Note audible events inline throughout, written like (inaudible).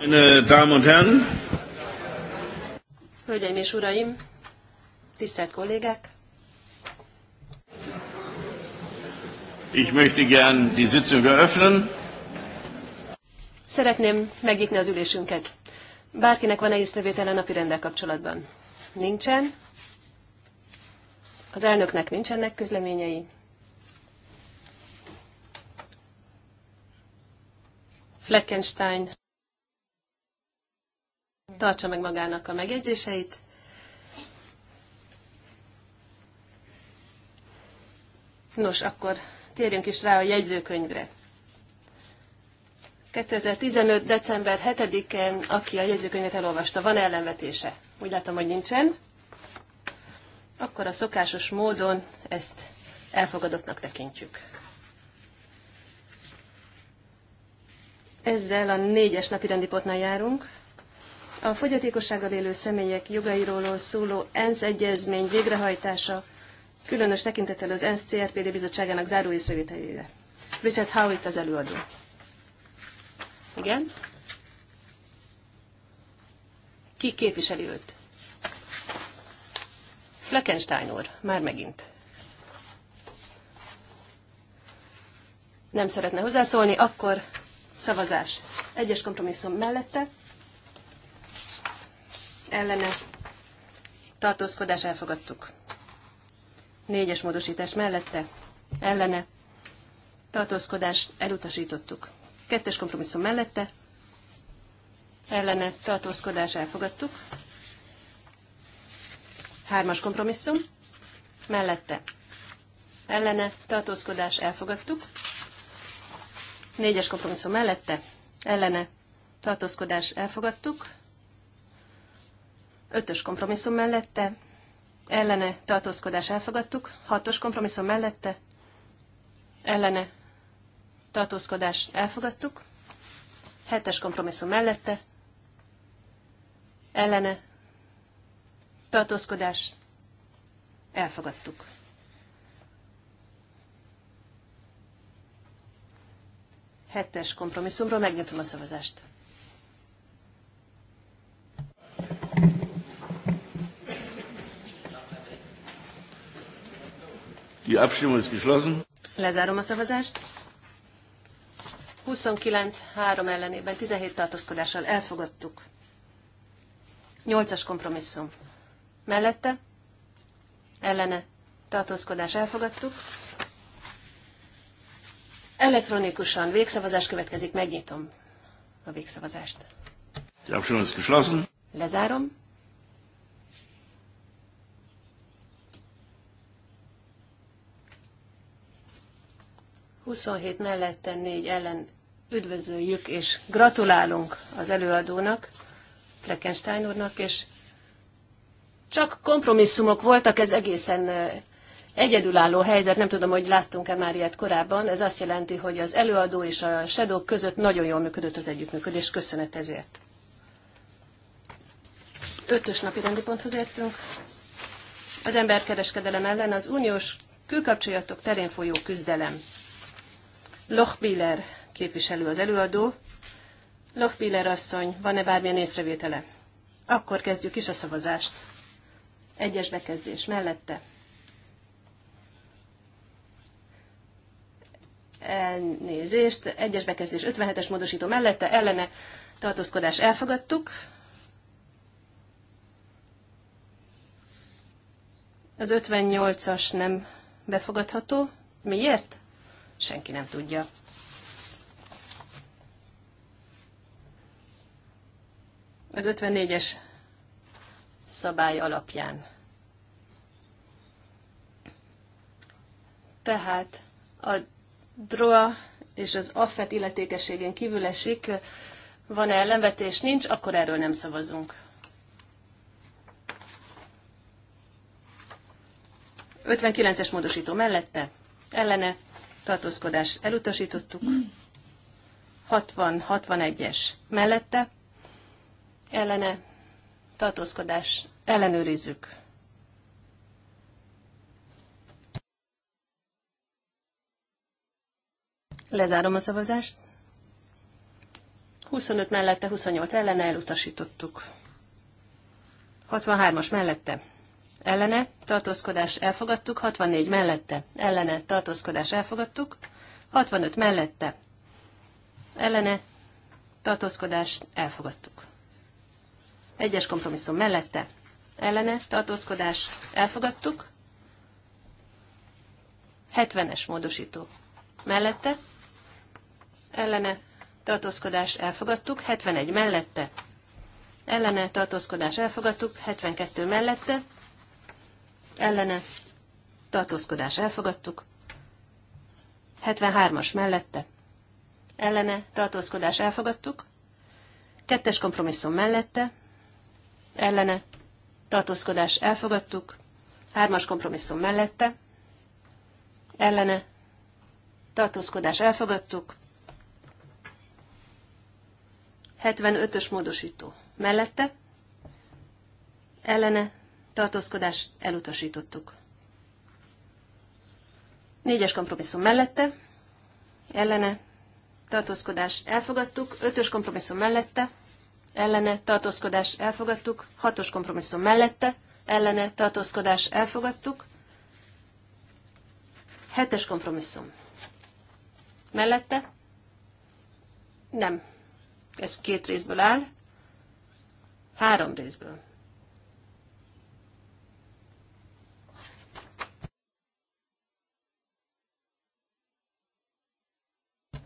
Meine Damen und Herren! Hölgyeim és Uraim! Tisztelt kollégák! Ich möchte gern die Sitzung eröffnen. Szeretném megnyitni az ülésünket. Bárkinek van-e észrevétel a napi rendel kapcsolatban? Nincsen. Az elnöknek nincsenek közleményei. Fleckenstein Tartsa meg magának a megjegyzéseit. Nos, akkor térjünk is rá a jegyzőkönyvre. 2015. december 7-en, aki a jegyzőkönyvet elolvasta, van ellenvetése? Úgy látom, hogy nincsen. Akkor a szokásos módon ezt elfogadottnak tekintjük. Ezzel a négyes napi rendi járunk. A fogyatékossággal élő személyek jogairól szóló ENSZ egyezmény végrehajtása különös tekintettel az ENSZ CRPD bizottságának záró észrevételére. Richard itt az előadó. Igen? Ki képviseli őt? Fleckenstein úr, már megint. Nem szeretne hozzászólni, akkor szavazás. Egyes kompromisszum mellette, ellene tartózkodás elfogadtuk. Négyes módosítás mellette ellene tartózkodás elutasítottuk. Kettes kompromisszum mellette ellene tartózkodás elfogadtuk. Hármas kompromisszum mellette ellene tartózkodás elfogadtuk. Négyes kompromisszum mellette ellene tartózkodás elfogadtuk. Ötös kompromisszum mellette, ellene tartózkodás elfogadtuk. Hatos kompromisszum mellette, ellene tartózkodás elfogadtuk. Hetes kompromisszum mellette, ellene tartózkodás elfogadtuk. Hetes kompromisszumról megnyitom a szavazást. Die Abstimmung ist geschlossen. Lezárom a szavazást. 29-3 ellenében 17 tartózkodással elfogadtuk. 8-as kompromisszum. Mellette? Ellene. Tartózkodás elfogadtuk. Elektronikusan végszavazás következik, megnyitom a végszavazást. Die Abstimmung ist geschlossen. Lezárom. 27 melletten négy ellen üdvözöljük és gratulálunk az előadónak, Fleckenstein úrnak, és csak kompromisszumok voltak, ez egészen egyedülálló helyzet, nem tudom, hogy láttunk-e már ilyet korábban, ez azt jelenti, hogy az előadó és a sedók között nagyon jól működött az együttműködés, köszönet ezért. Ötös napi rendi ponthoz értünk. Az emberkereskedelem ellen az uniós külkapcsolatok terén folyó küzdelem. Lochbiller képviselő az előadó. Lochbiller asszony, van-e bármilyen észrevétele? Akkor kezdjük is a szavazást. Egyes bekezdés mellette. Elnézést, egyes bekezdés 57-es módosító mellette, ellene tartózkodás elfogadtuk. Az 58-as nem befogadható. Miért? senki nem tudja. Az 54-es szabály alapján. Tehát a DROA és az affet illetékességén kívül esik, van-e ellenvetés, nincs, akkor erről nem szavazunk. 59-es módosító mellette, ellene, tartózkodás elutasítottuk. 60-61-es mellette ellene tartózkodás ellenőrizzük. Lezárom a szavazást. 25 mellette, 28 ellene elutasítottuk. 63-as mellette ellene, tartózkodás elfogadtuk, 64 mellette, ellene, tartózkodás elfogadtuk, 65 mellette, ellene, tartózkodás elfogadtuk. Egyes kompromisszum mellette, ellene, tartózkodás elfogadtuk, 70-es módosító mellette, ellene, tartózkodás elfogadtuk, 71 mellette, ellene, tartózkodás elfogadtuk, 72 mellette, ellene, tartózkodás elfogadtuk, 73-as mellette, ellene, tartózkodás elfogadtuk, kettes kompromisszum mellette, ellene, tartózkodás elfogadtuk, hármas kompromisszum mellette, ellene, tartózkodás elfogadtuk, 75-ös módosító mellette, ellene, tartózkodást elutasítottuk. Négyes kompromisszum mellette, ellene, tartózkodást elfogadtuk, ötös kompromisszum mellette, ellene, tartózkodást elfogadtuk, hatos kompromisszum mellette, ellene, tartózkodást elfogadtuk, hetes kompromisszum mellette, nem, ez két részből áll, három részből.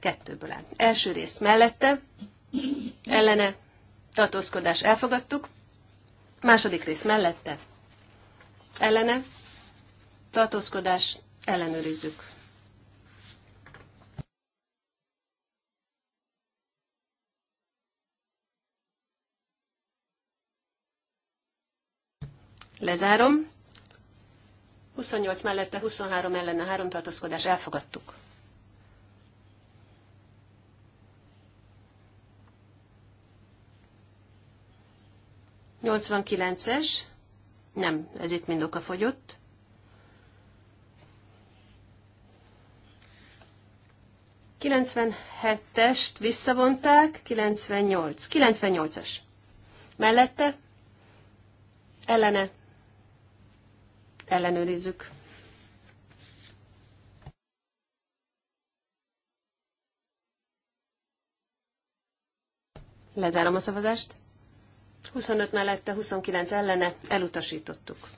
kettőből áll. Első rész mellette, ellene, tartózkodás elfogadtuk. Második rész mellette, ellene, tartózkodás ellenőrizzük. Lezárom. 28 mellette, 23 ellene, három tartózkodás elfogadtuk. 89-es, nem, ez itt mind oka fogyott. est visszavonták, 98, 98-as. Mellette, ellene, ellenőrizzük. Lezárom a szavazást. 25 mellette, 29 ellene, elutasítottuk.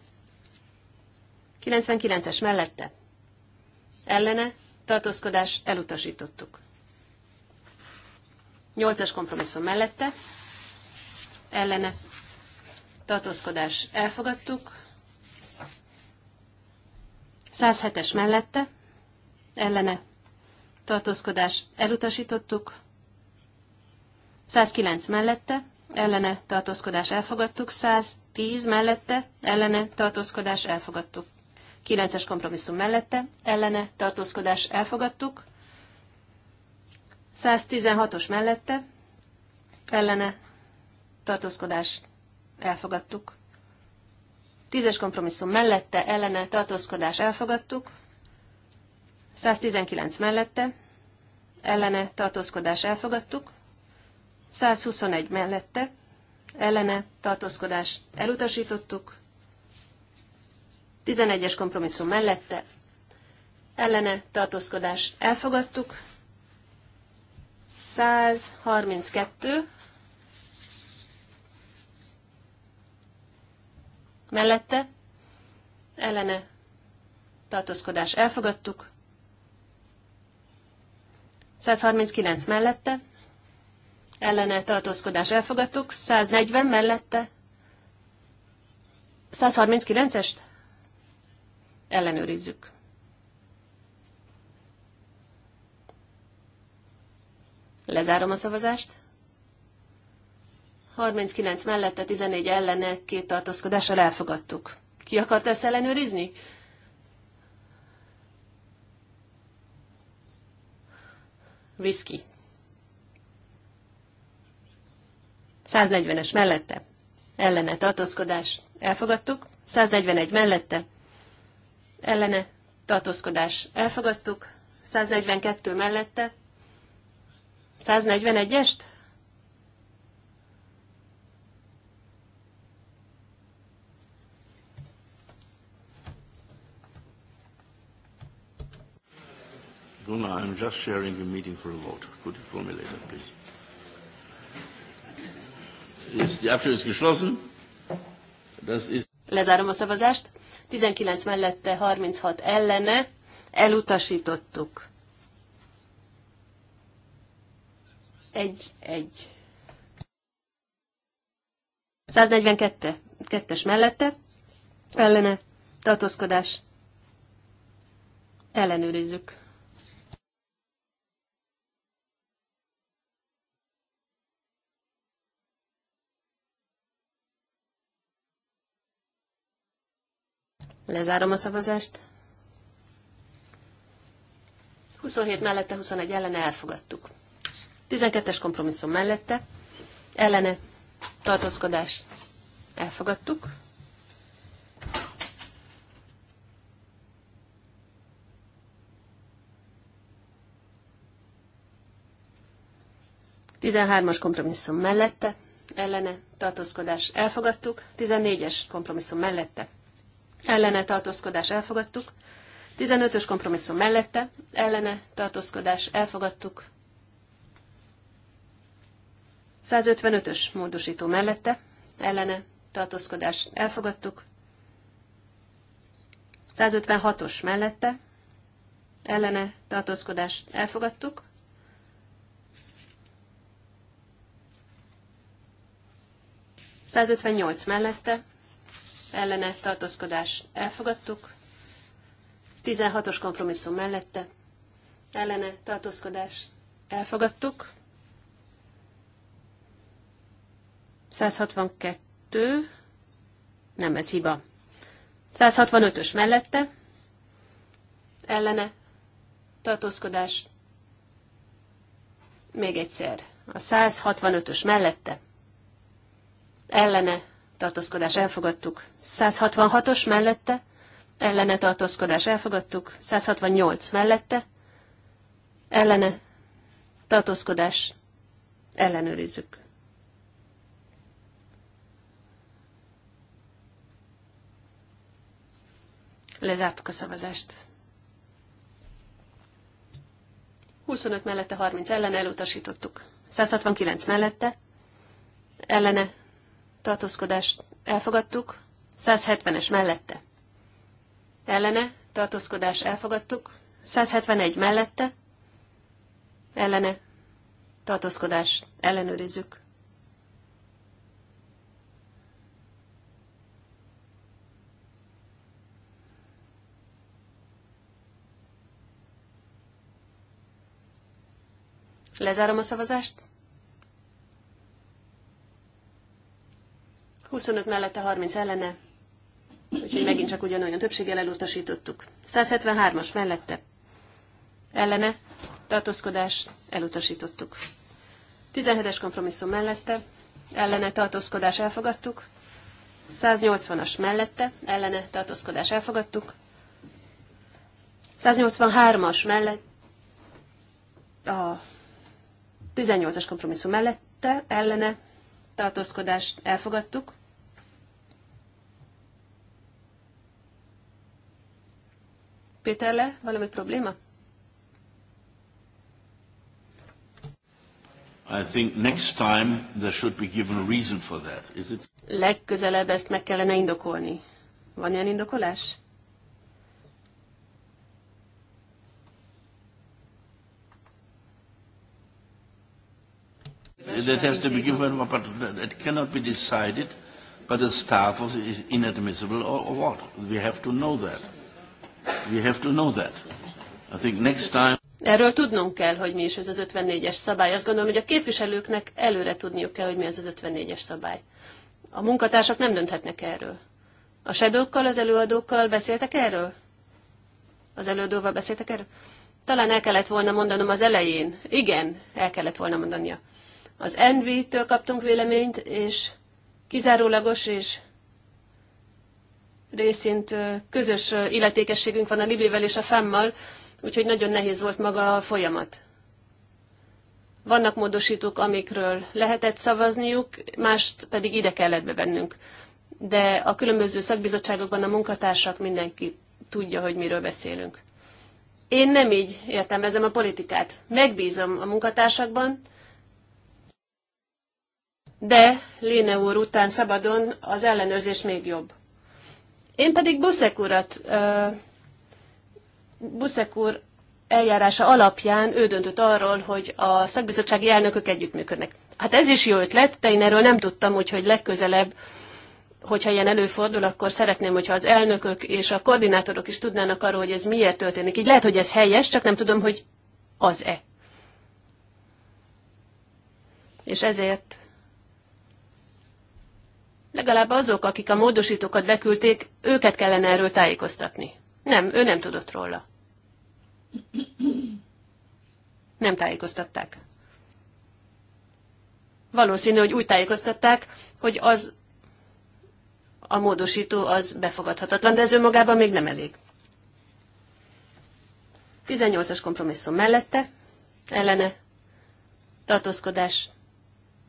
99-es mellette, ellene, tartózkodás, elutasítottuk. 8-as kompromisszum mellette, ellene, tartózkodás, elfogadtuk. 107-es mellette, ellene, tartózkodás, elutasítottuk. 109 mellette, ellene tartózkodás elfogadtuk, 110 mellette ellene tartózkodás elfogadtuk. 9-es kompromisszum mellette ellene tartózkodás elfogadtuk, 116-os mellette ellene tartózkodás elfogadtuk. 10-es kompromisszum mellette ellene tartózkodás elfogadtuk, 119 mellette ellene tartózkodás elfogadtuk, 121 mellette, ellene tartózkodást elutasítottuk, 11-es kompromisszum mellette, ellene tartózkodást elfogadtuk, 132 mellette, ellene tartózkodást elfogadtuk, 139 mellette, ellene tartózkodás elfogadtuk, 140 mellette, 139-est ellenőrizzük. Lezárom a szavazást. 39 mellette, 14 ellene, két tartózkodással elfogadtuk. Ki akart ezt ellenőrizni? Whisky. 140-es mellette ellene tartózkodás elfogadtuk, 141 mellette ellene tartózkodás elfogadtuk, 142 mellette, 141-est, Gunnar, I'm just sharing a meeting for a vote. Could you formulate that, please? Lezárom a szavazást. 19 mellette, 36 ellene. Elutasítottuk. Egy, egy. 142. Kettes mellette. Ellene. Tartózkodás. Ellenőrizzük. Lezárom a szavazást. 27 mellette, 21 ellene elfogadtuk. 12-es kompromisszum mellette, ellene tartózkodás elfogadtuk. Tizenhármas kompromisszum mellette, ellene tartózkodás elfogadtuk. Tizennégyes kompromisszum mellette, ellene tartózkodás elfogadtuk. 15-ös kompromisszum mellette, ellene tartózkodás elfogadtuk. 155-ös módosító mellette, ellene tartózkodás elfogadtuk. 156-os mellette, ellene tartózkodást elfogadtuk. Elfogadtuk. 158 mellette, ellene tartózkodás elfogadtuk, 16-os kompromisszum mellette ellene tartózkodás elfogadtuk, 162, nem ez hiba, 165-ös mellette ellene tartózkodás még egyszer, a 165-ös mellette ellene tartózkodás elfogadtuk. 166-os mellette, ellene tartózkodás elfogadtuk. 168 mellette, ellene tartózkodás ellenőrizzük. Lezártuk a szavazást. 25 mellette, 30 ellen elutasítottuk. 169 mellette, ellene tartózkodást elfogadtuk, 170-es mellette. Ellene, tartózkodást elfogadtuk, 171 mellette. Ellene, tartózkodást ellenőrizzük. Lezárom a szavazást. 25 mellette 30 ellene, úgyhogy megint csak ugyanolyan többséggel elutasítottuk. 173-as mellette ellene, tartózkodás, elutasítottuk. 17-es kompromisszum mellette, ellene tartózkodás elfogadtuk, 180-as mellette, ellene tartózkodás elfogadtuk, 183-as mellett, a 18-as kompromisszum mellette, ellene tartózkodást elfogadtuk. Péter le, valami probléma? I think next time there should be given a reason for that. Is it... Legközelebb ezt meg kellene indokolni. Van ilyen indokolás? that has to be given, but it cannot be decided by the staff of is inadmissible or, or what. We have to know that. We have to know that. I think next time... Erről tudnunk kell, hogy mi is ez az 54-es szabály. Azt gondolom, hogy a képviselőknek előre tudniuk kell, hogy mi ez az 54-es szabály. A munkatársak nem dönthetnek erről. A sedókkal, az előadókkal beszéltek erről? Az előadóval beszéltek erről? Talán el kellett volna mondanom az elején. Igen, el kellett volna mondania. Az Envy-től kaptunk véleményt, és kizárólagos és részint közös illetékességünk van a Libével és a Femmal, úgyhogy nagyon nehéz volt maga a folyamat. Vannak módosítók, amikről lehetett szavazniuk, mást pedig ide kellett bevennünk. De a különböző szakbizottságokban a munkatársak mindenki tudja, hogy miről beszélünk. Én nem így értelmezem a politikát. Megbízom a munkatársakban, de Léne úr után szabadon az ellenőrzés még jobb. Én pedig Buszek urat, Buszek úr eljárása alapján ő döntött arról, hogy a szakbizottsági elnökök együttműködnek. Hát ez is jó ötlet, de én erről nem tudtam, úgyhogy legközelebb, hogyha ilyen előfordul, akkor szeretném, hogyha az elnökök és a koordinátorok is tudnának arról, hogy ez miért történik. Így lehet, hogy ez helyes, csak nem tudom, hogy az-e. És ezért Legalább azok, akik a módosítókat beküldték, őket kellene erről tájékoztatni. Nem, ő nem tudott róla. Nem tájékoztatták. Valószínű, hogy úgy tájékoztatták, hogy az a módosító az befogadhatatlan, de ez önmagában még nem elég. 18-as kompromisszum mellette, ellene, tartózkodás,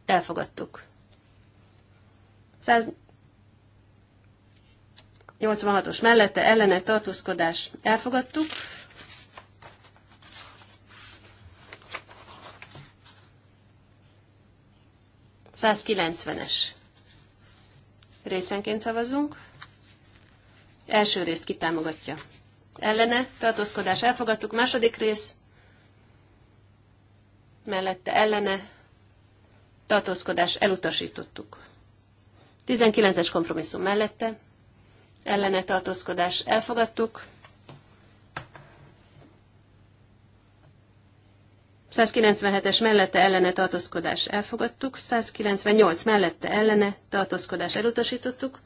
elfogadtuk. 186-os mellette ellene tartózkodás elfogadtuk. es részenként szavazunk. Első részt kitámogatja. Ellene tartózkodás elfogadtuk. Második rész mellette ellene tartózkodás elutasítottuk. 19-es kompromisszum mellette, ellene tartózkodás elfogadtuk. 197-es mellette ellene tartózkodás elfogadtuk, 198 mellette ellene tartózkodás elutasítottuk,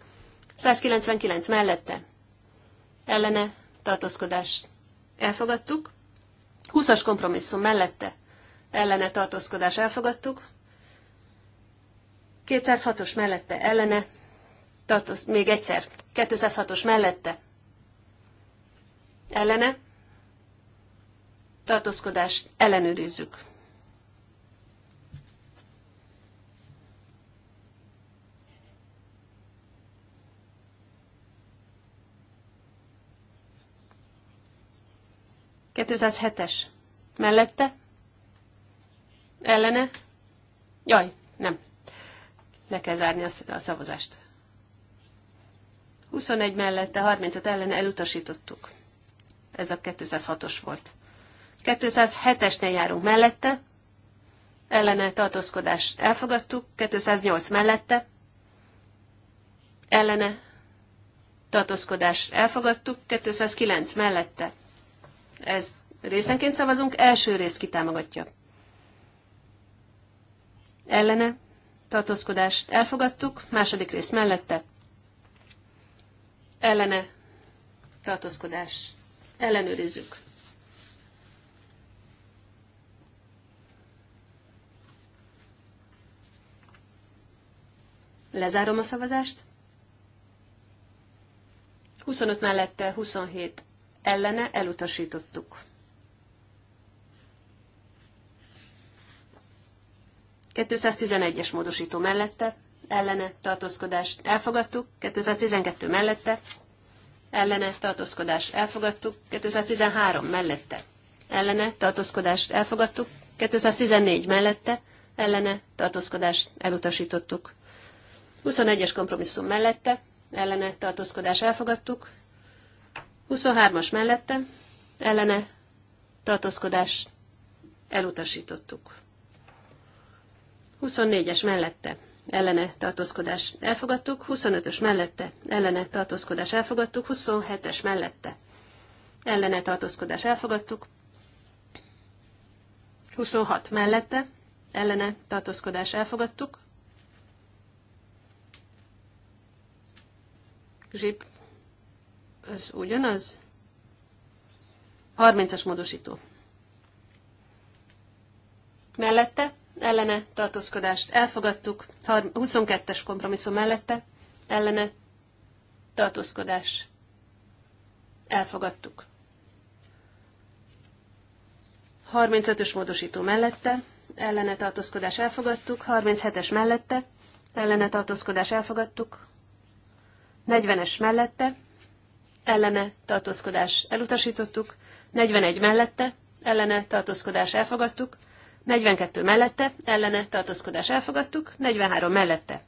199 mellette ellene tartózkodás elfogadtuk, 20-as kompromisszum mellette ellene tartózkodás elfogadtuk, 206-os mellette ellene, tartoz, még egyszer, 206-os mellette ellene, tartózkodást ellenőrizzük. Kettőszázhetes. Mellette? Ellene? Jaj, nem. Le kell zárni a szavazást. 21 mellette, 35 ellen elutasítottuk. Ez a 206-os volt. 207-esnél járunk mellette, ellene tartózkodást elfogadtuk, 208 mellette, ellene tartózkodást elfogadtuk, 209 mellette. Ez részenként szavazunk, első rész kitámogatja. Ellene tartózkodást elfogadtuk, második rész mellette ellene tartózkodás ellenőrizzük. Lezárom a szavazást. 25 mellette 27 ellene elutasítottuk. 211-es módosító mellette, ellene tartózkodást elfogadtuk, 212 mellette, ellene tartózkodást elfogadtuk, 213 mellette, ellene tartózkodást elfogadtuk, 214 mellette, ellene tartózkodást elutasítottuk. 21-es kompromisszum mellette, ellene tartózkodást elfogadtuk, 23-as mellette, ellene tartózkodást elutasítottuk. 24-es mellette ellene tartózkodás elfogadtuk, 25-ös mellette ellene tartózkodás elfogadtuk, 27-es mellette ellene tartózkodás elfogadtuk, 26 mellette ellene tartózkodás elfogadtuk, zsip, ez ugyanaz, 30-as módosító. Mellette ellene tartózkodást elfogadtuk, 22-es kompromisszum mellette ellene tartózkodás elfogadtuk. 35-ös módosító mellette ellene tartózkodás elfogadtuk, 37-es mellette ellene tartózkodás elfogadtuk, 40-es mellette ellene tartózkodás elutasítottuk, 41 mellette ellene tartózkodás elfogadtuk, 42 mellette, ellene, tartózkodás elfogadtuk. 43 mellette,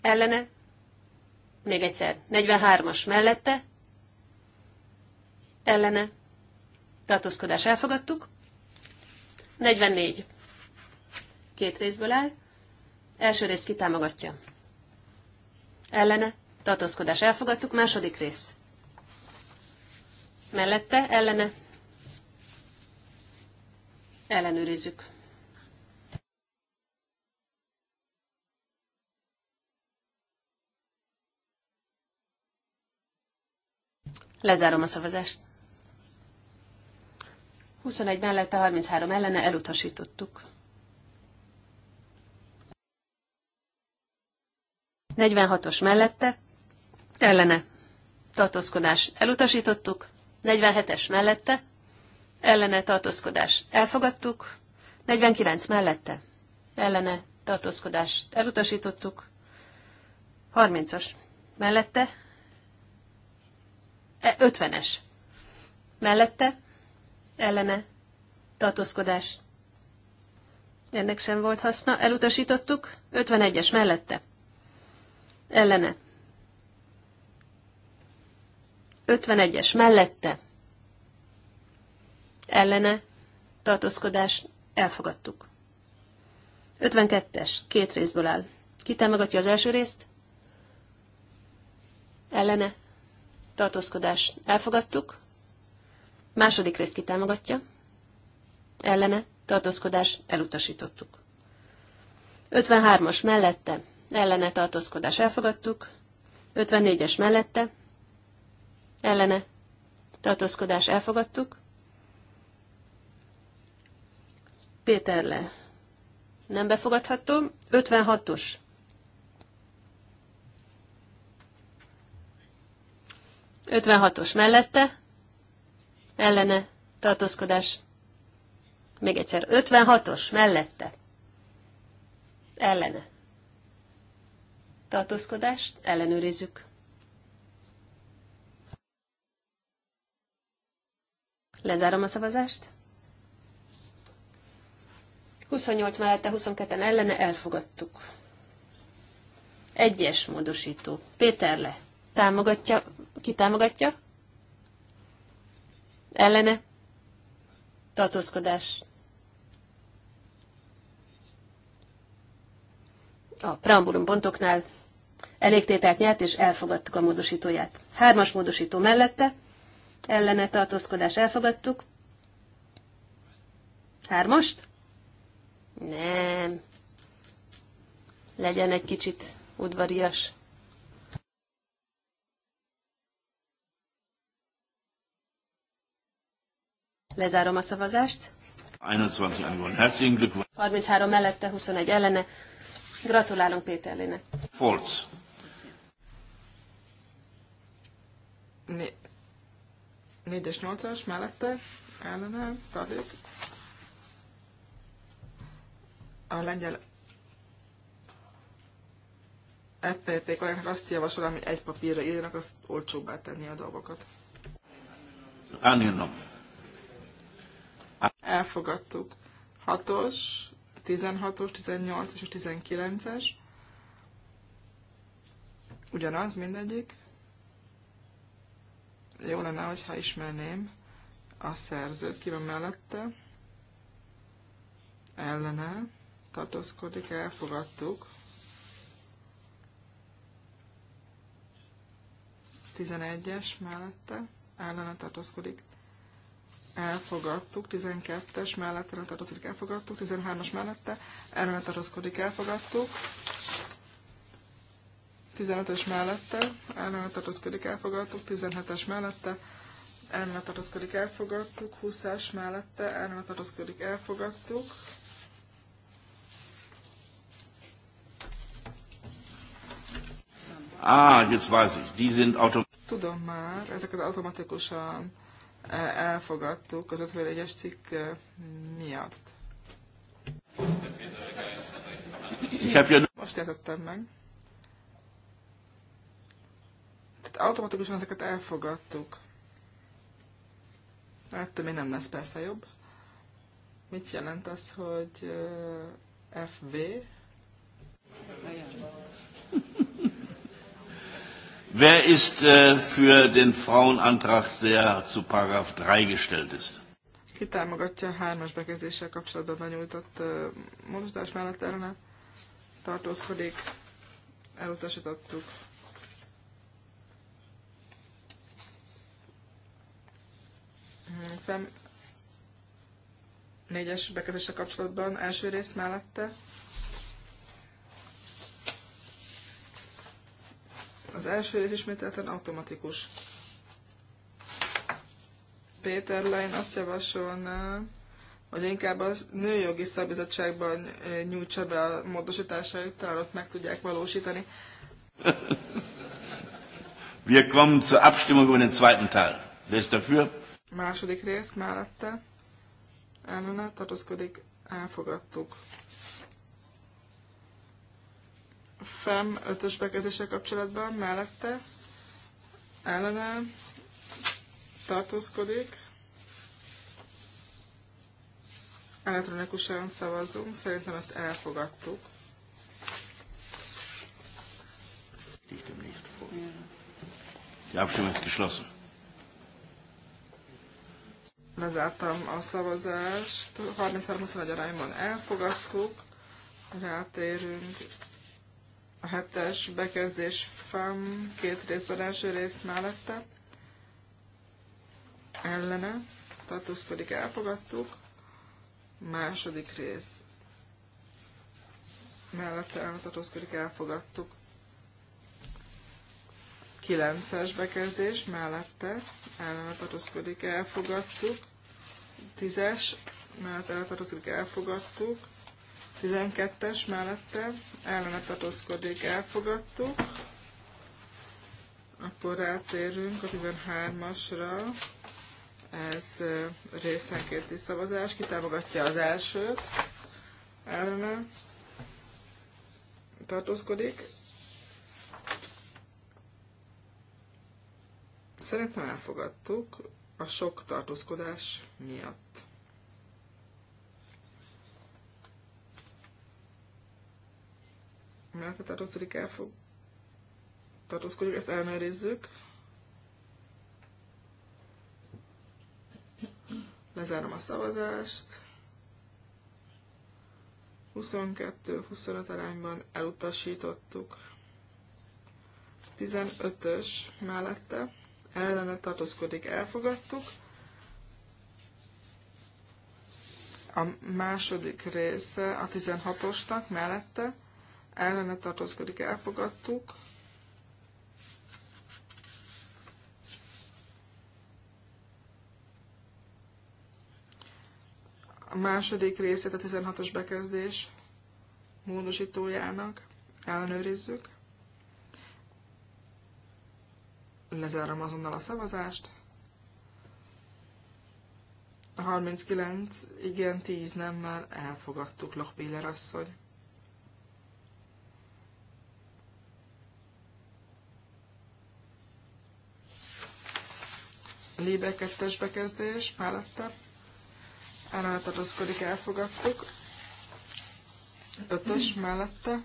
ellene, még egyszer, 43-as mellette, ellene, tartózkodás elfogadtuk. 44. Két részből áll. Első rész kitámogatja. Ellene, tartózkodás elfogadtuk. Második rész. Mellette, ellene, Ellenőrizzük. Lezárom a szavazást. 21 mellette, 33 ellene elutasítottuk. 46-os mellette, ellene tartózkodás elutasítottuk. 47-es mellette, ellene tartózkodás elfogadtuk, 49 mellette ellene tartózkodás elutasítottuk, 30-as mellette, 50-es e, mellette ellene tartózkodás ennek sem volt haszna, elutasítottuk, 51-es mellette ellene 51-es mellette ellene, tartózkodás, elfogadtuk. 52-es, két részből áll. Ki támogatja az első részt? Ellene, tartózkodás, elfogadtuk. Második rész ki támogatja? Ellene, tartózkodás, elutasítottuk. 53-as mellette, ellene tartózkodás elfogadtuk, 54-es mellette, ellene tartózkodás elfogadtuk, Péter le. Nem befogadható. 56-os. Ötvenhatos mellette, ellene, tartózkodás. Még egyszer, 56-os mellette, ellene. Tartózkodás. ellenőrizzük. Lezárom a szavazást. 28 mellette, 22-en ellene elfogadtuk. Egyes módosító. Péter le. Támogatja. Ki támogatja? Ellene. Tartózkodás. A preambulum pontoknál elégtételt nyert, és elfogadtuk a módosítóját. Hármas módosító mellette, ellene tartózkodás elfogadtuk. Hármast? Nem. Legyen egy kicsit udvarias. Lezárom a szavazást. 33 mellette, 21 ellene. Gratulálunk Péter Lének. Folc. Né- 4-es 8-as mellette, ellene, tadék a lengyel EPP kollégának azt javasol, ami egy papírra írnak, az olcsóbbá tenni a dolgokat. Anilnom. Elfogadtuk. 6-os, 16-os, 18-as és 19-es. Ugyanaz mindegyik. Jó lenne, hogyha ismerném a szerzőt, ki van mellette. Ellene tartózkodik, elfogadtuk. 11-es mellette ellene tartózkodik, elfogadtuk, 12-es mellette ellene tartózkodik, elfogadtuk, 13-as mellette ellene tartózkodik, elfogadtuk, 15-ös mellette ellene tartózkodik, elfogadtuk, 17-es mellette ellene tartózkodik, elfogadtuk, 20-as mellette ellene tartózkodik, elfogadtuk, Ah, jetzt weiß ich, die sind Tudom már, ezeket automatikusan e, elfogadtuk az 51-es cikk e, miatt. Most értettem meg. Tehát automatikusan ezeket elfogadtuk. Ettől még nem lesz persze jobb. Mit jelent az, hogy e, FV? Wer ist äh, für den Frauenantrag, der zu Paragraph 3 gestellt ist? Ki támogatja a hármas bekezdéssel kapcsolatban benyújtott uh, módosítás mellett ellene tartózkodik? Elutasítottuk. Fem... Négyes bekezdéssel kapcsolatban első rész mellette Az első rész ismételten automatikus. Péter Lein azt javasolná, hogy inkább a nőjogi szabizottságban nyújtsa be a módosításait, talán ott meg tudják valósítani. (laughs) Wir kommen zur Abstimmung über den zweiten Teil. Wer ist dafür? Második rész mellette. Ellene tartozkodik. elfogadtuk. FEM ötös bekezdéssel kapcsolatban mellette ellene tartózkodik. Elektronikusan szavazunk, szerintem ezt elfogadtuk. Die Abstimmung ist geschlossen. Lezártam a szavazást, 33-21 arányban elfogadtuk, rátérünk a hetes bekezdés FAM két részben első rész mellette ellene tartózkodik, elfogadtuk. Második rész mellette eltartózkodik, elfogadtuk. Kilences bekezdés mellette ellene tartózkodik, elfogadtuk. Tízes mellette eltartózkodik, elfogadtuk. 12-es mellette ellene tartózkodik, elfogadtuk. Akkor rátérünk a 13-asra. Ez is szavazás. Ki támogatja az elsőt? Ellene tartózkodik. Szerintem elfogadtuk a sok tartózkodás miatt. a tartózkodik, elfog... tartózkodik, ezt elmerézzük. Lezárom a szavazást. 22-25 arányban elutasítottuk. 15-ös mellette ellene tartózkodik, elfogadtuk. A második része a 16-osnak mellette ellene tartózkodik, elfogadtuk. A második részét a 16-os bekezdés módosítójának ellenőrizzük. Lezárom azonnal a szavazást. A 39 igen, 10 nemmel elfogadtuk Lochbiller asszony. Libe kettes bekezdés mellette ellene elfogadtuk. Ötös hmm. mellette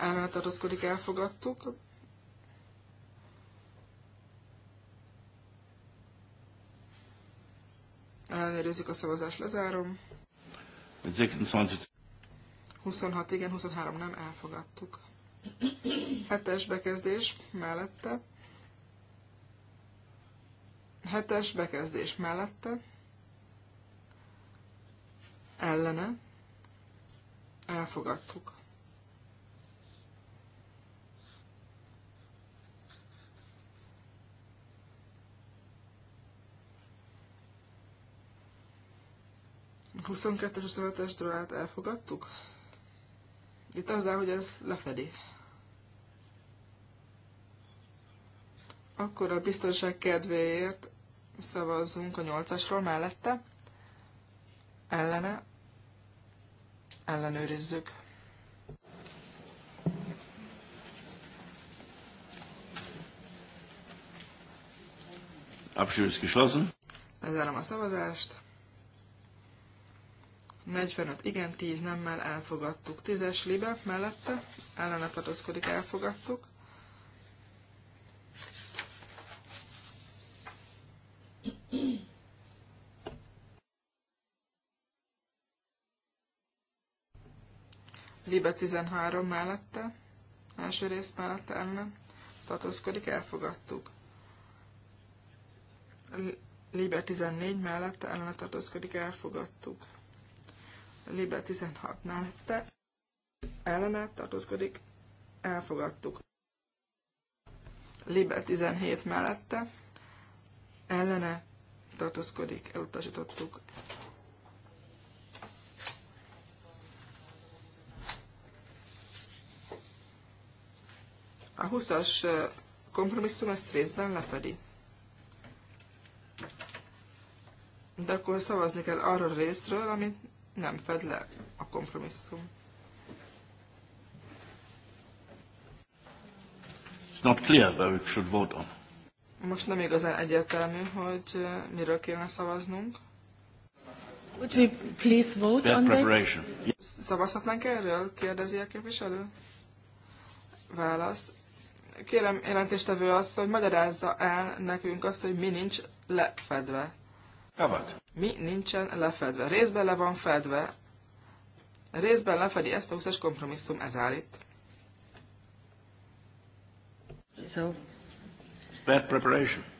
ellene elfogadtuk. Ellenőrizzük a szavazást, lezárom. 26 igen, 23 nem, elfogadtuk. Hetes bekezdés mellette Hetes bekezdés mellette, ellene, elfogadtuk. A 22-es, 25-es drogát elfogadtuk? Itt azzal, hogy ez lefedi. Akkor a biztonság kedvéért Szavazzunk a nyolcasról mellette. Ellene. Ellenőrizzük. Abschluss geschlossen. Lezárom a szavazást. 45 igen, 10 nemmel elfogadtuk. 10-es libe mellette, ellene elfogadtuk. Libe 13 mellette, első rész mellette ellen tartózkodik, elfogadtuk. Libe 14 mellette ellen tartózkodik, elfogadtuk. Libe 16 mellette ellene tartózkodik, elfogadtuk. Libe 17 mellette ellene tartózkodik, elutasítottuk. A 20-as kompromisszum ezt részben lefedi. De akkor szavazni kell arról a részről, amit nem fed le a kompromisszum. It's not clear where we should vote on. Most nem igazán egyértelmű, hogy miről kéne szavaznunk. Would we please vote on preparation. That? Szavazhatnánk erről? Kérdezi a képviselő. Válasz kérem jelentéstevő azt, hogy magyarázza el nekünk azt, hogy mi nincs lefedve. Javad. Mi nincsen lefedve. Részben le van fedve. Részben lefedi ezt a 20 kompromisszum, ez áll itt. So. Bad preparation. (laughs)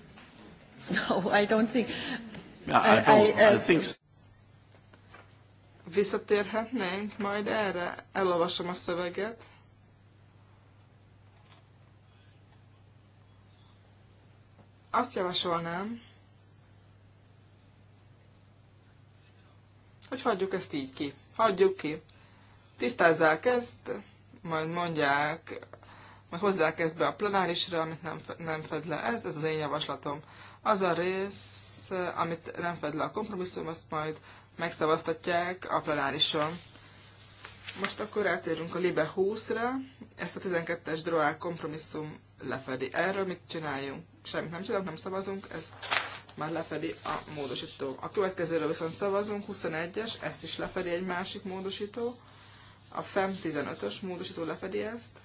No, I don't think. Yeah, I, don't, I, I, uh, I think so. Visszatérhetnénk majd erre. Elolvasom a szöveget. azt javasolnám, hogy hagyjuk ezt így ki. Hagyjuk ki. Tisztázzák ezt, majd mondják, majd hozzák ezt be a plenárisra, amit nem, nem fed le ez, ez az én javaslatom. Az a rész, amit nem fed le a kompromisszum, azt majd megszavaztatják a plenárison. Most akkor átérünk a Libe 20-ra, ezt a 12-es Droá kompromisszum lefedi. Erről mit csináljunk? semmit nem csinálunk, nem szavazunk, ez már lefedi a módosító. A következőről viszont szavazunk, 21-es, ezt is lefedi egy másik módosító. A FEM 15-ös módosító lefedi ezt.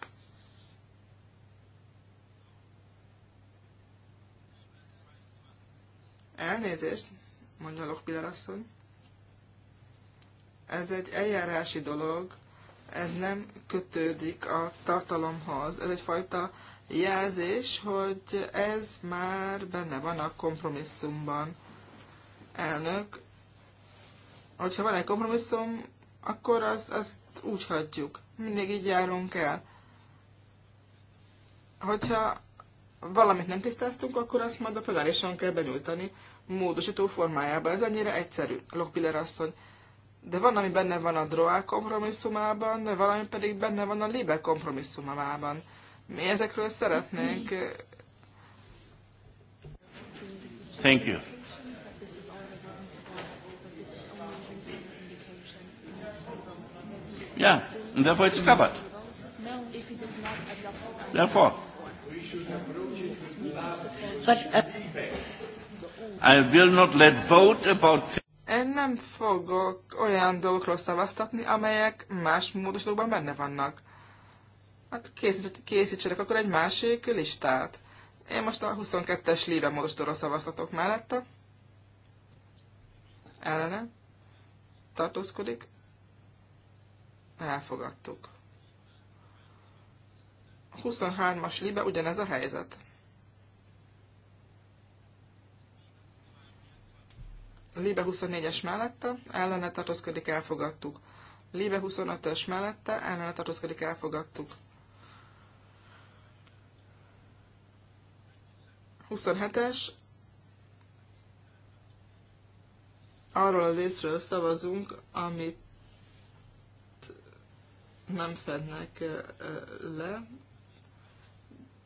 Elnézést, mondja Lokpiller asszony. Ez egy eljárási dolog, ez nem kötődik a tartalomhoz. Ez egyfajta jelzés, hogy ez már benne van a kompromisszumban. Elnök, hogyha van egy kompromisszum, akkor az, azt úgy hagyjuk. Mindig így járunk el. Hogyha valamit nem tisztáztunk, akkor azt majd a plenárison kell benyújtani módosító formájában Ez annyira egyszerű, Lokpiller asszony. De van, ami benne van a Droá kompromisszumában, de valami pedig benne van a Libe kompromisszumában. Mi ezekről szeretnénk. Thank you. Yeah, and therefore it's covered. Therefore. But, uh, I will not let vote about én nem fogok olyan dolgokról szavaztatni, amelyek más módosokban benne vannak hát készítsenek akkor egy másik listát. Én most a 22-es líve módosítóra szavaztatok mellette. Ellene. Tartózkodik. Elfogadtuk. 23-as libe ugyanez a helyzet. Libe 24-es mellette, ellene tartózkodik, elfogadtuk. Libe 25-ös mellette, ellene tartózkodik, elfogadtuk. 27-es. Arról a részről szavazunk, amit nem fednek le.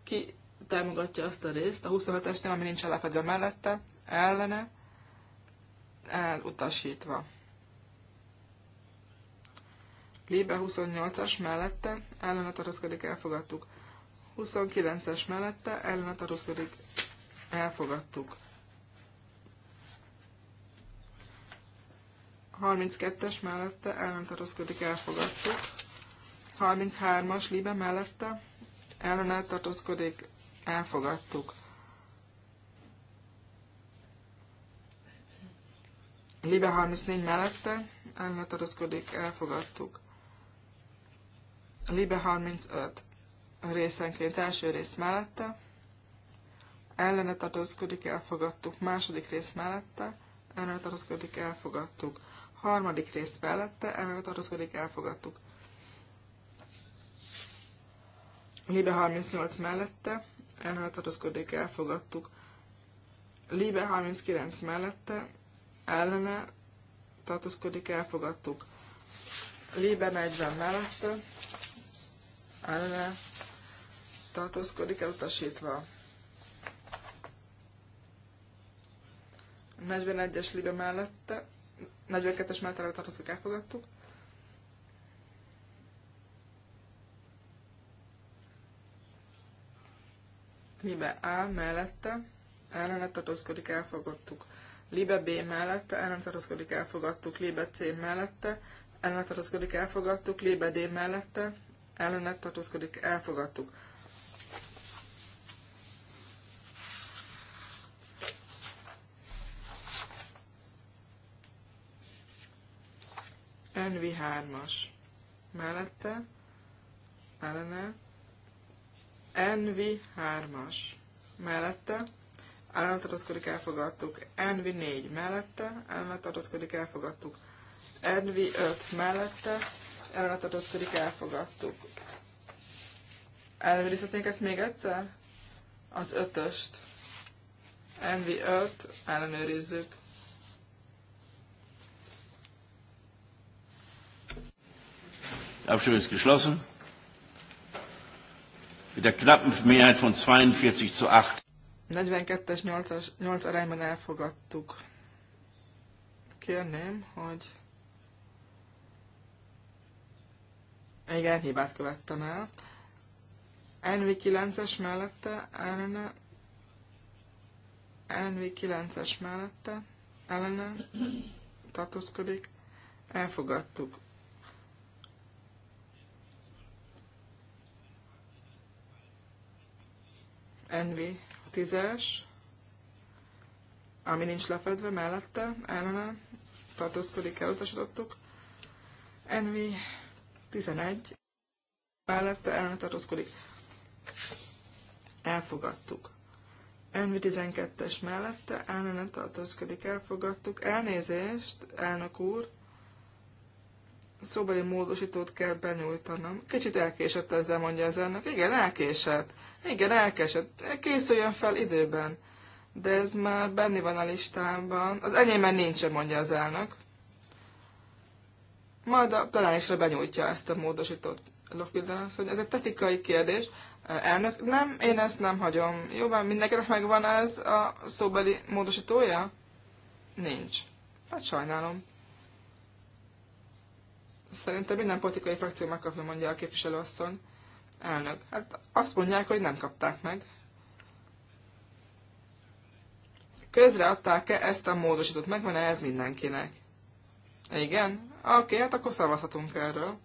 Ki támogatja azt a részt, a 27-esnél, ami nincs lefedve mellette, ellene, elutasítva. Libe 28-as mellette, ellene tartózkodik, elfogadtuk. 29-es mellette, ellene tartozkodik elfogadtuk. 32-es mellette el nem tartózkodik, elfogadtuk. 33-as libe mellette ellen tartózkodik, elfogadtuk. Libe 34 mellette ellen tartózkodik, elfogadtuk. Libe 35 részenként első rész mellette ellene tartózkodik, elfogadtuk. Második rész mellette, ellene tartózkodik, elfogadtuk. Harmadik rész mellette, ellene tartózkodik, elfogadtuk. Libe 38 mellette, ellene tartózkodik, elfogadtuk. Libe 39 mellette, ellene tartózkodik, elfogadtuk. Libe 40 mellette, ellene tartózkodik, elutasítva. 41-es libe mellette, 42-es mellette tartozik, elfogadtuk. Libe A mellette, ellene tartozkodik, elfogadtuk. Libe B mellette, ellene tartozkodik, elfogadtuk. Libe C mellette, ellene tartozkodik, elfogadtuk. Libe D mellette, ellene tartozkodik, elfogadtuk. NV3-as mellette, ellene, NV3-as mellette, ellene tartozkodik, elfogadtuk, NV4 mellette, ellene tartozkodik, elfogadtuk, NV5 mellette, ellene tartozkodik, elfogadtuk. Ellenőrizhetnénk ezt még egyszer? Az ötöst. NV5, ellenőrizzük. Die Abstimmung ist geschlossen. Mit der knappen Mehrheit von 42 zu 8. 42-es 8 arányban elfogadtuk. Kérném, hogy... Igen, hibát követtem el. NV9-es mellette ellene... NV9-es mellette ellene tartózkodik. Elfogadtuk. NV 10-es, ami nincs lefedve mellette, ellene tartózkodik, elutasítottuk. NV 11 mellette ellene tartózkodik. Elfogadtuk. Envi 12-es mellette ellene tartózkodik, elfogadtuk. Elnézést, elnök úr, szóbeli módosítót kell benyújtanom. Kicsit elkésett ezzel, mondja az elnök. Igen, elkésett. Igen, elkesett. Készüljön fel időben. De ez már benni van a listámban. Az enyémben nincsen, mondja az elnök. Majd a plenárisra benyújtja ezt a módosított Lokidász, hogy ez egy technikai kérdés. Elnök, nem, én ezt nem hagyom. Jó, van, mindenkinek megvan ez a szóbeli módosítója? Nincs. Hát sajnálom. Szerintem minden politikai frakció megkapja, mondja a képviselőasszony. Elnök, hát azt mondják, hogy nem kapták meg. Közreadták-e ezt a meg, Megvan-e ez mindenkinek? Igen? Oké, okay, hát akkor szavazhatunk erről.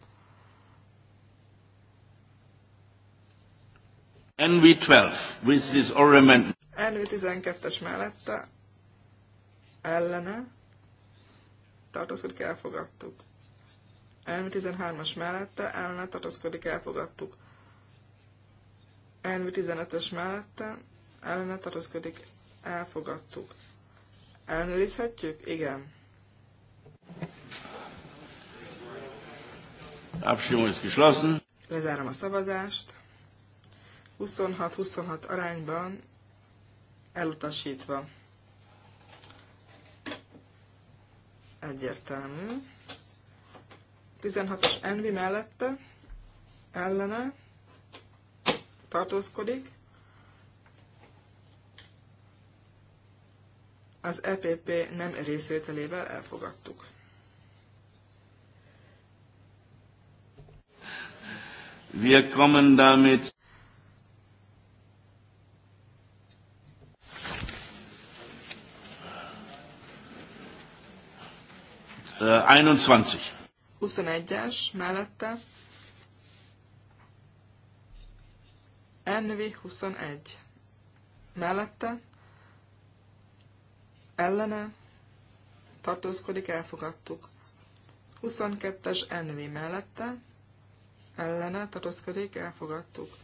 NV12, with this ornament. NV12-es mellette ellene tartózkodik, elfogadtuk. NV13-as mellette ellene tartózkodik, elfogadtuk. Elmű 15 ös mellette ellene tartozkodik. elfogadtuk. Ellenőrizhetjük? Igen. Lezárom a szavazást. 26-26 arányban elutasítva. Egyértelmű. 16-os Envi mellette, ellene, tartózkodik. Az EPP nem részvételével elfogadtuk. Wir kommen damit Uh, 21. 21-es mellette NV 21. Mellette, ellene, tartózkodik, elfogadtuk. 22-es NV mellette, ellene, tartózkodik, elfogadtuk.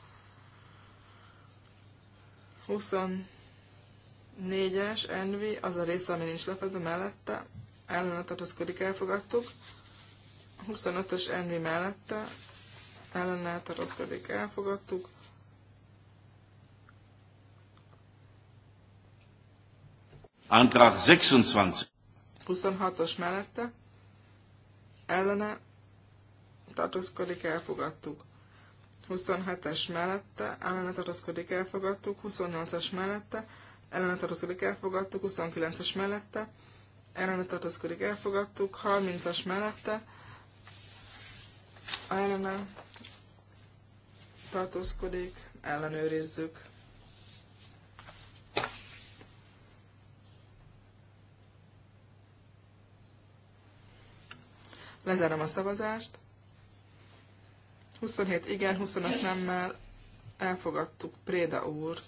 24-es NV, az a része, ami nincs lefedve mellette, ellene tartózkodik, elfogadtuk. 25-ös NV mellette, ellene tartózkodik, elfogadtuk. Antrag 26. 26-os mellette ellene tartózkodik, elfogadtuk. 27-es mellette ellene tartózkodik, elfogadtuk. 28-as mellette ellene tartózkodik, elfogadtuk. 29-es mellette ellene tartózkodik, elfogadtuk. 30-as mellette ellene tartózkodik, ellenőrizzük. Lezárom a szavazást. 27 igen, 25 nemmel elfogadtuk. Préda úr.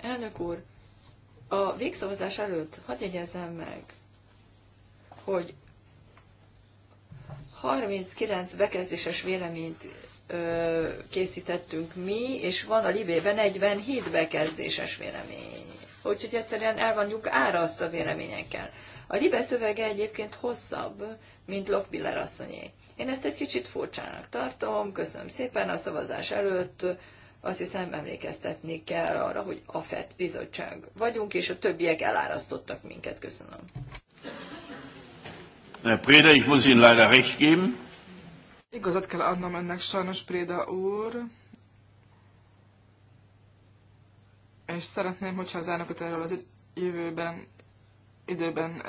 Elnök úr, a végszavazás előtt hadd jegyezzem meg, hogy 39 bekezdéses véleményt ö, készítettünk mi, és van a Libében 47 bekezdéses vélemény. Úgyhogy egyszerűen el van árasztva véleményekkel. A libe szövege egyébként hosszabb, mint Lockbiller asszonyé. Én ezt egy kicsit furcsának tartom, köszönöm szépen a szavazás előtt, azt hiszem emlékeztetni kell arra, hogy a FET bizottság vagyunk, és a többiek elárasztottak minket. Köszönöm. Préda, Preda, ich muss Ihnen leider recht geben. Igazat kell adnom ennek sajnos, Préda úr. És szeretném, hogyha az elnököt erről az jövőben időben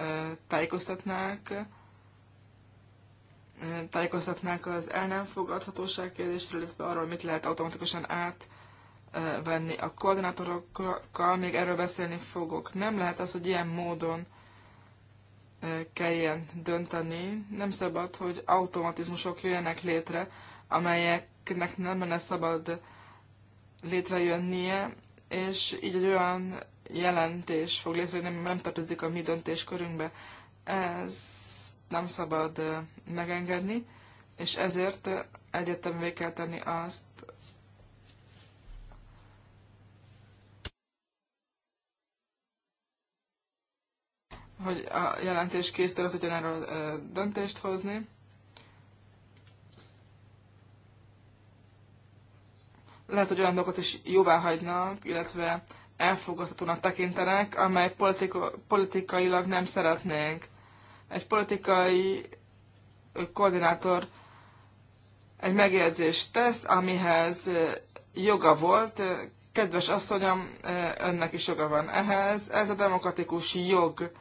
tájékoztatnák, tájékoztatnák az el nem fogadhatóság kérdésről, illetve arról, mit lehet automatikusan átvenni a koordinátorokkal, még erről beszélni fogok. Nem lehet az, hogy ilyen módon kelljen dönteni. Nem szabad, hogy automatizmusok jöjjenek létre, amelyeknek nem lenne szabad létrejönnie, és így egy olyan jelentés fog létrejönni, nem, nem tartozik a mi döntéskörünkbe. Ez nem szabad megengedni, és ezért egyetemvé kell tenni azt, hogy a jelentés készítő tudjon erről döntést hozni. Lehet, hogy olyan dolgokat is jóvá hagynak, illetve elfogadhatónak tekintenek, amely politika, politikailag nem szeretnénk. Egy politikai koordinátor egy megjegyzést tesz, amihez joga volt. Kedves asszonyom, önnek is joga van ehhez. Ez a demokratikus jog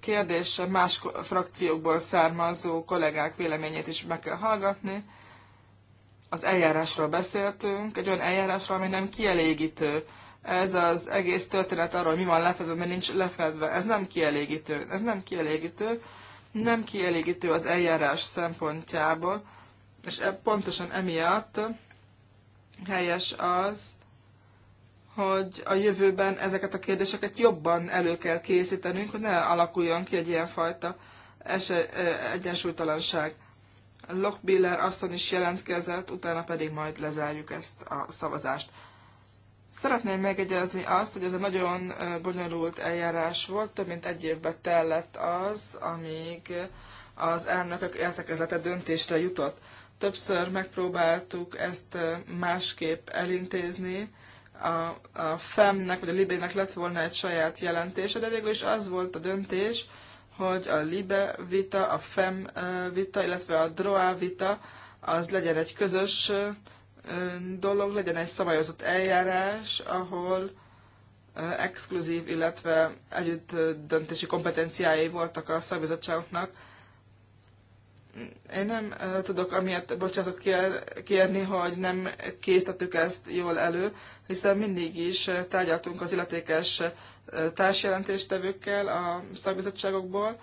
kérdése, más frakciókból származó kollégák véleményét is meg kell hallgatni az eljárásról beszéltünk, egy olyan eljárásról, ami nem kielégítő. Ez az egész történet arról, mi van lefedve, mi nincs lefedve, ez nem kielégítő. Ez nem kielégítő, nem kielégítő az eljárás szempontjából, és e- pontosan emiatt helyes az, hogy a jövőben ezeket a kérdéseket jobban elő kell készítenünk, hogy ne alakuljon ki egy ilyenfajta e- egyensúlytalanság. Lockbiller asszon is jelentkezett, utána pedig majd lezárjuk ezt a szavazást. Szeretném megegyezni azt, hogy ez egy nagyon bonyolult eljárás volt, több mint egy évbe tellett az, amíg az elnökök értekezete döntésre jutott. Többször megpróbáltuk ezt másképp elintézni, a, a FEM-nek vagy a Libének lett volna egy saját jelentése, de végül is az volt a döntés, hogy a LIBE vita, a FEM vita, illetve a DROA vita, az legyen egy közös dolog, legyen egy szabályozott eljárás, ahol exkluzív, illetve együtt döntési kompetenciái voltak a szakbizottságoknak. Én nem tudok amiatt bocsánatot kérni, hogy nem készítettük ezt jól elő, hiszen mindig is tárgyaltunk az illetékes társjelentéstevőkkel a szakbizottságokból,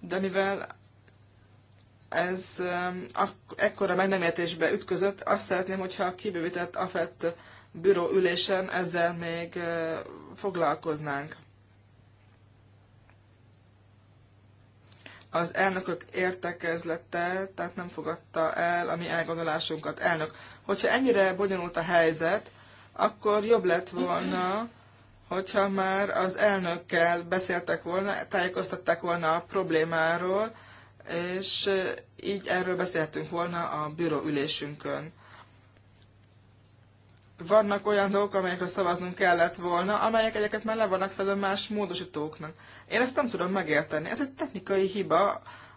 de mivel ez um, ekkora meg nem értésbe ütközött, azt szeretném, hogyha a kibővített AFET büro ülésen ezzel még uh, foglalkoznánk. Az elnökök értekezlete, tehát nem fogadta el a mi elgondolásunkat. Elnök, hogyha ennyire bonyolult a helyzet, akkor jobb lett volna, hogyha már az elnökkel beszéltek volna, tájékoztatták volna a problémáról, és így erről beszéltünk volna a bűró ülésünkön. Vannak olyan dolgok, amelyekről szavaznunk kellett volna, amelyek egyeket már le vannak a más módosítóknak. Én ezt nem tudom megérteni. Ez egy technikai hiba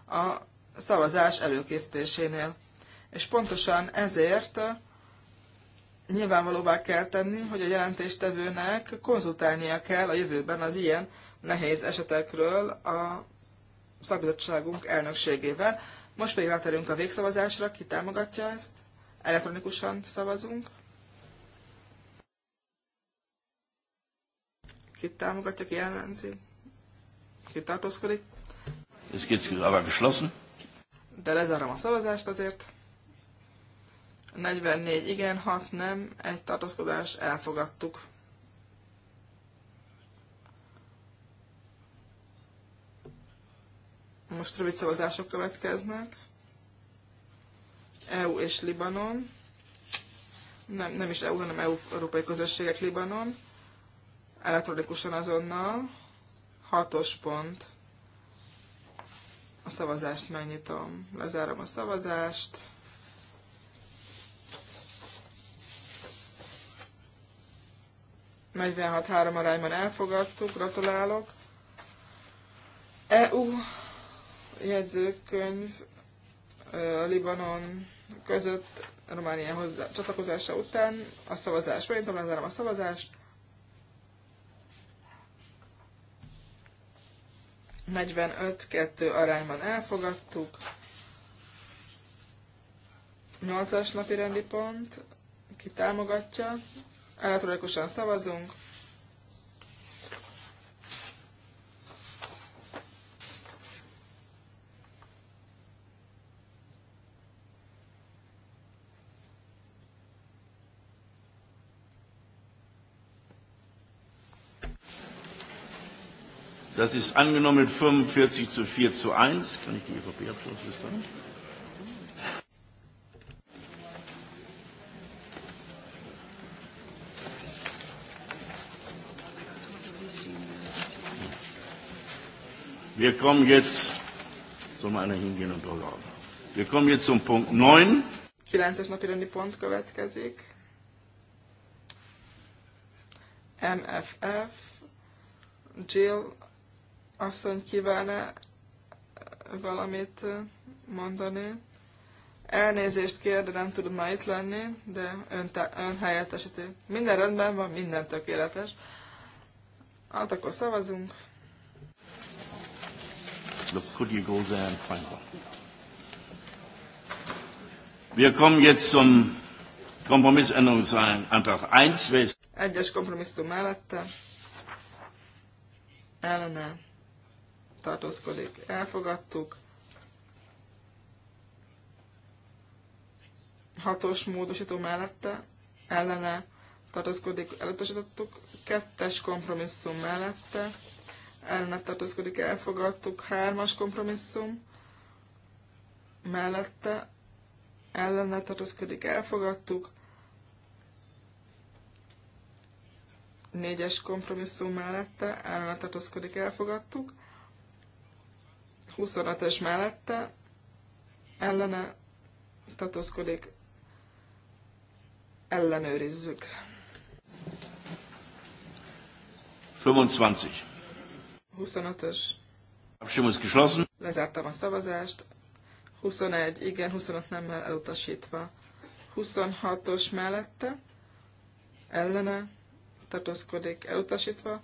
a szavazás előkészítésénél. És pontosan ezért nyilvánvalóvá kell tenni, hogy a jelentéstevőnek konzultálnia kell a jövőben az ilyen nehéz esetekről a szabadságunk elnökségével. Most pedig ráterünk a végszavazásra, ki támogatja ezt. Elektronikusan szavazunk. Ki támogatja, ki ellenzi? Ki tartózkodik? Ez geht aber geschlossen. De lezárom a szavazást azért. 44 igen, 6 nem, egy tartózkodás, elfogadtuk. Most rövid szavazások következnek. EU és Libanon. Nem, nem is EU, hanem EU, Európai Közösségek Libanon. Elektronikusan azonnal. Hatos pont. A szavazást megnyitom. Lezárom a szavazást. 46-3 arányban elfogadtuk, gratulálok. EU jegyzőkönyv a Libanon között Romániához csatlakozása után a szavazás. Megnyitom, lezárom a szavazást. 45-2 arányban elfogadtuk. 8-as napi rendi pont, ki támogatja, Elektronikusan szavazunk. Das ist angenommen mit 45 zu 4 zu 1. Kann ich die EVP-Abschlussliste haben? Wir kommen jetzt, soll mal einer hingehen und draufhauen. Wir kommen jetzt zum Punkt 9. 9-es rendi pont következik. MFF. Jill asszony kívánna valamit mondani. Elnézést kér, de nem tudod már itt lenni, de ön, te, ön helyettesítő. Minden rendben van, minden tökéletes. Hát akkor szavazunk. Look, could you go there and find one? Wir kommen jetzt zum Kompromissänderungsantrag 1. Wer ist Egyes kompromisszum mellette ellene tartózkodik. Elfogadtuk. Hatos módosító mellette ellene tartózkodik. Elutasítottuk. Kettes kompromisszum mellette ellenet tartózkodik, elfogadtuk. Hármas kompromisszum mellette ellene tartózkodik, elfogadtuk. Négyes kompromisszum mellette ellene tartózkodik, elfogadtuk. 25-es mellette ellene tartózkodik, ellenőrizzük. 25. 25-ös. Lezártam a szavazást. 21, igen, 25 nemmel elutasítva. 26-os mellette, ellene, tartózkodik elutasítva.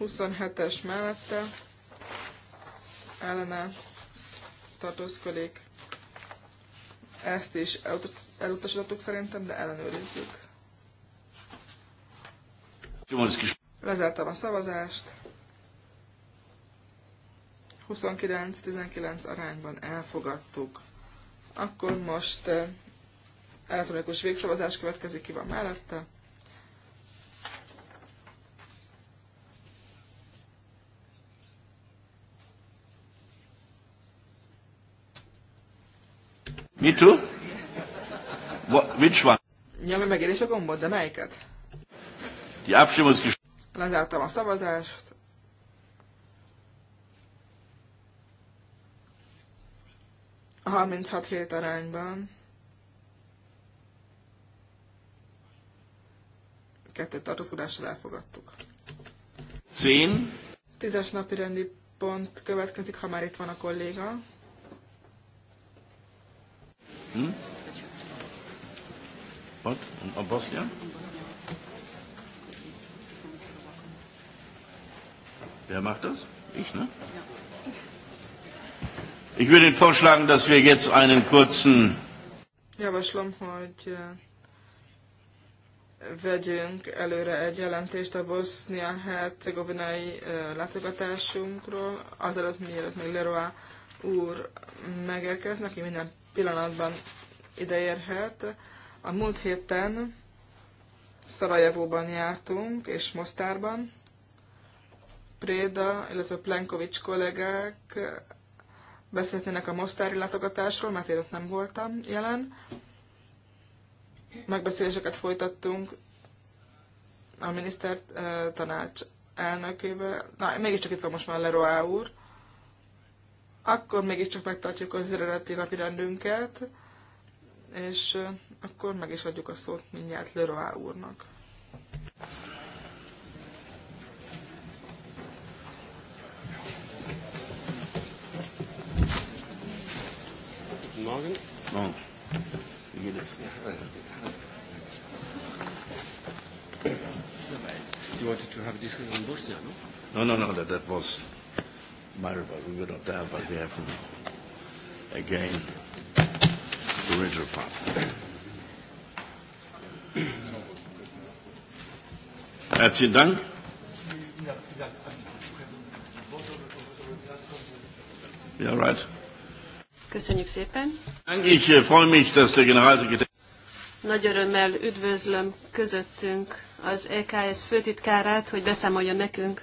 27-es mellette, ellene, tartózkodik. Ezt is elutasítottuk szerintem, de ellenőrizzük. Lezártam a szavazást. 29-19 arányban elfogadtuk. Akkor most elektronikus végszavazás következik, ki van mellette. Me too? What, which one? Nyomj meg én is a gombot, de melyiket? Die Abstimmung ist Lezártam a szavazást. A 36 hét arányban. Kettő tartózkodással elfogadtuk. Szín. Tízes napi rendi pont következik, ha már itt van a kolléga. Hm? What? A Bosnia? Wer macht das? Ich, ne? Ja. Ich würde vorschlagen, dass wir jetzt einen kurzen... Javaslom, hogy eh, vegyünk előre egy jelentést a bosznia-hercegovinai eh, látogatásunkról, azelőtt, mielőtt még Leroy úr megérkezne, aki minden pillanatban ideérhet. A múlt héten Szarajevóban jártunk, és Mostárban. Préda, illetve Plenkovics kollégák beszélnének a mostári látogatásról, mert én ott nem voltam jelen. Megbeszéléseket folytattunk a miniszter tanács elnökével. Na, mégiscsak itt van most már Leroy úr. Akkor mégiscsak megtartjuk az eredeti napi rendünket, és akkor meg is adjuk a szót mindjárt Leroy úrnak. Guten Morgen. Morgen. Wie geht es? You wanted to have a discussion on Bosnia, no? No, no, no. That, that was my report. We were not there, but we have again the original part. Herzlichen Dank. Yeah, right. Köszönjük szépen. Äh, Nagy örömmel üdvözlöm közöttünk az EKS főtitkárát, hogy beszámoljon nekünk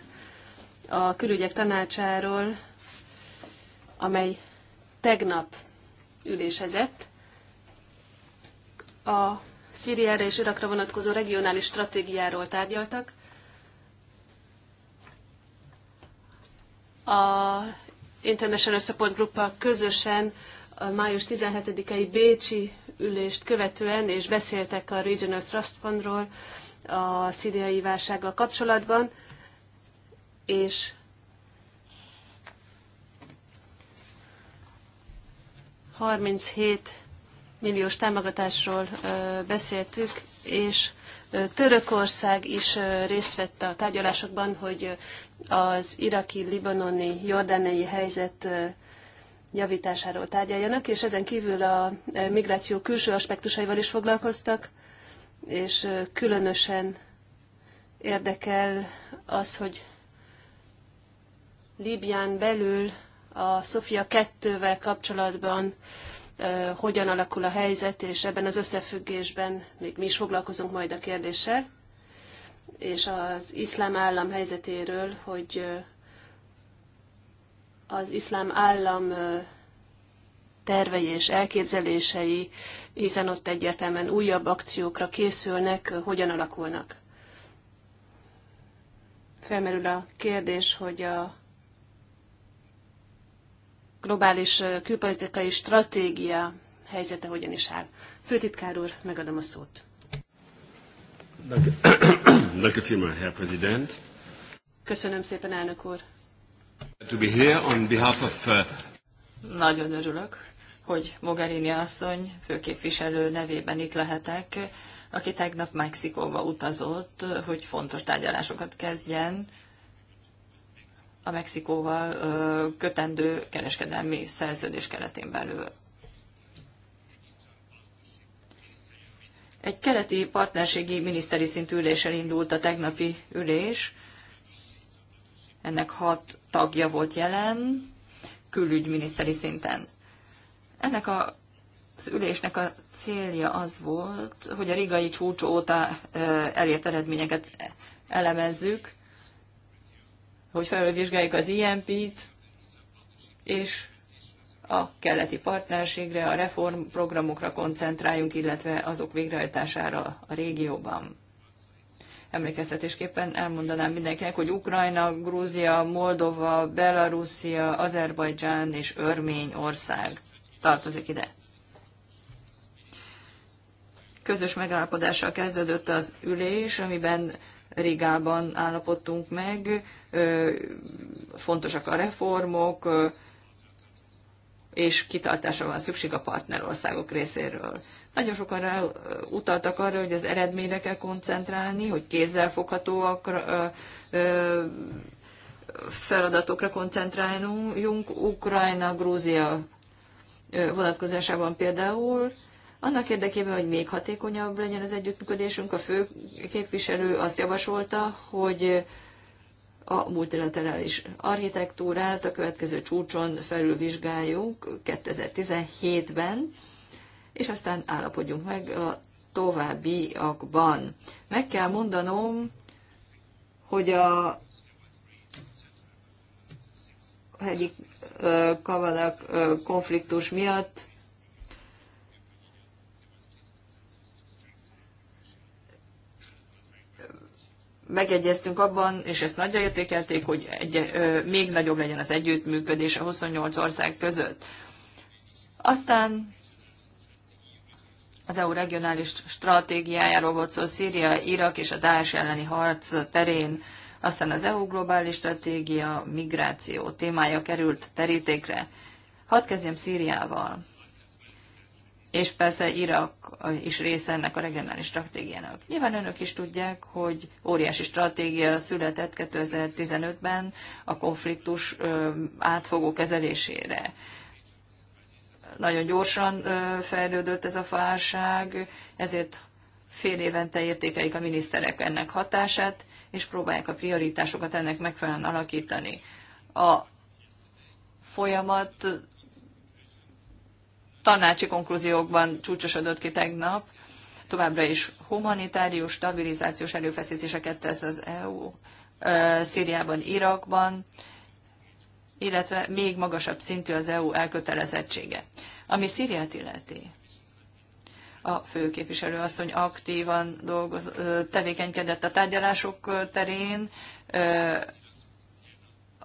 a külügyek tanácsáról, amely tegnap ülésezett. A Szíriára és Irakra vonatkozó regionális stratégiáról tárgyaltak. A International Support group közösen a május 17-i Bécsi ülést követően, és beszéltek a Regional Trust Fundról a szíriai válsággal kapcsolatban, és ...37 milliós támogatásról beszéltük, és Törökország is részt vett a tárgyalásokban, hogy az iraki, libanoni, jordániai helyzet javításáról tárgyaljanak, és ezen kívül a migráció külső aspektusaival is foglalkoztak, és különösen érdekel az, hogy Líbián belül a Sofia 2-vel kapcsolatban hogyan alakul a helyzet, és ebben az összefüggésben még mi is foglalkozunk majd a kérdéssel, és az iszlám állam helyzetéről, hogy az iszlám állam tervei és elképzelései, hiszen ott egyértelműen újabb akciókra készülnek, hogyan alakulnak. Felmerül a kérdés, hogy a globális külpolitikai stratégia helyzete hogyan is áll. Főtitkár úr, megadom a szót. Köszönöm szépen, elnök úr. To be here on behalf of, uh... Nagyon örülök, hogy Mogherini asszony főképviselő nevében itt lehetek, aki tegnap Mexikóba utazott, hogy fontos tárgyalásokat kezdjen a Mexikóval kötendő kereskedelmi szerződés keretén belül. Egy keleti partnerségi miniszteri szintű ülésen indult a tegnapi ülés. Ennek hat tagja volt jelen külügyminiszteri szinten. Ennek a, az ülésnek a célja az volt, hogy a rigai csúcs óta elért eredményeket elemezzük, hogy felülvizsgáljuk az IMP-t, és a keleti partnerségre, a reformprogramokra koncentráljunk, illetve azok végrehajtására a régióban. Emlékeztetésképpen elmondanám mindenkinek, hogy Ukrajna, Grúzia, Moldova, Belarusia, Azerbajdzsán és Örményország tartozik ide. Közös megállapodással kezdődött az ülés, amiben Rigában állapodtunk meg, fontosak a reformok, és kitartásra van szükség a partnerországok részéről. Nagyon sokan rá, utaltak arra, hogy az eredményre kell koncentrálni, hogy kézzelfoghatóak feladatokra koncentráljunk. Ukrajna, Grúzia vonatkozásában például annak érdekében, hogy még hatékonyabb legyen az együttműködésünk, a fő képviselő azt javasolta, hogy a multilaterális architektúrát a következő csúcson felülvizsgáljuk 2017-ben, és aztán állapodjunk meg a továbbiakban. Meg kell mondanom, hogy a egyik kavanak konfliktus miatt megegyeztünk abban, és ezt nagyra értékelték, hogy egy, ö, még nagyobb legyen az együttműködés a 28 ország között. Aztán az EU regionális stratégiájáról volt szó Szíria, Irak és a Daesh elleni harc terén, aztán az EU globális stratégia, migráció témája került terítékre. Hadd kezdjem Szíriával és persze Irak is része ennek a regionális stratégiának. Nyilván önök is tudják, hogy óriási stratégia született 2015-ben a konfliktus átfogó kezelésére. Nagyon gyorsan fejlődött ez a válság, ezért fél évente értékelik a miniszterek ennek hatását, és próbálják a prioritásokat ennek megfelelően alakítani. A folyamat tanácsi konklúziókban csúcsosodott ki tegnap. Továbbra is humanitárius, stabilizációs előfeszítéseket tesz az EU Szíriában, Irakban, illetve még magasabb szintű az EU elkötelezettsége. Ami Szíriát illeti, a főképviselő asszony aktívan dolgoz, tevékenykedett a tárgyalások terén.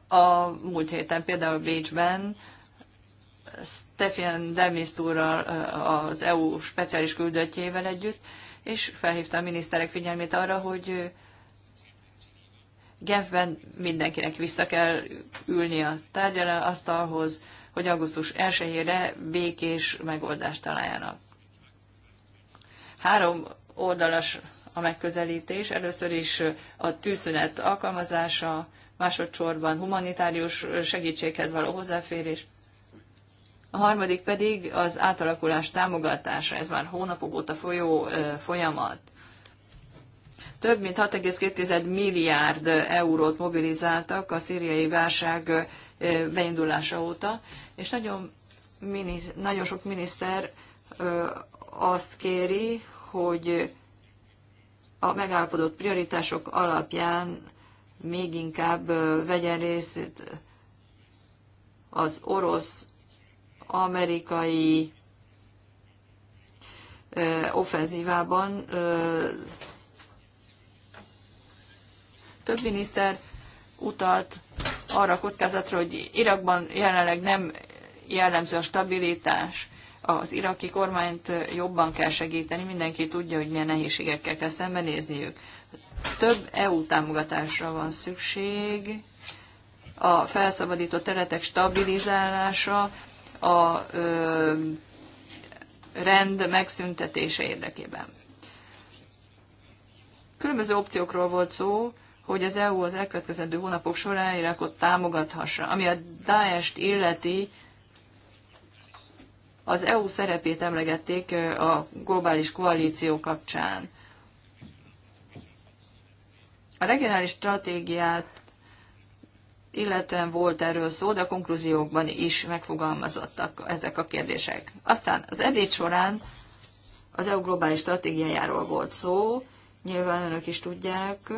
A múlt héten például Bécsben Stefan Demiszt úrral, az EU speciális küldöttjével együtt, és felhívta a miniszterek figyelmét arra, hogy Genfben mindenkinek vissza kell ülni a asztalhoz, hogy augusztus 1-ére békés megoldást találjanak. Három oldalas a megközelítés. Először is a tűzszünet alkalmazása, másodszorban humanitárius segítséghez való hozzáférés, a harmadik pedig az átalakulás támogatása, ez már hónapok óta folyó folyamat. Több mint 6,2 milliárd eurót mobilizáltak a szíriai válság beindulása óta, és nagyon, minisz, nagyon sok miniszter azt kéri, hogy a megállapodott prioritások alapján még inkább vegyen részt az orosz amerikai offenzívában több miniszter utalt arra a kockázatra, hogy Irakban jelenleg nem jellemző a stabilitás, az iraki kormányt jobban kell segíteni, mindenki tudja, hogy milyen nehézségekkel kell szembenézniük. Több EU támogatásra van szükség, a felszabadított területek stabilizálása, a ö, rend megszüntetése érdekében. Különböző opciókról volt szó, hogy az EU az elkövetkezendő hónapok során Irakot támogathassa. Ami a Daesh-t illeti, az EU szerepét emlegették a globális koalíció kapcsán. A regionális stratégiát illetően volt erről szó, de a konklúziókban is megfogalmazottak ezek a kérdések. Aztán az ebéd során az EU globális stratégiájáról volt szó, nyilván önök is tudják.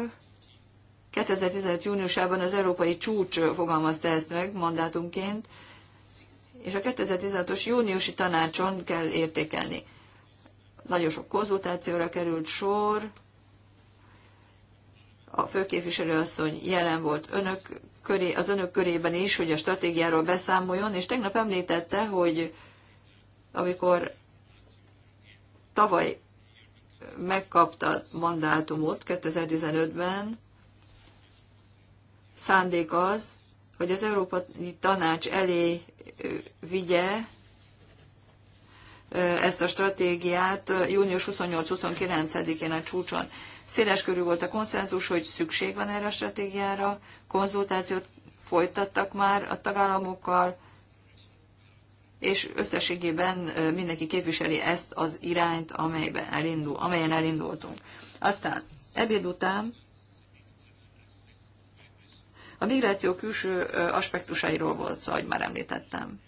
2015. júniusában az európai csúcs fogalmazta ezt meg mandátumként, és a 2016-os júniusi tanácson kell értékelni. Nagyon sok konzultációra került sor, a főképviselőasszony jelen volt önök köré, az önök körében is, hogy a stratégiáról beszámoljon, és tegnap említette, hogy amikor tavaly megkapta mandátumot 2015-ben, szándék az, hogy az Európai Tanács elé vigye ezt a stratégiát június 28-29-én a csúcson. Széles körű volt a konszenzus, hogy szükség van erre a stratégiára, konzultációt folytattak már a tagállamokkal, és összességében mindenki képviseli ezt az irányt, amelyben elindul, amelyen elindultunk. Aztán ebéd után a migráció külső aspektusairól volt szó, ahogy már említettem.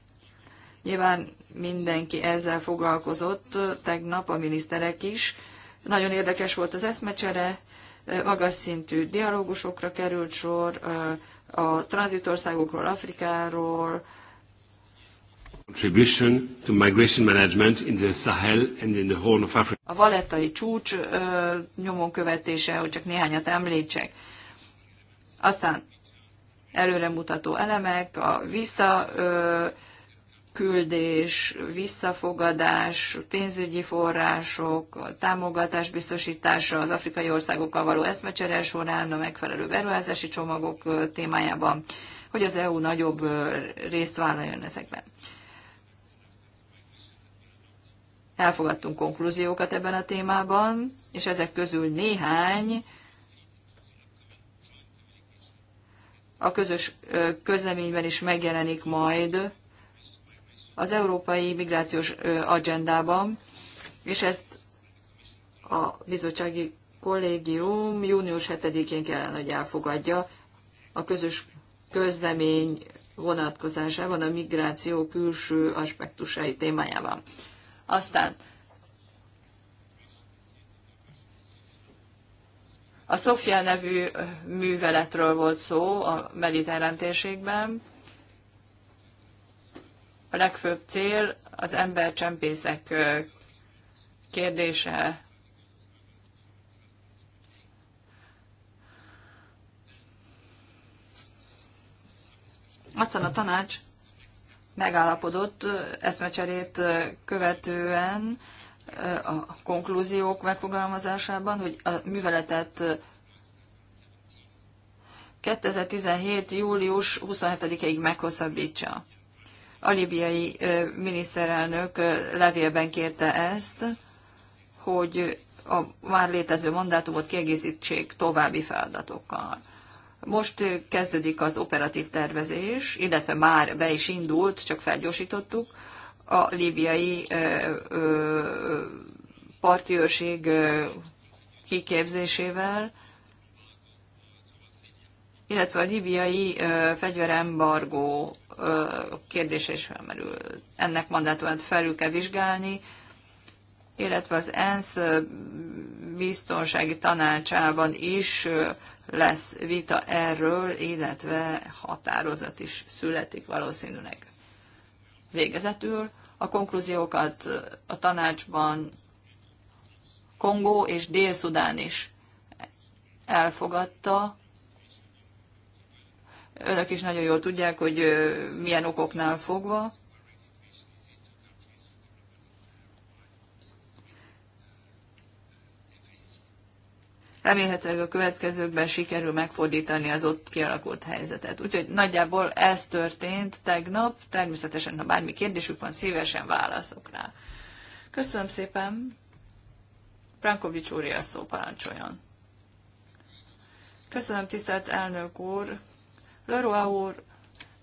Nyilván mindenki ezzel foglalkozott, tegnap a miniszterek is, nagyon érdekes volt az eszmecsere, magas szintű dialógusokra került sor, a tranzitországokról, Afrikáról, contribution to migration management in the Sahel and in the Horn of Africa. A valettai csúcs nyomon követése, hogy csak néhányat említsek. Aztán előremutató elemek, a vissza ö, küldés, visszafogadás, pénzügyi források, támogatás biztosítása az afrikai országokkal való eszmecsere során a megfelelő beruházási csomagok témájában, hogy az EU nagyobb részt vállaljon ezekben. Elfogadtunk konklúziókat ebben a témában, és ezek közül néhány a közös közleményben is megjelenik majd az európai migrációs agendában, és ezt a bizottsági kollégium június 7-én kellene, hogy elfogadja a közös közlemény vonatkozásában a migráció külső aspektusai témájában. Aztán a Sofia nevű műveletről volt szó a mediterrán térségben, a legfőbb cél az embercsempészek kérdése. Aztán a tanács megállapodott eszmecserét követően a konklúziók megfogalmazásában, hogy a műveletet 2017. július 27-ig meghosszabbítsa. A libiai miniszterelnök levélben kérte ezt, hogy a már létező mandátumot kiegészítsék további feladatokkal. Most kezdődik az operatív tervezés, illetve már be is indult, csak felgyorsítottuk, a líbiai partiőrség kiképzésével, illetve a libiai fegyverembargó kérdése is felmerül. Ennek mandátumát felül kell vizsgálni, illetve az ENSZ biztonsági tanácsában is lesz vita erről, illetve határozat is születik valószínűleg. Végezetül a konklúziókat a tanácsban Kongó és Dél-Szudán is elfogadta, Önök is nagyon jól tudják, hogy milyen okoknál fogva. Remélhetőleg a következőkben sikerül megfordítani az ott kialakult helyzetet. Úgyhogy nagyjából ez történt tegnap. Természetesen, ha bármi kérdésük van, szívesen válaszok rá. Köszönöm szépen. Prankovics úr, a szó parancsoljon. Köszönöm, tisztelt elnök úr, Leroy úr,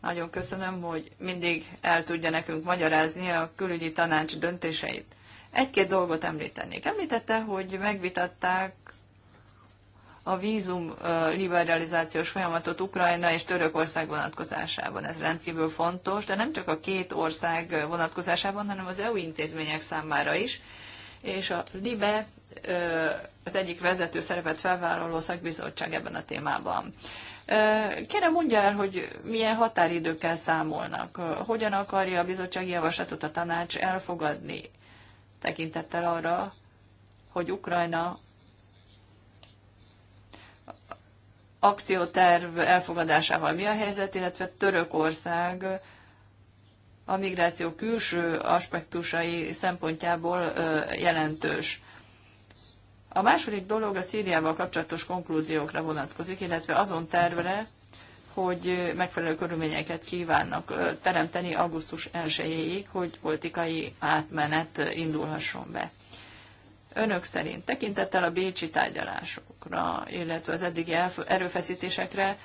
nagyon köszönöm, hogy mindig el tudja nekünk magyarázni a külügyi tanács döntéseit. Egy-két dolgot említenék. Említette, hogy megvitatták a vízum liberalizációs folyamatot Ukrajna és Törökország vonatkozásában. Ez rendkívül fontos, de nem csak a két ország vonatkozásában, hanem az EU intézmények számára is. És a LIBE az egyik vezető szerepet felvállaló szakbizottság ebben a témában. Kérem mondja el, hogy milyen határidőkkel számolnak, hogyan akarja a bizottsági javaslatot a tanács elfogadni, tekintettel arra, hogy Ukrajna akcióterv elfogadásával mi a helyzet, illetve Törökország a migráció külső aspektusai szempontjából jelentős. A második dolog a Szíriával kapcsolatos konklúziókra vonatkozik, illetve azon tervre, hogy megfelelő körülményeket kívánnak teremteni augusztus 1-ig, hogy politikai átmenet indulhasson be. Önök szerint tekintettel a bécsi tárgyalásokra, illetve az eddigi erőfeszítésekre,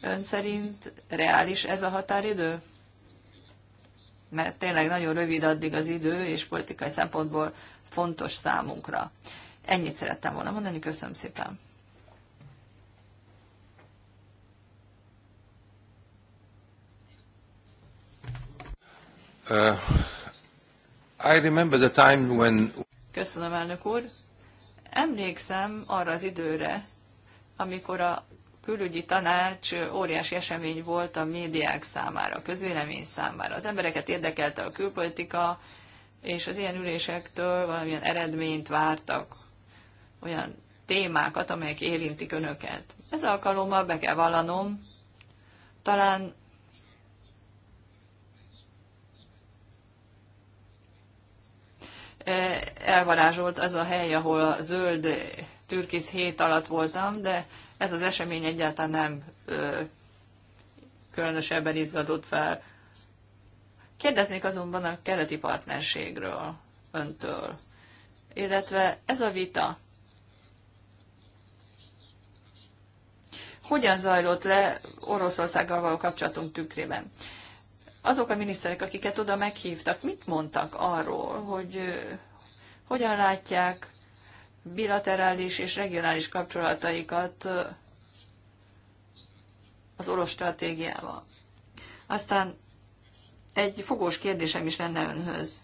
ön szerint reális ez a határidő? Mert tényleg nagyon rövid addig az idő, és politikai szempontból fontos számunkra. Ennyit szerettem volna mondani, köszönöm szépen. Uh, I remember the time when... Köszönöm, elnök úr. Emlékszem arra az időre, amikor a külügyi tanács óriási esemény volt a médiák számára, a közvélemény számára. Az embereket érdekelte a külpolitika, és az ilyen ülésektől valamilyen eredményt vártak, olyan témákat, amelyek érintik önöket. Ez alkalommal be kell vallanom, talán e, elvarázsolt az a hely, ahol a zöld türkisz hét alatt voltam, de ez az esemény egyáltalán nem ö, különösebben izgatott fel. Kérdeznék azonban a keleti partnerségről öntől, illetve ez a vita hogyan zajlott le Oroszországgal való kapcsolatunk tükrében. Azok a miniszterek, akiket oda meghívtak, mit mondtak arról, hogy hogyan látják bilaterális és regionális kapcsolataikat az orosz stratégiával. Aztán egy fogós kérdésem is lenne önhöz.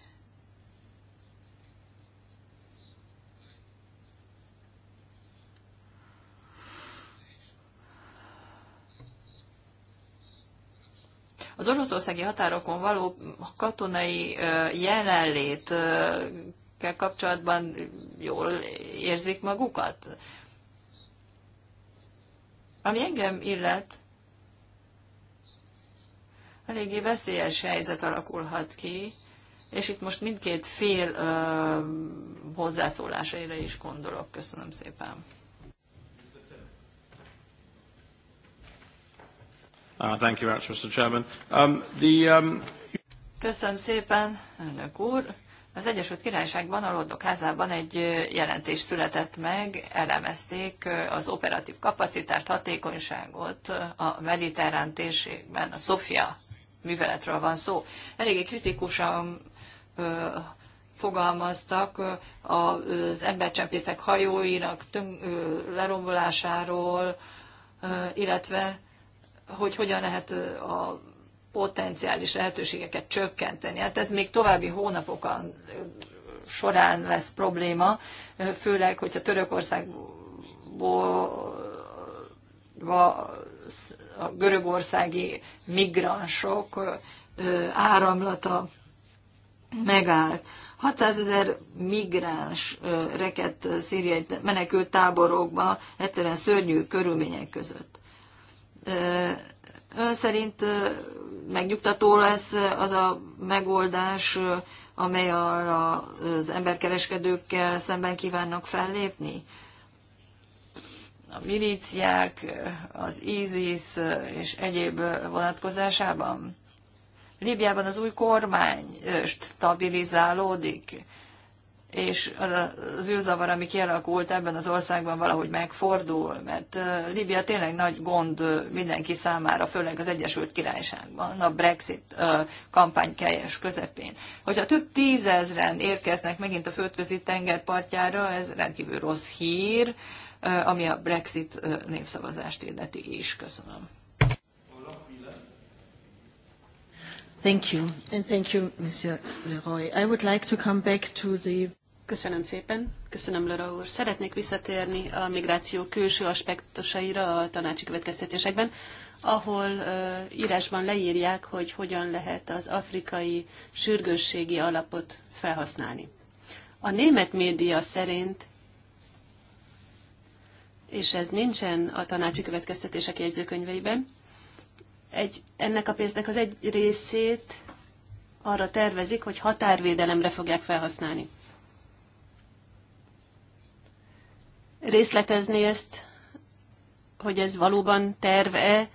Az oroszországi határokon való katonai jelenlét kapcsolatban jól érzik magukat? Ami engem illet, eléggé veszélyes helyzet alakulhat ki, és itt most mindkét fél ö, hozzászólásaira is gondolok. Köszönöm szépen. Uh, thank you much, Mr. Chairman. Um, the, um... Köszönöm szépen, elnök úr. Az Egyesült Királyságban, a Lordok házában egy jelentés született meg, elemezték az operatív kapacitást, hatékonyságot a mediterrán térségben, a Sofia műveletről van szó. Eléggé kritikusan ö, fogalmaztak az embercsempészek hajóinak tön, ö, lerombolásáról, ö, illetve hogy hogyan lehet a potenciális lehetőségeket csökkenteni. Hát ez még további hónapokon során lesz probléma, főleg, hogyha Törökországból a görögországi migránsok áramlata megállt. 600 ezer migráns reket szíriai menekült táborokba egyszerűen szörnyű körülmények között. Ön szerint megnyugtató lesz az a megoldás, amely az emberkereskedőkkel szemben kívánnak fellépni? A milíciák, az ISIS és egyéb vonatkozásában? Líbiában az új kormány stabilizálódik és az az űrzavar, ami kialakult ebben az országban valahogy megfordul, mert Líbia tényleg nagy gond mindenki számára, főleg az Egyesült Királyságban, a Brexit kampány kelyes közepén. Hogyha több tízezren érkeznek megint a földközi tenger partjára, ez rendkívül rossz hír, ami a Brexit népszavazást illeti is. Köszönöm. Thank you. And thank you, Monsieur Leroy. I would like to come back to the Köszönöm szépen, köszönöm Lora úr. Szeretnék visszatérni a migráció külső aspektusaira a tanácsi következtetésekben, ahol uh, írásban leírják, hogy hogyan lehet az afrikai sürgősségi alapot felhasználni. A német média szerint, és ez nincsen a tanácsi következtetések jegyzőkönyveiben, egy, ennek a pénznek az egy részét arra tervezik, hogy határvédelemre fogják felhasználni. részletezni ezt, hogy ez valóban terve,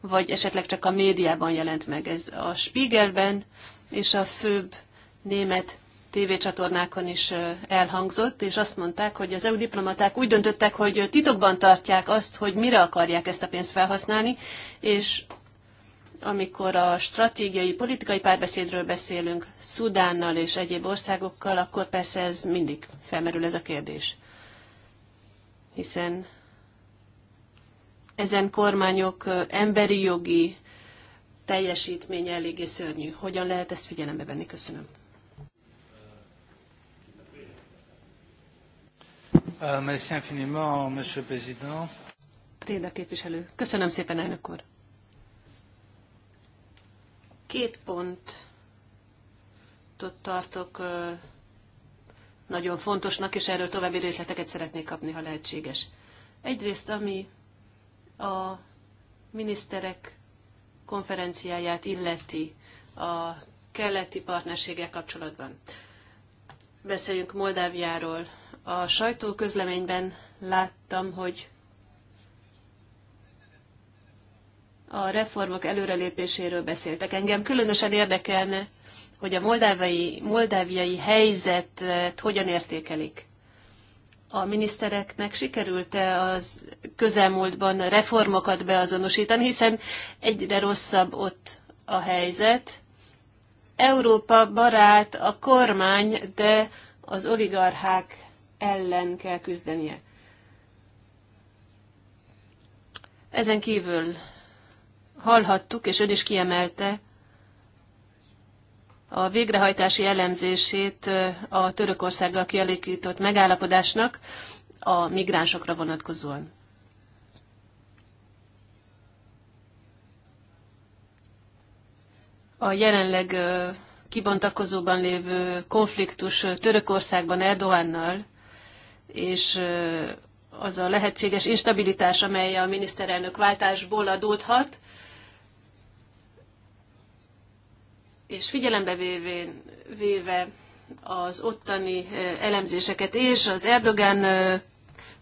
vagy esetleg csak a médiában jelent meg. Ez a Spiegelben és a főbb német tévécsatornákon is elhangzott, és azt mondták, hogy az EU diplomaták úgy döntöttek, hogy titokban tartják azt, hogy mire akarják ezt a pénzt felhasználni, és amikor a stratégiai, politikai párbeszédről beszélünk Szudánnal és egyéb országokkal, akkor persze ez mindig felmerül ez a kérdés hiszen ezen kormányok emberi jogi teljesítménye eléggé szörnyű. Hogyan lehet ezt figyelembe venni? Köszönöm. Euh, merci infiniment, Monsieur Président. Préda képviselő. Köszönöm szépen, elnök úr. Két pontot tartok nagyon fontosnak, és erről további részleteket szeretnék kapni, ha lehetséges. Egyrészt, ami a miniszterek konferenciáját illeti a keleti partnerséggel kapcsolatban. Beszéljünk Moldáviáról. A sajtóközleményben láttam, hogy a reformok előrelépéséről beszéltek. Engem különösen érdekelne, hogy a moldávai, moldáviai helyzetet eh, hogyan értékelik. A minisztereknek sikerült-e az közelmúltban reformokat beazonosítani, hiszen egyre rosszabb ott a helyzet. Európa barát a kormány, de az oligarchák ellen kell küzdenie. Ezen kívül hallhattuk, és ön is kiemelte, a végrehajtási elemzését a Törökországgal kialakított megállapodásnak a migránsokra vonatkozóan. A jelenleg kibontakozóban lévő konfliktus Törökországban Erdoánnal és az a lehetséges instabilitás, amely a miniszterelnök váltásból adódhat, és figyelembe véve, véve az ottani elemzéseket és az Erdogan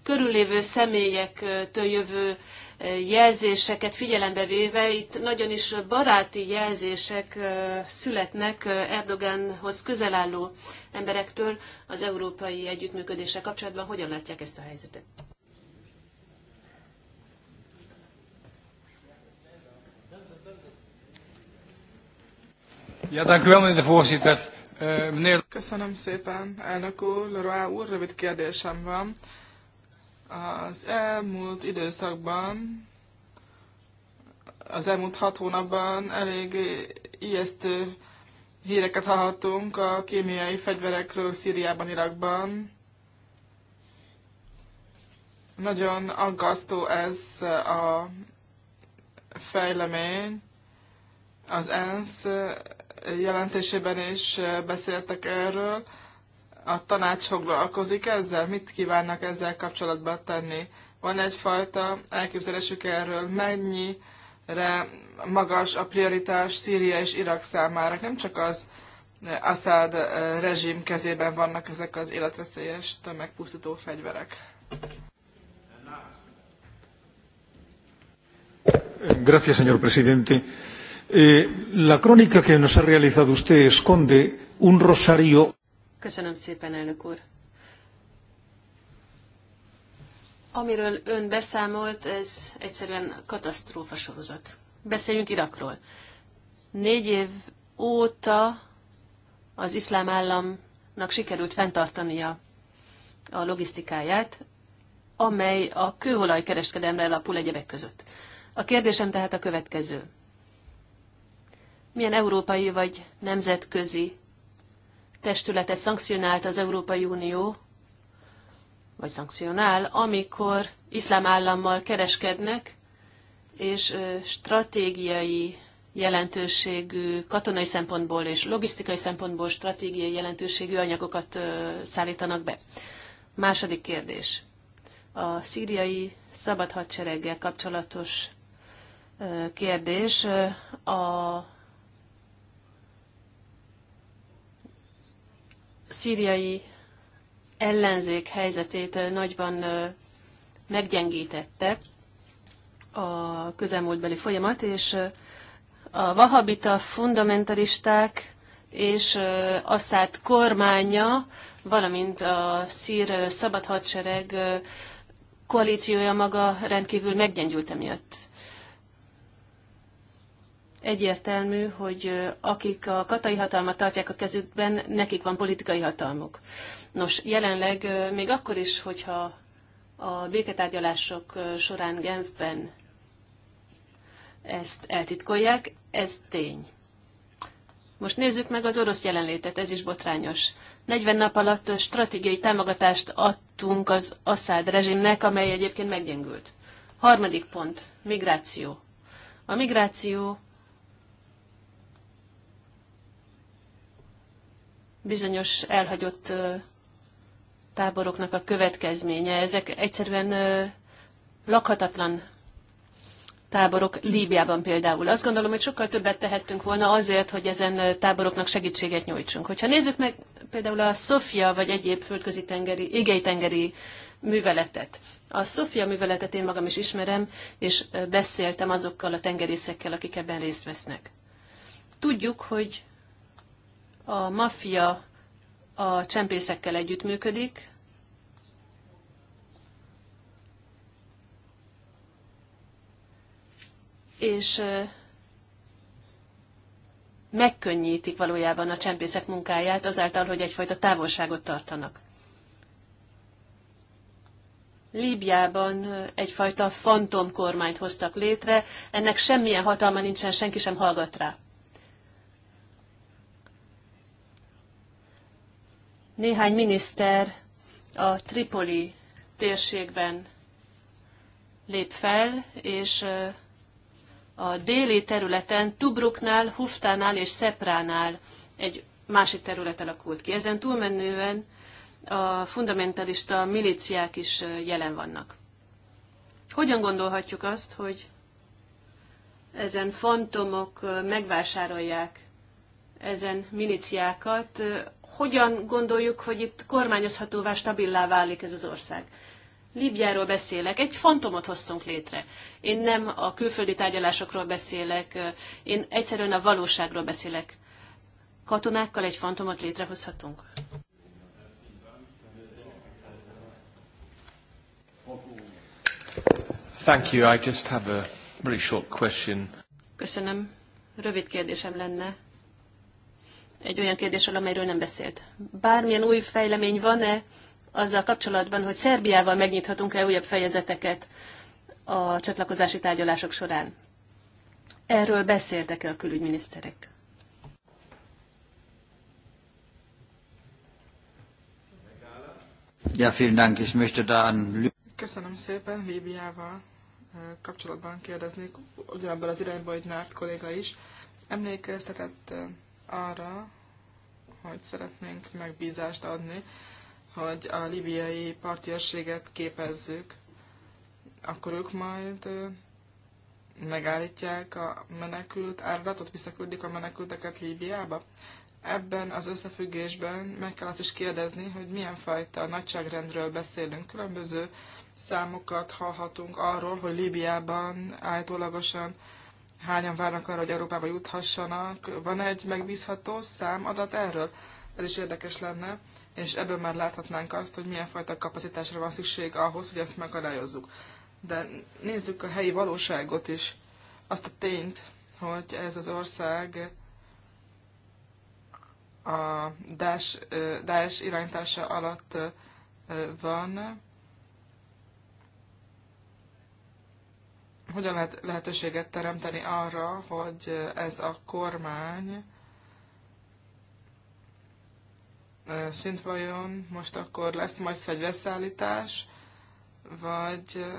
körüllévő személyektől jövő jelzéseket figyelembe véve, itt nagyon is baráti jelzések születnek Erdoganhoz közel álló emberektől az európai együttműködése kapcsolatban. Hogyan látják ezt a helyzetet? Eh, Köszönöm szépen, elnök úr, Leroy úr, rövid kérdésem van. Az elmúlt időszakban, az elmúlt hat hónapban elég ijesztő híreket hallhattunk a kémiai fegyverekről Szíriában, Irakban. Nagyon aggasztó ez a fejlemény. Az ENSZ jelentésében is beszéltek erről. A tanács foglalkozik ezzel? Mit kívánnak ezzel kapcsolatban tenni? Van egyfajta elképzelésük erről, mennyire magas a prioritás Szíria és Irak számára? Nem csak az Assad rezsim kezében vannak ezek az életveszélyes tömegpusztító fegyverek. Gracias, señor presidente. Eh, la crónica que nos ha realizado usted esconde un rosario. Köszönöm szépen, elnök úr. Amiről ön beszámolt, ez egyszerűen katasztrófa sorozat. Beszéljünk Irakról. Négy év óta az iszlám államnak sikerült fenntartania a logisztikáját, amely a kőolaj kereskedelemre alapul egyebek között. A kérdésem tehát a következő milyen európai vagy nemzetközi testületet szankcionált az Európai Unió, vagy szankcionál, amikor iszlám állammal kereskednek, és stratégiai jelentőségű, katonai szempontból és logisztikai szempontból stratégiai jelentőségű anyagokat szállítanak be. Második kérdés. A szíriai szabad hadsereggel kapcsolatos kérdés. A szíriai ellenzék helyzetét nagyban meggyengítette a közelmúltbeli folyamat, és a vahabita fundamentalisták és Assad kormánya, valamint a szír szabad hadsereg koalíciója maga rendkívül meggyengült emiatt egyértelmű, hogy akik a katai hatalmat tartják a kezükben, nekik van politikai hatalmuk. Nos, jelenleg még akkor is, hogyha a béketárgyalások során Genfben ezt eltitkolják, ez tény. Most nézzük meg az orosz jelenlétet, ez is botrányos. 40 nap alatt stratégiai támogatást adtunk az Assad rezsimnek, amely egyébként meggyengült. Harmadik pont, migráció. A migráció bizonyos elhagyott táboroknak a következménye. Ezek egyszerűen lakhatatlan táborok Líbiában például. Azt gondolom, hogy sokkal többet tehettünk volna azért, hogy ezen táboroknak segítséget nyújtsunk. Hogyha nézzük meg például a Sofia vagy egyéb földközi tengeri, égei tengeri műveletet. A Sofia műveletet én magam is ismerem, és beszéltem azokkal a tengerészekkel, akik ebben részt vesznek. Tudjuk, hogy a maffia a csempészekkel együttműködik, és megkönnyítik valójában a csempészek munkáját azáltal, hogy egyfajta távolságot tartanak. Líbiában egyfajta fantom kormányt hoztak létre, ennek semmilyen hatalma nincsen, senki sem hallgat rá. Néhány miniszter a Tripoli térségben lép fel, és a déli területen, Tubruknál, Huftánál és Szepránál egy másik terület alakult ki. Ezen túlmenően a fundamentalista milíciák is jelen vannak. Hogyan gondolhatjuk azt, hogy ezen fantomok megvásárolják ezen miliciákat hogyan gondoljuk, hogy itt kormányozhatóvá, stabilá válik ez az ország. Líbiáról beszélek, egy fantomot hoztunk létre. Én nem a külföldi tárgyalásokról beszélek, én egyszerűen a valóságról beszélek. Katonákkal egy fantomot létrehozhatunk? Thank you. I just have a really short question. Köszönöm. Rövid kérdésem lenne egy olyan kérdésről, amelyről nem beszélt. Bármilyen új fejlemény van-e azzal kapcsolatban, hogy Szerbiával megnyithatunk-e újabb fejezeteket a csatlakozási tárgyalások során? Erről beszéltek-e a külügyminiszterek? Ja, vielen Dank. Köszönöm szépen, Líbiával eh, kapcsolatban kérdeznék, ugyanabban az irányban, hogy Nárt kolléga is emlékeztetett eh, arra, hogy szeretnénk megbízást adni, hogy a libiai partiasséget képezzük, akkor ők majd megállítják a menekült áradatot, visszaküldik a menekülteket Líbiába. Ebben az összefüggésben meg kell azt is kérdezni, hogy milyen fajta nagyságrendről beszélünk. Különböző számokat hallhatunk arról, hogy Líbiában állítólagosan hányan várnak arra, hogy Európába juthassanak. Van egy megbízható számadat erről? Ez is érdekes lenne, és ebből már láthatnánk azt, hogy milyen fajta kapacitásra van szükség ahhoz, hogy ezt megadályozzuk. De nézzük a helyi valóságot is, azt a tényt, hogy ez az ország a Daesh, Daesh irányítása alatt van, hogyan lehet lehetőséget teremteni arra, hogy ez a kormány szintvajon most akkor lesz majd fegyverszállítás, vagy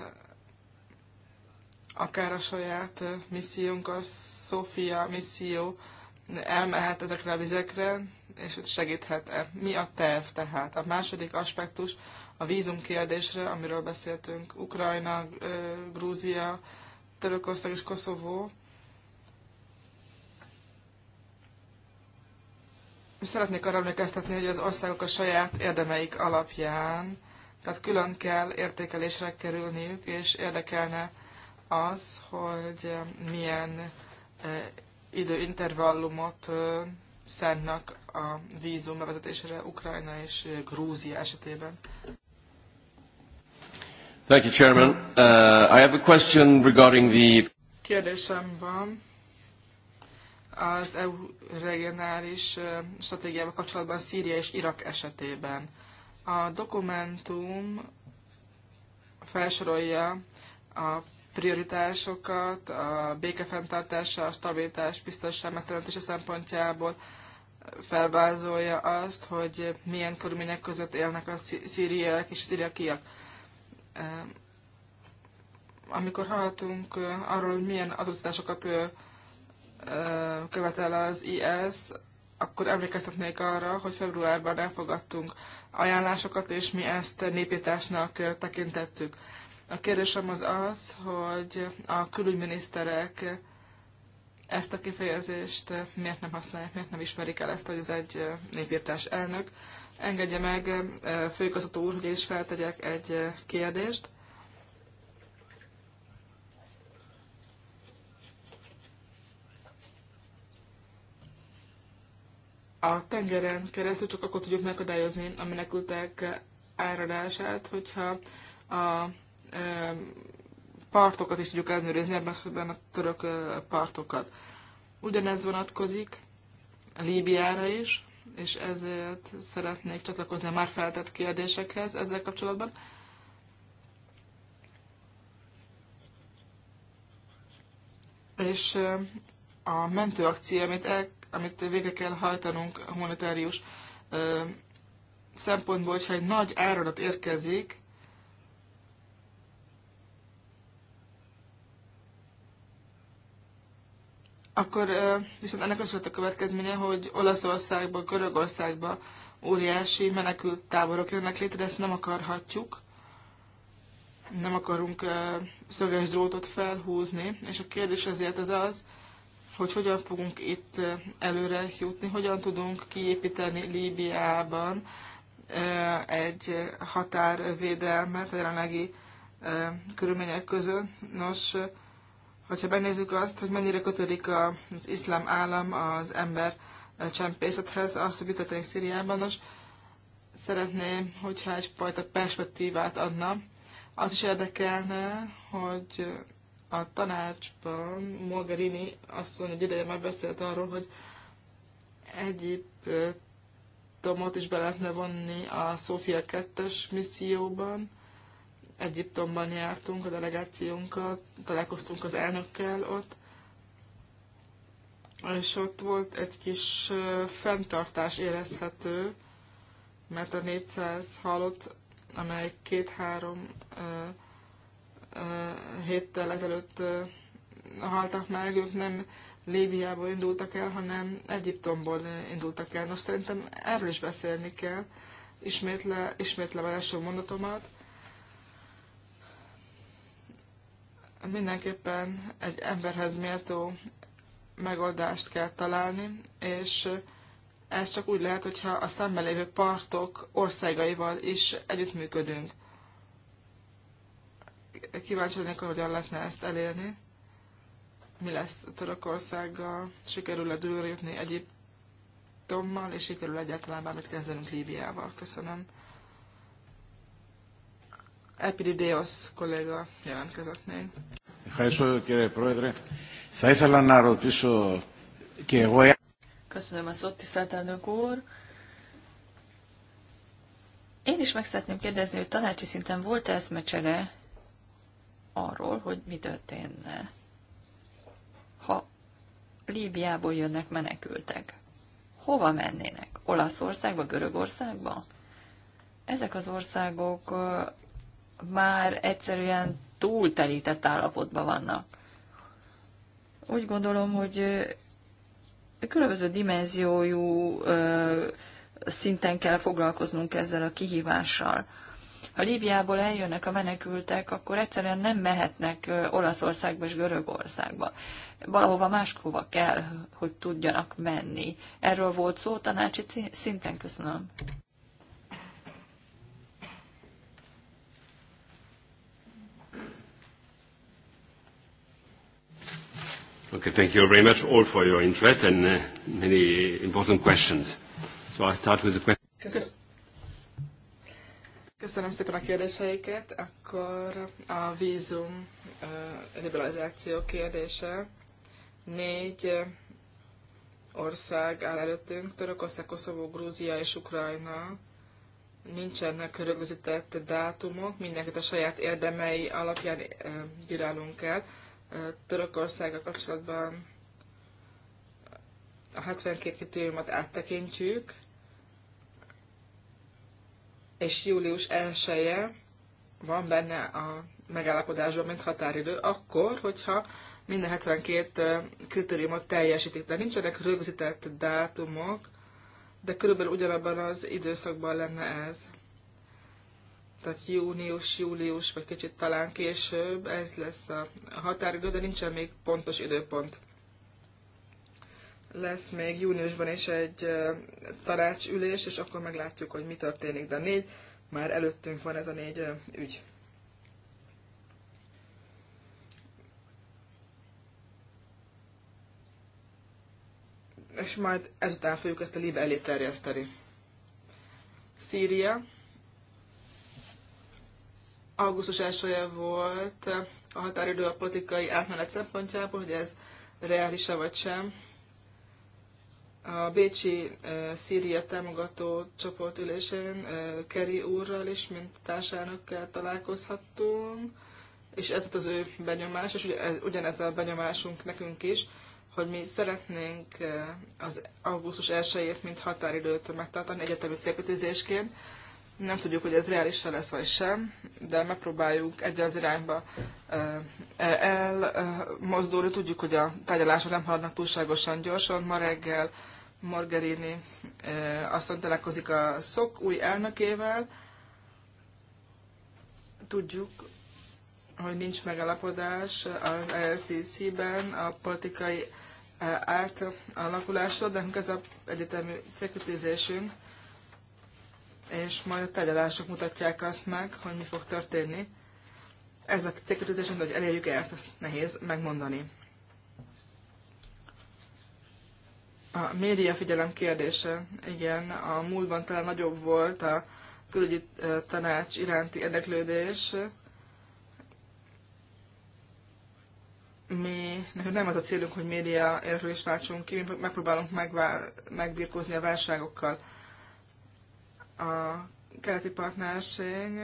akár a saját missziónk, a Sofia misszió elmehet ezekre a vizekre, és segíthet-e. Mi a terv tehát? A második aspektus a vízum kérdésre, amiről beszéltünk, Ukrajna, Grúzia, Törökország és Koszovó. Szeretnék arra emlékeztetni, hogy az országok a saját érdemeik alapján, tehát külön kell értékelésre kerülniük, és érdekelne az, hogy milyen időintervallumot szánnak a vízum bevezetésére Ukrajna és Grúzia esetében. Thank you, Chairman. Uh, I have a question regarding the... Kérdésem van az EU regionális uh, stratégiával kapcsolatban Szíria és Irak esetében. A dokumentum felsorolja a prioritásokat, a békefenntartása, a stabilitás, biztonság megszerzése szempontjából felvázolja azt, hogy milyen körülmények között élnek a szíriek és a szíriakiak amikor hallhatunk arról, hogy milyen adóztatásokat követel az IS, akkor emlékeztetnék arra, hogy februárban elfogadtunk ajánlásokat, és mi ezt népításnak tekintettük. A kérdésem az az, hogy a külügyminiszterek ezt a kifejezést miért nem használják, miért nem ismerik el ezt, hogy ez egy népírtás elnök. Engedje meg, eh, főigazgató úr, hogy én is feltegyek egy eh, kérdést. A tengeren keresztül csak akkor tudjuk megadályozni a menekültek eh, áradását, hogyha a partokat is tudjuk ellenőrizni, ebben a török partokat. Ugyanez vonatkozik Líbiára is, és ezért szeretnék csatlakozni a már feltett kérdésekhez ezzel kapcsolatban. És a mentőakció, amit, el, amit végre kell hajtanunk humanitárius szempontból, hogyha egy nagy áradat érkezik, akkor viszont ennek az volt a következménye, hogy Olaszországba, Görögországba óriási menekült táborok jönnek létre, ezt nem akarhatjuk. Nem akarunk szöges drótot felhúzni, és a kérdés azért az az, hogy hogyan fogunk itt előre jutni, hogyan tudunk kiépíteni Líbiában egy határvédelmet a jelenlegi körülmények között. Nos, Hogyha benézzük azt, hogy mennyire kötődik az iszlám állam az ember csempészethez, az, hogy mi Szíriában, nos, szeretném, hogyha egyfajta perspektívát adna. Az is érdekelne, hogy a tanácsban Mogherini asszony egy ideje már beszélt arról, hogy Egyiptomot is be lehetne vonni a Szófia 2-es misszióban, Egyiptomban jártunk a delegációnkkal, találkoztunk az elnökkel ott, és ott volt egy kis fenntartás érezhető, mert a 400 halott, amely két-három héttel ezelőtt haltak meg, ők nem Líbiából indultak el, hanem Egyiptomból indultak el. Nos, szerintem erről is beszélni kell. Ismétle, ismétlem az első mondatomat. mindenképpen egy emberhez méltó megoldást kell találni, és ez csak úgy lehet, hogyha a szemben lévő partok országaival is együttműködünk. Kíváncsi lennék, hogy hogyan lehetne ezt elérni. Mi lesz Törökországgal? Sikerül-e dőrjutni jutni Egyiptommal, és sikerül egyáltalán bármit kezdenünk Líbiával? Köszönöm. Επιδιδέος kollega, jelentkezett még. Köszönöm a szót, tisztelt elnök úr. Én is meg szeretném kérdezni, hogy tanácsi szinten volt-e eszmecsere arról, hogy mi történne, ha Líbiából jönnek menekültek. Hova mennének? Olaszországba, Görögországba? Ezek az országok már egyszerűen túltelített állapotban vannak. Úgy gondolom, hogy különböző dimenziójú szinten kell foglalkoznunk ezzel a kihívással. Ha Líbiából eljönnek a menekültek, akkor egyszerűen nem mehetnek Olaszországba és Görögországba. Valahova máshova kell, hogy tudjanak menni. Erről volt szó tanácsi szinten. Köszönöm. Okay, thank you very much all for your interest and uh, many important questions. So I'll start with the question. Köszönöm. szépen a kérdéseiket. Akkor a vízum uh, liberalizáció kérdése. Négy ország áll előttünk, Törökország, Koszovó, Grúzia és Ukrajna. Nincsenek rögzített dátumok, mindenkit a saját érdemei alapján uh, bírálunk el. Uh, Törökországgal kapcsolatban a 72 kritériumot áttekintjük, és július 1 -e van benne a megállapodásban, mint határidő, akkor, hogyha minden 72 kritériumot teljesítik. De nincsenek rögzített dátumok, de körülbelül ugyanabban az időszakban lenne ez tehát június, július, vagy kicsit talán később, ez lesz a határidő, de nincsen még pontos időpont. Lesz még júniusban is egy tanácsülés, és akkor meglátjuk, hogy mi történik, de négy, már előttünk van ez a négy ügy. És majd ezután fogjuk ezt a libe elé terjeszteni. Szíria augusztus 1 volt a határidő a politikai átmenet szempontjából, hogy ez reális-e vagy sem. A Bécsi Szíria támogató csoportülésén Keri úrral is, mint társelnökkel találkozhattunk, és ez az ő benyomás, és ugyanez a benyomásunk nekünk is, hogy mi szeretnénk az augusztus 1-ét, mint határidőt megtartani egyetemi célkötőzésként, nem tudjuk, hogy ez reálisan lesz vagy sem, de megpróbáljuk egy az irányba e, elmozdulni. Tudjuk, hogy a tárgyalások nem haladnak túlságosan gyorsan. Ma reggel Margarini aztán találkozik a SZOK új elnökével. Tudjuk, hogy nincs megalapodás az LCC-ben a politikai átalakulásról, de ez az egyetemi célkütőzésünk, és majd a tárgyalások mutatják azt meg, hogy mi fog történni. Ez a célkötőzés, hogy elérjük-e ezt, ezt nehéz megmondani. A média figyelem kérdése, igen, a múltban talán nagyobb volt a külügyi tanács iránti érdeklődés. Mi, nekünk nem az a célunk, hogy média érdeklődést váltsunk ki, mi megpróbálunk megvál, megbirkózni a válságokkal a keleti partnerség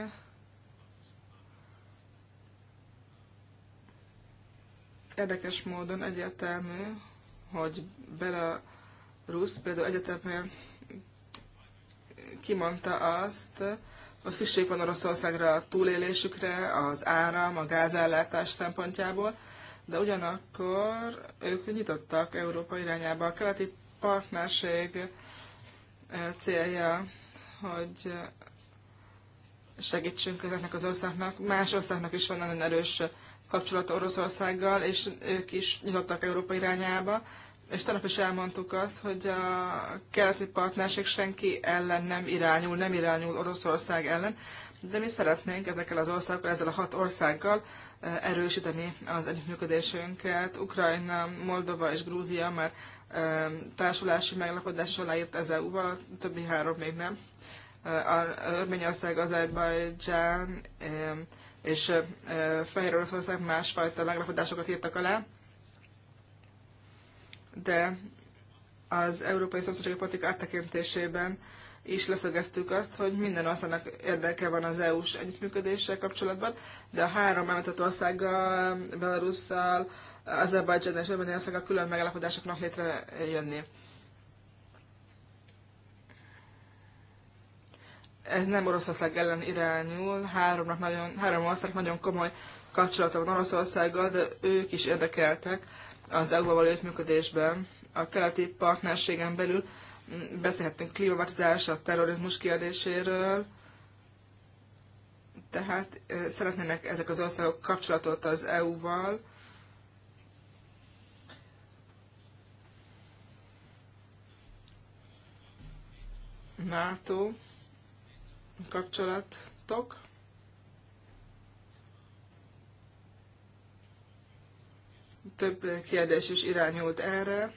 érdekes módon egyértelmű, hogy Rusz például egyetemben kimondta azt, hogy szükség van Oroszországra a túlélésükre, az áram, a gázellátás szempontjából, de ugyanakkor ők nyitottak Európa irányába. A keleti partnerség eh, célja hogy segítsünk ezeknek az országnak. Más országnak is van nagyon erős kapcsolata Oroszországgal, és ők is nyitottak Európa irányába. És tanap is elmondtuk azt, hogy a keleti partnerség senki ellen nem irányul, nem irányul Oroszország ellen, de mi szeretnénk ezekkel az országokkal, ezzel a hat országgal eh, erősíteni az együttműködésünket. Ukrajna, Moldova és Grúzia már társulási meglapodás is aláírt az EU-val, többi három még nem. Örményország, Azerbajdzsán és Fehér Oroszország másfajta meglapodásokat írtak alá, de az Európai Szomszédsági Politika áttekintésében is leszögeztük azt, hogy minden országnak érdeke van az EU-s együttműködéssel kapcsolatban, de a három említett országgal, Belarusszal, Azerbajdzsán és Örményország a külön megállapodásoknak létrejönni. Ez nem Oroszország ellen irányul, háromnak nagyon, három ország nagyon komoly kapcsolata van Oroszországgal, de ők is érdekeltek az EU-val való működésben. A keleti partnerségen belül beszélhetünk klímaváltozás, a terrorizmus kérdéséről, tehát szeretnének ezek az országok kapcsolatot az EU-val, NATO kapcsolatok. Több kérdés is irányult erre.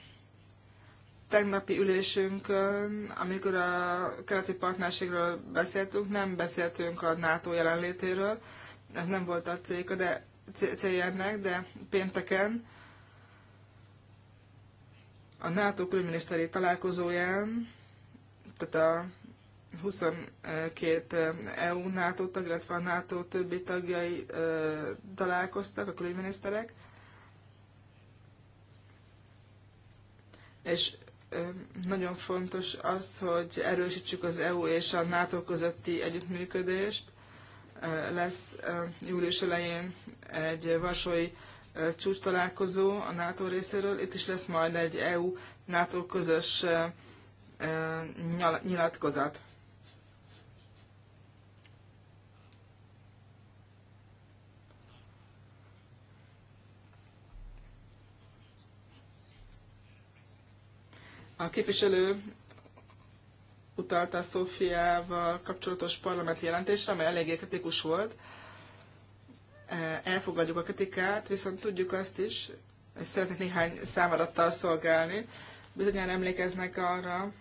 Tegnapi ülésünkön, amikor a keleti partnerségről beszéltünk, nem beszéltünk a NATO jelenlétéről. Ez nem volt a célja, de, célja ennek, de pénteken a NATO külügyminiszteri találkozóján tehát a 22 EU NATO tag, illetve a NATO többi tagjai ö, találkoztak, a külügyminiszterek, és ö, nagyon fontos az, hogy erősítsük az EU és a NATO közötti együttműködést. Ö, lesz ö, július elején egy vasói csúcs találkozó a NATO részéről, itt is lesz majd egy EU-NATO közös ö, nyilatkozat. A képviselő utalta a Szófiával kapcsolatos parlamenti jelentésre, amely eléggé kritikus volt. Elfogadjuk a kritikát, viszont tudjuk azt is, és szeretnék néhány számadattal szolgálni. Bizonyára emlékeznek arra,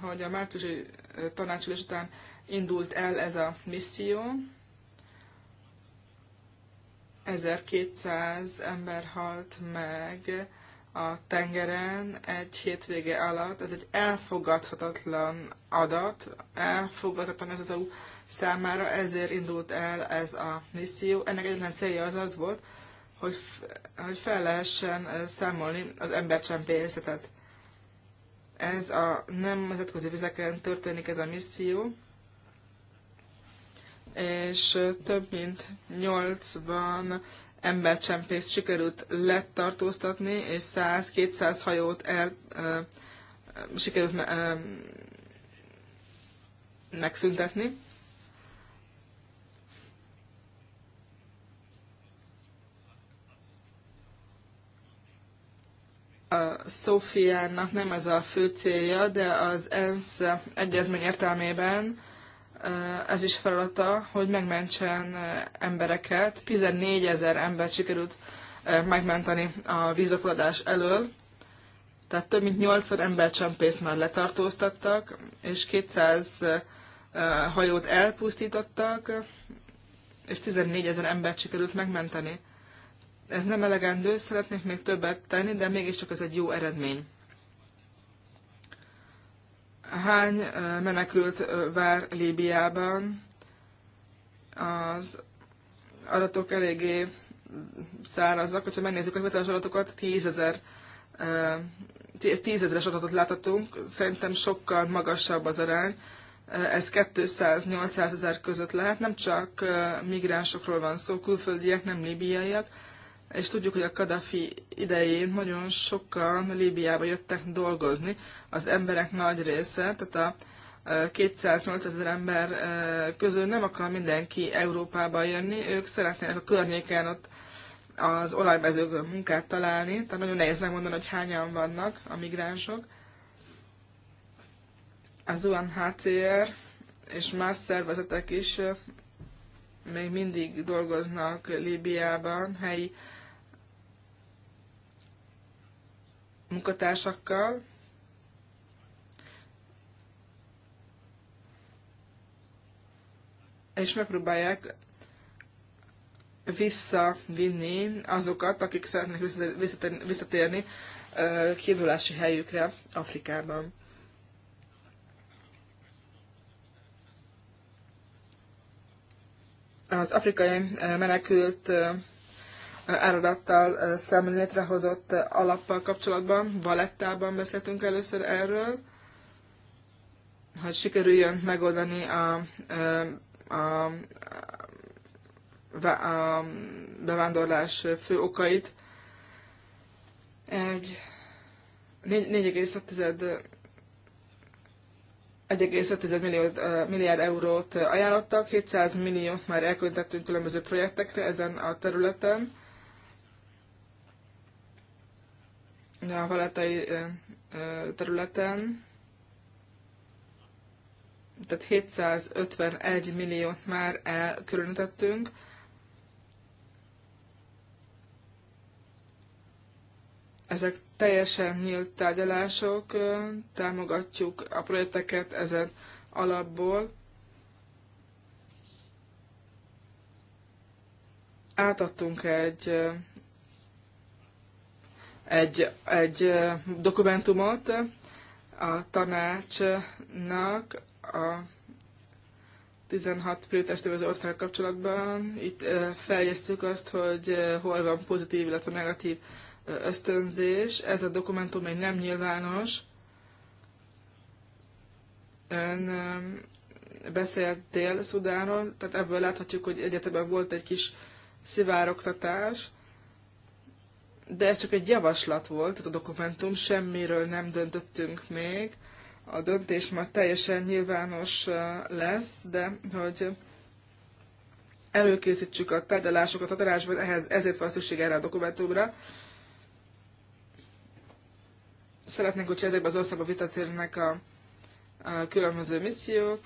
hogy a márciusi tanácsülés után indult el ez a misszió. 1200 ember halt meg a tengeren egy hétvége alatt. Ez egy elfogadhatatlan adat, elfogadhatatlan ez az EU számára, ezért indult el ez a misszió. Ennek egyetlen célja az az volt, hogy, hogy fel lehessen számolni az embercsempészetet. Ez a nem nemzetközi vizeken történik ez a misszió, és több mint 80 embercsempészt sikerült letartóztatni, és 100-200 hajót el, uh, sikerült uh, megszüntetni. a Szófiának nem ez a fő célja, de az ENSZ egyezmény értelmében ez is feladata, hogy megmentsen embereket. 14 ezer embert sikerült megmenteni a vízrofordás elől, tehát több mint 80 embercsempészt már letartóztattak, és 200 hajót elpusztítottak, és 14 ezer embert sikerült megmenteni ez nem elegendő, szeretnék még többet tenni, de mégiscsak ez egy jó eredmény. Hány menekült vár Líbiában? Az adatok eléggé szárazak. Ha megnézzük a hivatalos adatokat, tízezer tízezeres adatot láthatunk, szerintem sokkal magasabb az arány. Ez 200-800 ezer között lehet, nem csak migránsokról van szó, külföldiek, nem líbiaiak és tudjuk, hogy a Kadafi idején nagyon sokan Líbiába jöttek dolgozni, az emberek nagy része, tehát a 208 e, ezer ember e, közül nem akar mindenki Európába jönni, ők szeretnének a környéken ott az olajmezőkön munkát találni, tehát nagyon nehéz megmondani, hogy hányan vannak a migránsok. Az UNHCR és más szervezetek is e, még mindig dolgoznak Líbiában helyi munkatársakkal. És megpróbálják visszavinni azokat, akik szeretnék visszatérni kiindulási helyükre Afrikában. Az afrikai menekült áradattal szemben létrehozott alappal kapcsolatban. Valettában beszéltünk először erről, hogy sikerüljön megoldani a, a, a, a bevándorlás fő okait. Egy 4,5 milliárd, milliárd eurót ajánlottak, 700 milliót már elköltettünk különböző projektekre ezen a területen. a valetai területen, tehát 751 milliót már elkülönítettünk. Ezek teljesen nyílt tárgyalások, támogatjuk a projekteket ezen alapból. Átadtunk egy egy, egy dokumentumot a tanácsnak a 16 prioritást az ország kapcsolatban. Itt feljegyeztük azt, hogy hol van pozitív, illetve negatív ösztönzés. Ez a dokumentum még nem nyilvános. Ön beszéltél Dél-Szudánról, tehát ebből láthatjuk, hogy egyetemben volt egy kis szivárogtatás, de ez csak egy javaslat volt, ez a dokumentum, semmiről nem döntöttünk még. A döntés már teljesen nyilvános lesz, de hogy előkészítsük a tárgyalásokat a tanácsban, ehhez, ezért van szükség erre a dokumentumra. Szeretnénk, hogyha ezekben az országban vitatérnek a, a különböző missziók,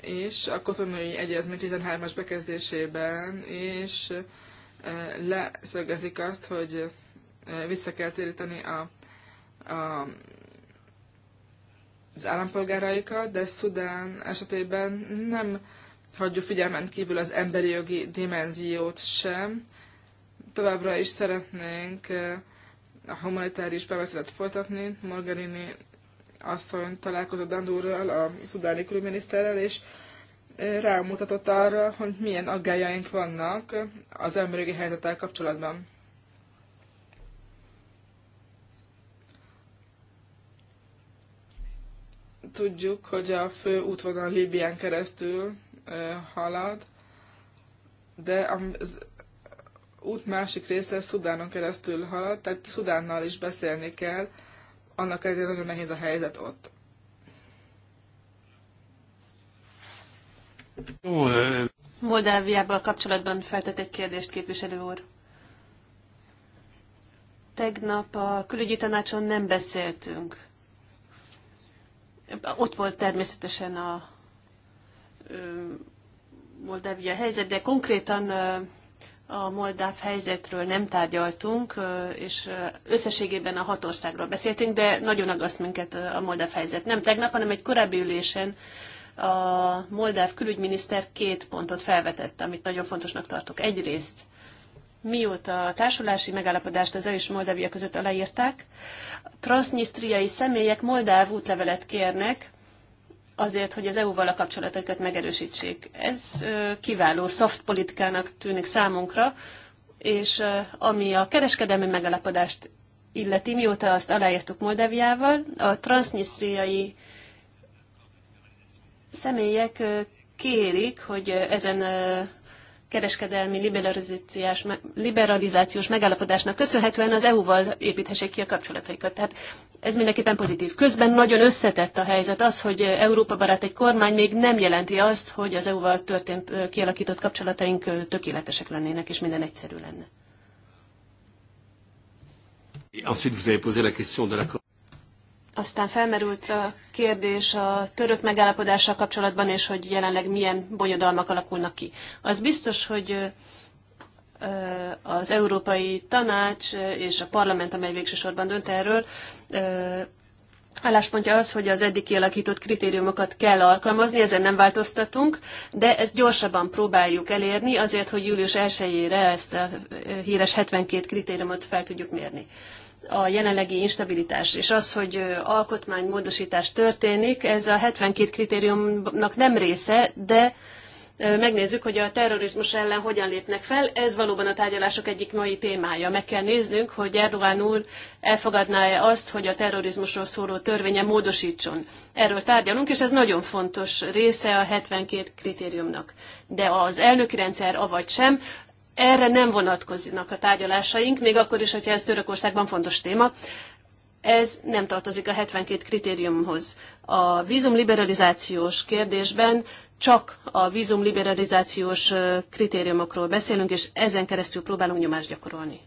és a kotonai egyezmény 13-as bekezdésében, és leszögezik azt, hogy vissza kell téríteni a, a, az állampolgáraikat, de Szudán esetében nem hagyjuk figyelmen kívül az emberi jogi dimenziót sem. Továbbra is szeretnénk a humanitárius párbeszédet folytatni. Margarini asszony találkozott Dandurral, a szudáni külügyminiszterrel, és rámutatott arra, hogy milyen aggájaink vannak az emberi helyzettel kapcsolatban. Tudjuk, hogy a fő útvonal Líbián keresztül halad, de az út másik része Szudánon keresztül halad, tehát Szudánnal is beszélni kell, annak ellenére nagyon nehéz a helyzet ott. Moldáviával kapcsolatban feltett egy kérdést képviselő úr. Tegnap a külügyi tanácson nem beszéltünk ott volt természetesen a Moldávia helyzet, de konkrétan a moldáv helyzetről nem tárgyaltunk, és összességében a hat országról beszéltünk, de nagyon agaszt minket a moldáv helyzet. Nem tegnap, hanem egy korábbi ülésen a moldáv külügyminiszter két pontot felvetett, amit nagyon fontosnak tartok. Egyrészt, mióta a társulási megállapodást az EU és Moldávia között aláírták, transznyisztriai személyek moldáv útlevelet kérnek, azért, hogy az EU-val a kapcsolatokat megerősítsék. Ez kiváló soft politikának tűnik számunkra, és ami a kereskedelmi megalapodást illeti, mióta azt aláírtuk Moldáviával, a transznyisztriai személyek kérik, hogy ezen kereskedelmi liberalizációs, liberalizációs megállapodásnak köszönhetően az EU-val építhessék ki a kapcsolataikat. Tehát ez mindenképpen pozitív. Közben nagyon összetett a helyzet. Az, hogy Európa barát egy kormány még nem jelenti azt, hogy az EU-val történt kialakított kapcsolataink tökéletesek lennének, és minden egyszerű lenne. Aztán felmerült a kérdés a török megállapodással kapcsolatban, és hogy jelenleg milyen bonyodalmak alakulnak ki. Az biztos, hogy az Európai Tanács és a parlament, amely végsősorban dönt erről, álláspontja az, hogy az eddig kialakított kritériumokat kell alkalmazni, ezen nem változtatunk, de ezt gyorsabban próbáljuk elérni, azért, hogy július 1-ére ezt a híres 72 kritériumot fel tudjuk mérni a jelenlegi instabilitás, és az, hogy alkotmánymódosítás történik, ez a 72 kritériumnak nem része, de megnézzük, hogy a terrorizmus ellen hogyan lépnek fel. Ez valóban a tárgyalások egyik mai témája. Meg kell néznünk, hogy Erdogan úr elfogadná-e azt, hogy a terrorizmusról szóló törvénye módosítson. Erről tárgyalunk, és ez nagyon fontos része a 72 kritériumnak. De az elnöki rendszer avagy sem, erre nem vonatkoznak a tárgyalásaink, még akkor is, hogyha ez Törökországban fontos téma. Ez nem tartozik a 72 kritériumhoz. A vízumliberalizációs kérdésben csak a vízumliberalizációs kritériumokról beszélünk, és ezen keresztül próbálunk nyomást gyakorolni.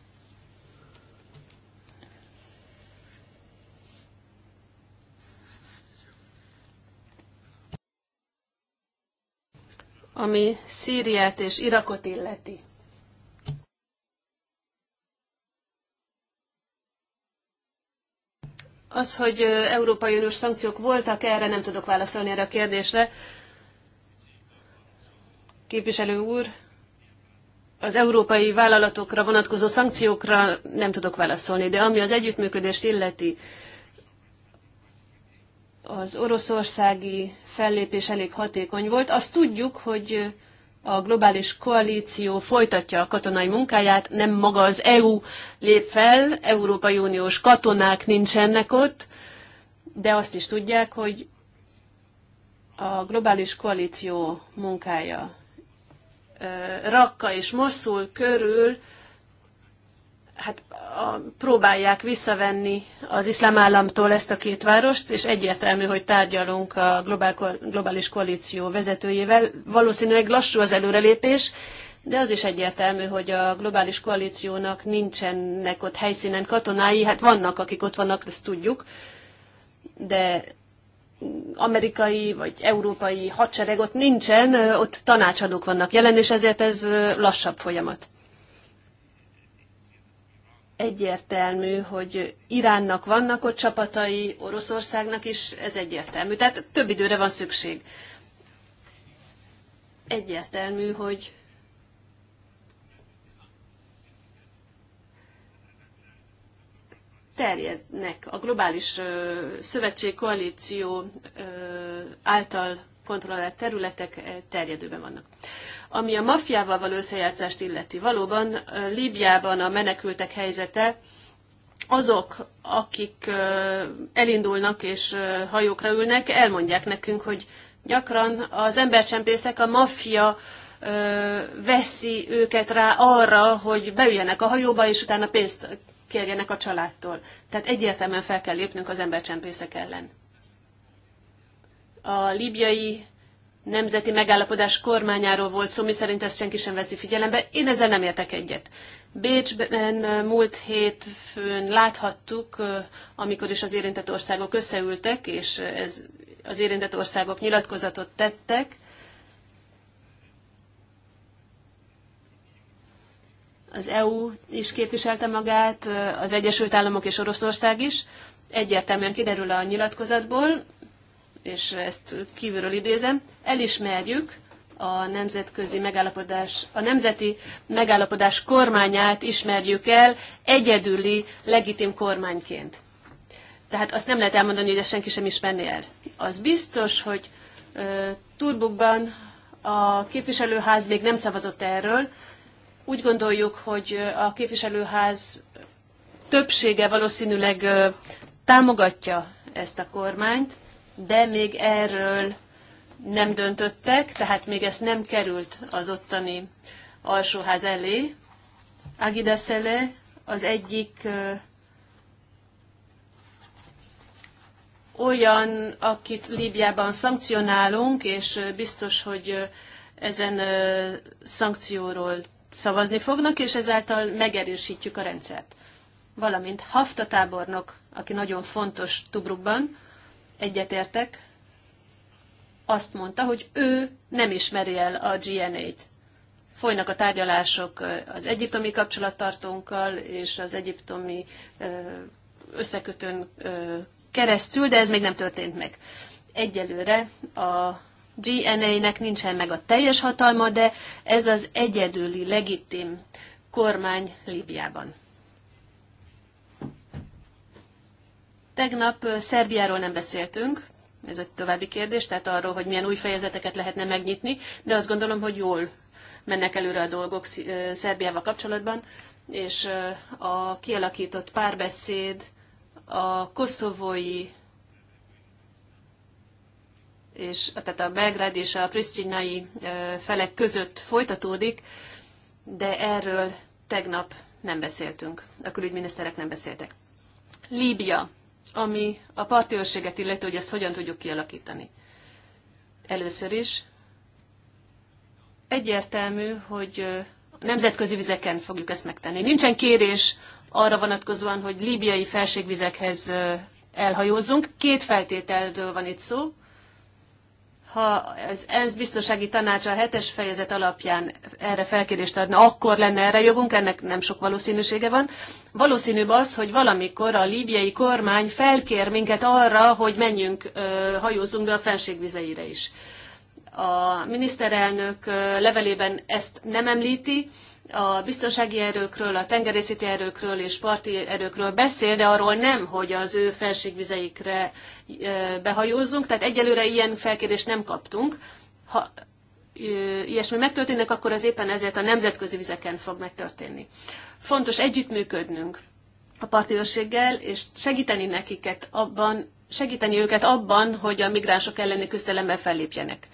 ami Szíriát és Irakot illeti. Az, hogy Európai Uniós szankciók voltak erre, nem tudok válaszolni erre a kérdésre. Képviselő úr, az európai vállalatokra vonatkozó szankciókra nem tudok válaszolni, de ami az együttműködést illeti, az oroszországi fellépés elég hatékony volt. Azt tudjuk, hogy a globális koalíció folytatja a katonai munkáját, nem maga az EU lép fel, Európai Uniós katonák nincsenek ott, de azt is tudják, hogy a globális koalíció munkája Rakka és Moszul körül hát a, próbálják visszavenni az iszlám államtól ezt a két várost, és egyértelmű, hogy tárgyalunk a globál, globális koalíció vezetőjével. Valószínűleg lassú az előrelépés, de az is egyértelmű, hogy a globális koalíciónak nincsenek ott helyszínen katonái, hát vannak, akik ott vannak, ezt tudjuk, de amerikai vagy európai hadsereg ott nincsen, ott tanácsadók vannak jelen, és ezért ez lassabb folyamat egyértelmű, hogy Iránnak vannak ott csapatai, Oroszországnak is, ez egyértelmű. Tehát több időre van szükség. Egyértelmű, hogy terjednek a globális ö, szövetség koalíció által kontrollált területek terjedőben vannak. Ami a maffiával való összejátszást illeti, valóban Líbiában a menekültek helyzete azok, akik elindulnak és hajókra ülnek, elmondják nekünk, hogy gyakran az embercsempészek a maffia veszi őket rá arra, hogy beüljenek a hajóba, és utána pénzt kérjenek a családtól. Tehát egyértelműen fel kell lépnünk az embercsempészek ellen. A líbiai nemzeti megállapodás kormányáról volt szó, mi szerint ezt senki sem veszi figyelembe. Én ezzel nem értek egyet. Bécsben múlt hétfőn láthattuk, amikor is az érintett országok összeültek, és ez, az érintett országok nyilatkozatot tettek, az EU is képviselte magát, az Egyesült Államok és Oroszország is. Egyértelműen kiderül a nyilatkozatból, és ezt kívülről idézem, elismerjük a nemzetközi megállapodás, a nemzeti megállapodás kormányát ismerjük el egyedüli legitim kormányként. Tehát azt nem lehet elmondani, hogy ezt senki sem ismerné el. Az biztos, hogy ö, Turbukban a képviselőház még nem szavazott erről. Úgy gondoljuk, hogy a képviselőház többsége valószínűleg támogatja ezt a kormányt, de még erről nem döntöttek, tehát még ez nem került az ottani alsóház elé. Agida Szele az egyik olyan, akit Líbiában szankcionálunk, és biztos, hogy ezen szankcióról szavazni fognak, és ezáltal megerősítjük a rendszert. Valamint Hafta tábornok, aki nagyon fontos Tubrukban, egyetértek, azt mondta, hogy ő nem ismeri el a GNA-t. Folynak a tárgyalások az egyiptomi kapcsolattartónkkal és az egyiptomi összekötőn keresztül, de ez még nem történt meg. Egyelőre a GNA-nek nincsen meg a teljes hatalma, de ez az egyedüli legitim kormány Líbiában. Tegnap Szerbiáról nem beszéltünk, ez egy további kérdés, tehát arról, hogy milyen új fejezeteket lehetne megnyitni, de azt gondolom, hogy jól mennek előre a dolgok Szerbiával kapcsolatban, és a kialakított párbeszéd a koszovói és tehát a Belgrád és a Prisztinai felek között folytatódik, de erről tegnap nem beszéltünk. A külügyminiszterek nem beszéltek. Líbia ami a parti őrséget illeti, hogy ezt hogyan tudjuk kialakítani. Először is egyértelmű, hogy nemzetközi vizeken fogjuk ezt megtenni. Nincsen kérés arra vonatkozóan, hogy líbiai felségvizekhez elhajózzunk. Két feltételről van itt szó ha az ENSZ biztonsági tanácsa a hetes fejezet alapján erre felkérést adna, akkor lenne erre jogunk, ennek nem sok valószínűsége van. Valószínűbb az, hogy valamikor a líbiai kormány felkér minket arra, hogy menjünk, hajózzunk be a vizeire is. A miniszterelnök levelében ezt nem említi, a biztonsági erőkről, a tengerészeti erőkről és parti erőkről beszél, de arról nem, hogy az ő felségvizeikre behajózzunk. Tehát egyelőre ilyen felkérést nem kaptunk. Ha ilyesmi megtörténnek, akkor az éppen ezért a nemzetközi vizeken fog megtörténni. Fontos együttműködnünk a parti őrséggel, és segíteni nekiket abban, segíteni őket abban, hogy a migránsok elleni küzdelemben fellépjenek.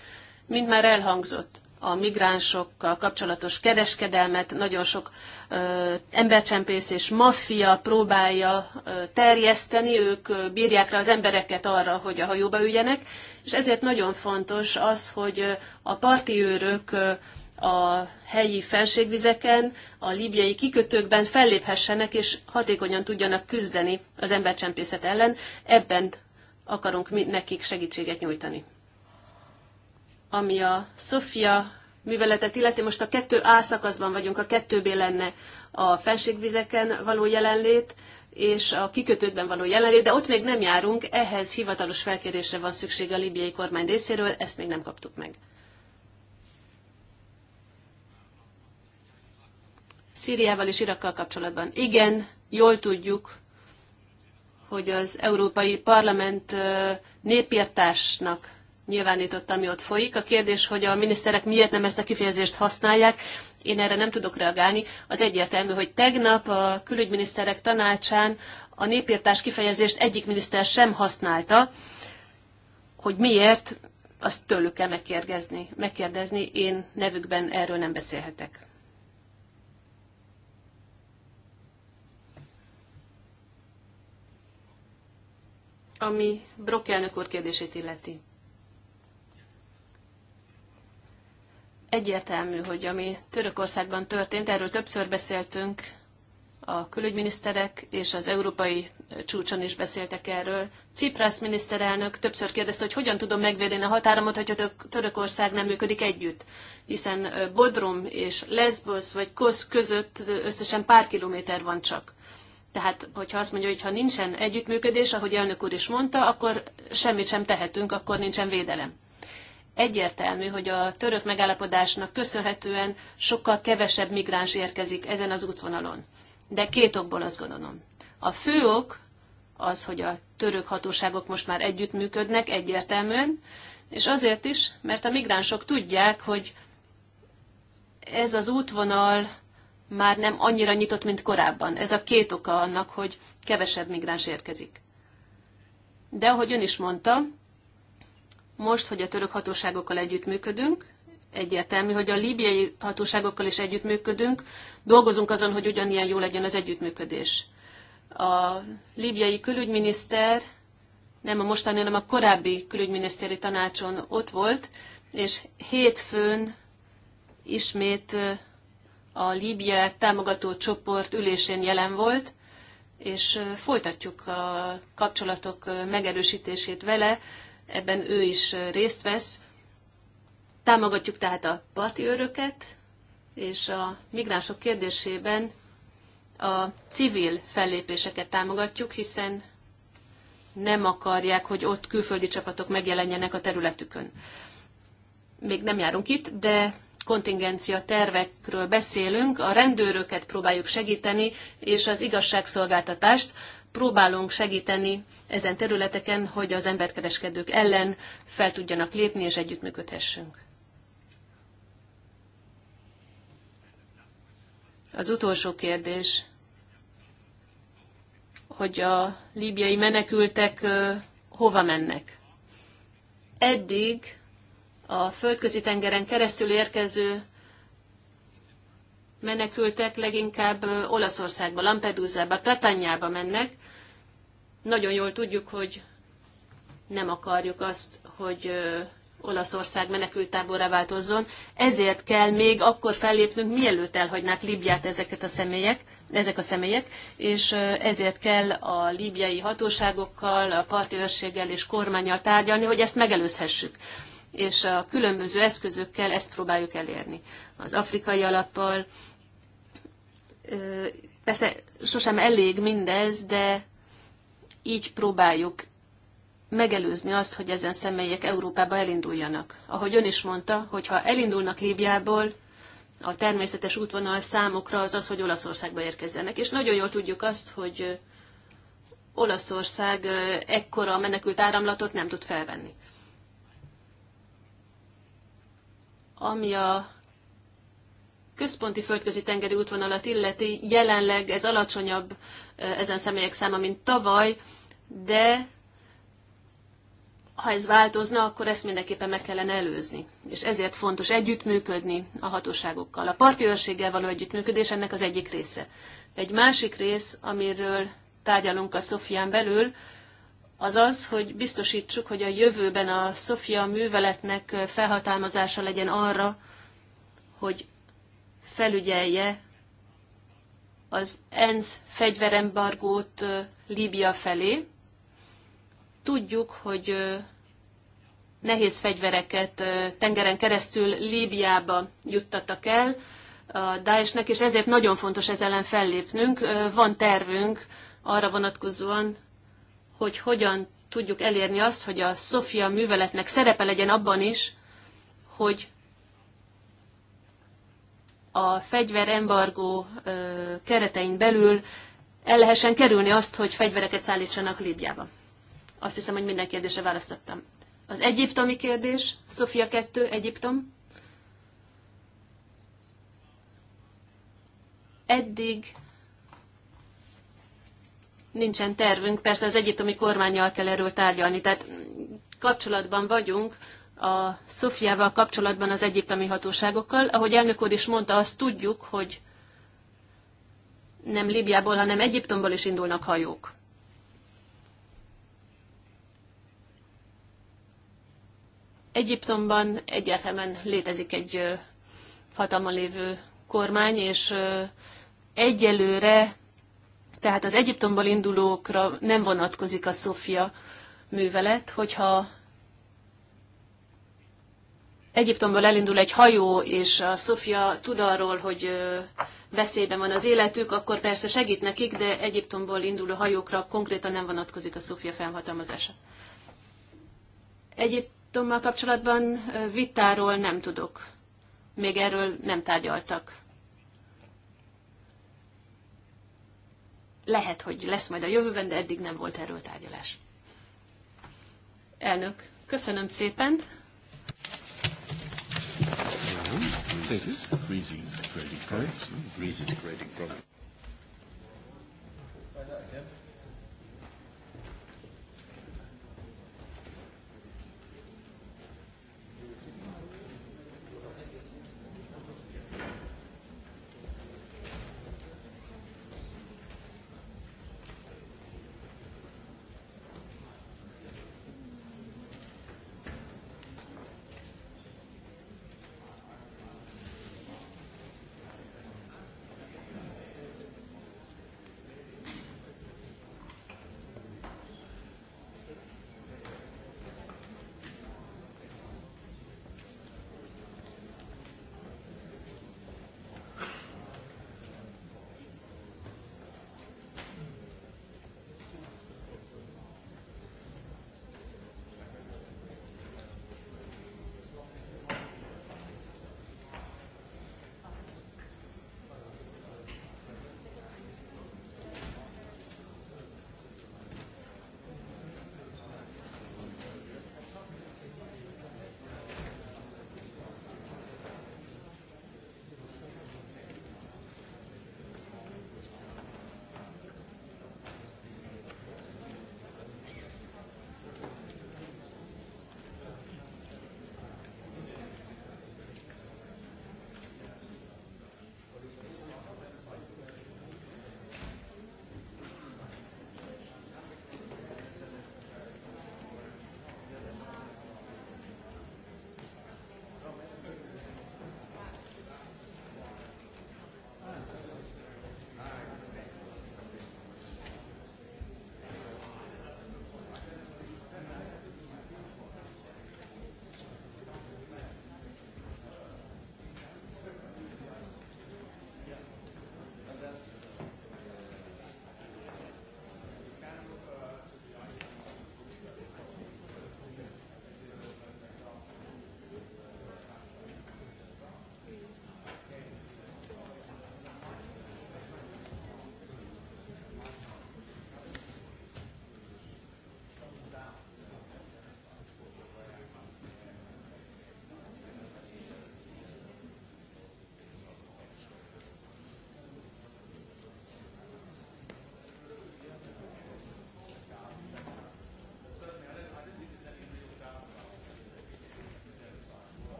Mint már elhangzott, a migránsokkal kapcsolatos kereskedelmet nagyon sok ö, embercsempész és maffia próbálja ö, terjeszteni, ők ö, bírják rá az embereket arra, hogy a hajóba üljenek, és ezért nagyon fontos az, hogy a parti őrök ö, a helyi felségvizeken, a libiai kikötőkben felléphessenek és hatékonyan tudjanak küzdeni az embercsempészet ellen. Ebben akarunk mi nekik segítséget nyújtani. Ami a Sofia műveletet illeti, most a 2A szakaszban vagyunk, a 2B lenne a felségvizeken való jelenlét, és a kikötődben való jelenlét, de ott még nem járunk, ehhez hivatalos felkérésre van szükség a libiai kormány részéről, ezt még nem kaptuk meg. Szíriával és Irakkal kapcsolatban. Igen, jól tudjuk, hogy az Európai Parlament népírtásnak nyilvánított, ami ott folyik. A kérdés, hogy a miniszterek miért nem ezt a kifejezést használják, én erre nem tudok reagálni. Az egyértelmű, hogy tegnap a külügyminiszterek tanácsán a népírtás kifejezést egyik miniszter sem használta, hogy miért, azt tőlük kell megkérdezni. megkérdezni. Én nevükben erről nem beszélhetek. Ami Brock elnök úr kérdését illeti. egyértelmű, hogy ami Törökországban történt, erről többször beszéltünk, a külügyminiszterek és az európai csúcson is beszéltek erről. Ciprász miniszterelnök többször kérdezte, hogy hogyan tudom megvédeni a határomat, hogyha Törökország nem működik együtt, hiszen Bodrum és Lesbos vagy Kosz között összesen pár kilométer van csak. Tehát, hogyha azt mondja, hogy ha nincsen együttműködés, ahogy elnök úr is mondta, akkor semmit sem tehetünk, akkor nincsen védelem. Egyértelmű, hogy a török megállapodásnak köszönhetően sokkal kevesebb migráns érkezik ezen az útvonalon. De két okból azt gondolom. A fő ok az, hogy a török hatóságok most már együttműködnek egyértelműen, és azért is, mert a migránsok tudják, hogy ez az útvonal már nem annyira nyitott, mint korábban. Ez a két oka annak, hogy kevesebb migráns érkezik. De ahogy ön is mondta, most, hogy a török hatóságokkal együttműködünk, egyértelmű, hogy a líbiai hatóságokkal is együttműködünk, dolgozunk azon, hogy ugyanilyen jó legyen az együttműködés. A líbiai külügyminiszter nem a mostani, hanem a korábbi külügyminiszteri tanácson ott volt, és hétfőn ismét a Líbiát támogató csoport ülésén jelen volt, és folytatjuk a kapcsolatok megerősítését vele, ebben ő is részt vesz. Támogatjuk tehát a parti öröket, és a migránsok kérdésében a civil fellépéseket támogatjuk, hiszen nem akarják, hogy ott külföldi csapatok megjelenjenek a területükön. Még nem járunk itt, de kontingencia tervekről beszélünk, a rendőröket próbáljuk segíteni, és az igazságszolgáltatást próbálunk segíteni ezen területeken, hogy az emberkereskedők ellen fel tudjanak lépni és együttműködhessünk. Az utolsó kérdés, hogy a líbiai menekültek hova mennek. Eddig a földközi tengeren keresztül érkező menekültek leginkább Olaszországba, Lampedusába, Katanyába mennek, nagyon jól tudjuk, hogy nem akarjuk azt, hogy Olaszország menekültáborra változzon, ezért kell még akkor fellépnünk, mielőtt elhagynák Libyát ezeket a személyek, ezek a személyek, és ezért kell a líbiai hatóságokkal, a parti őrséggel és kormányjal tárgyalni, hogy ezt megelőzhessük. És a különböző eszközökkel ezt próbáljuk elérni. Az afrikai alappal, persze sosem elég mindez, de így próbáljuk megelőzni azt, hogy ezen személyek Európába elinduljanak. Ahogy ön is mondta, hogy ha elindulnak Líbiából, a természetes útvonal számokra az az, hogy Olaszországba érkezzenek. És nagyon jól tudjuk azt, hogy Olaszország ekkora menekült áramlatot nem tud felvenni. Ami a központi földközi tengeri útvonalat illeti, jelenleg ez alacsonyabb ezen személyek száma, mint tavaly, de ha ez változna, akkor ezt mindenképpen meg kellene előzni. És ezért fontos együttműködni a hatóságokkal. A parti őrséggel való együttműködés ennek az egyik része. Egy másik rész, amiről tárgyalunk a Szofián belül, az az, hogy biztosítsuk, hogy a jövőben a Szofia műveletnek felhatalmazása legyen arra, hogy felügyelje az ENSZ fegyverembargót Líbia felé. Tudjuk, hogy nehéz fegyvereket tengeren keresztül Líbiába juttattak el a Daesh-nek, és ezért nagyon fontos ez ellen fellépnünk. Van tervünk arra vonatkozóan, hogy hogyan tudjuk elérni azt, hogy a Sofia műveletnek szerepe legyen abban is, hogy a fegyverembargó keretein belül el lehessen kerülni azt, hogy fegyvereket szállítsanak Líbiába. Azt hiszem, hogy minden kérdésre választottam. Az egyiptomi kérdés, Szofia 2, Egyiptom. Eddig nincsen tervünk, persze az egyiptomi kormányjal kell erről tárgyalni, tehát kapcsolatban vagyunk, a Szofiával kapcsolatban az egyiptomi hatóságokkal. Ahogy elnök úr is mondta, azt tudjuk, hogy nem Líbiából, hanem Egyiptomból is indulnak hajók. Egyiptomban egyértelműen létezik egy hatalma lévő kormány, és egyelőre, tehát az Egyiptomból indulókra nem vonatkozik a Szofia művelet, hogyha Egyiptomból elindul egy hajó, és a Sofia tud arról, hogy veszélyben van az életük, akkor persze segít nekik, de Egyiptomból induló hajókra konkrétan nem vonatkozik a Szofia felhatalmazása. Egyiptommal kapcsolatban vitáról nem tudok. Még erről nem tárgyaltak. Lehet, hogy lesz majd a jövőben, de eddig nem volt erről tárgyalás. Elnök, köszönöm szépen. Greece is grading problems.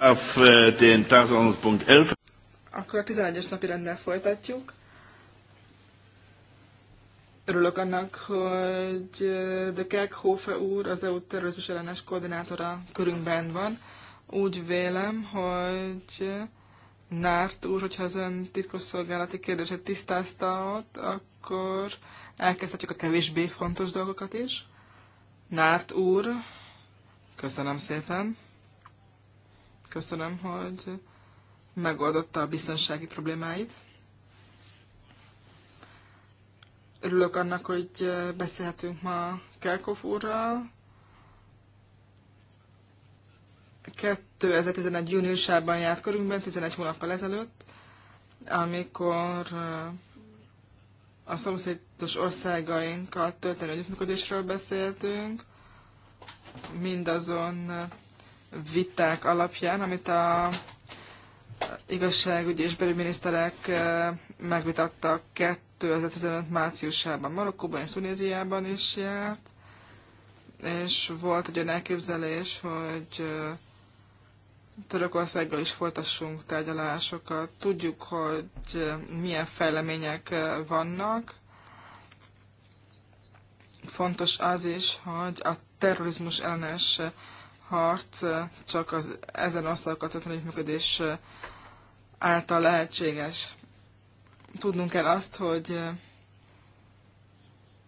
Auf äh, den Tagesordnungspunkt 11. Akkor a 11-es napi rendel folytatjuk. Örülök annak, hogy De Hófe úr, az EU terrorizmus ellenes koordinátora körünkben van. Úgy vélem, hogy Nárt úr, hogyha az ön titkosszolgálati kérdését tisztázta ott, akkor elkezdhetjük a kevésbé fontos dolgokat is. Nárt úr, köszönöm szépen. Köszönöm, hogy megoldotta a biztonsági problémáit. Örülök annak, hogy beszélhetünk ma Kerkov úrral. 2011. júniusában járt körünkben, 11 hónappal ezelőtt, amikor uh, a szomszédos országainkkal történő együttműködésről beszéltünk, mindazon uh, viták alapján, amit a igazságügyi és belügyminiszterek megvitattak 2015 márciusában Marokkóban és Tunéziában is járt, és volt egy olyan elképzelés, hogy Törökországgal is folytassunk tárgyalásokat. Tudjuk, hogy milyen fejlemények vannak. Fontos az is, hogy a terrorizmus ellenes harc csak az ezen országokat történő működés által lehetséges. Tudnunk kell azt, hogy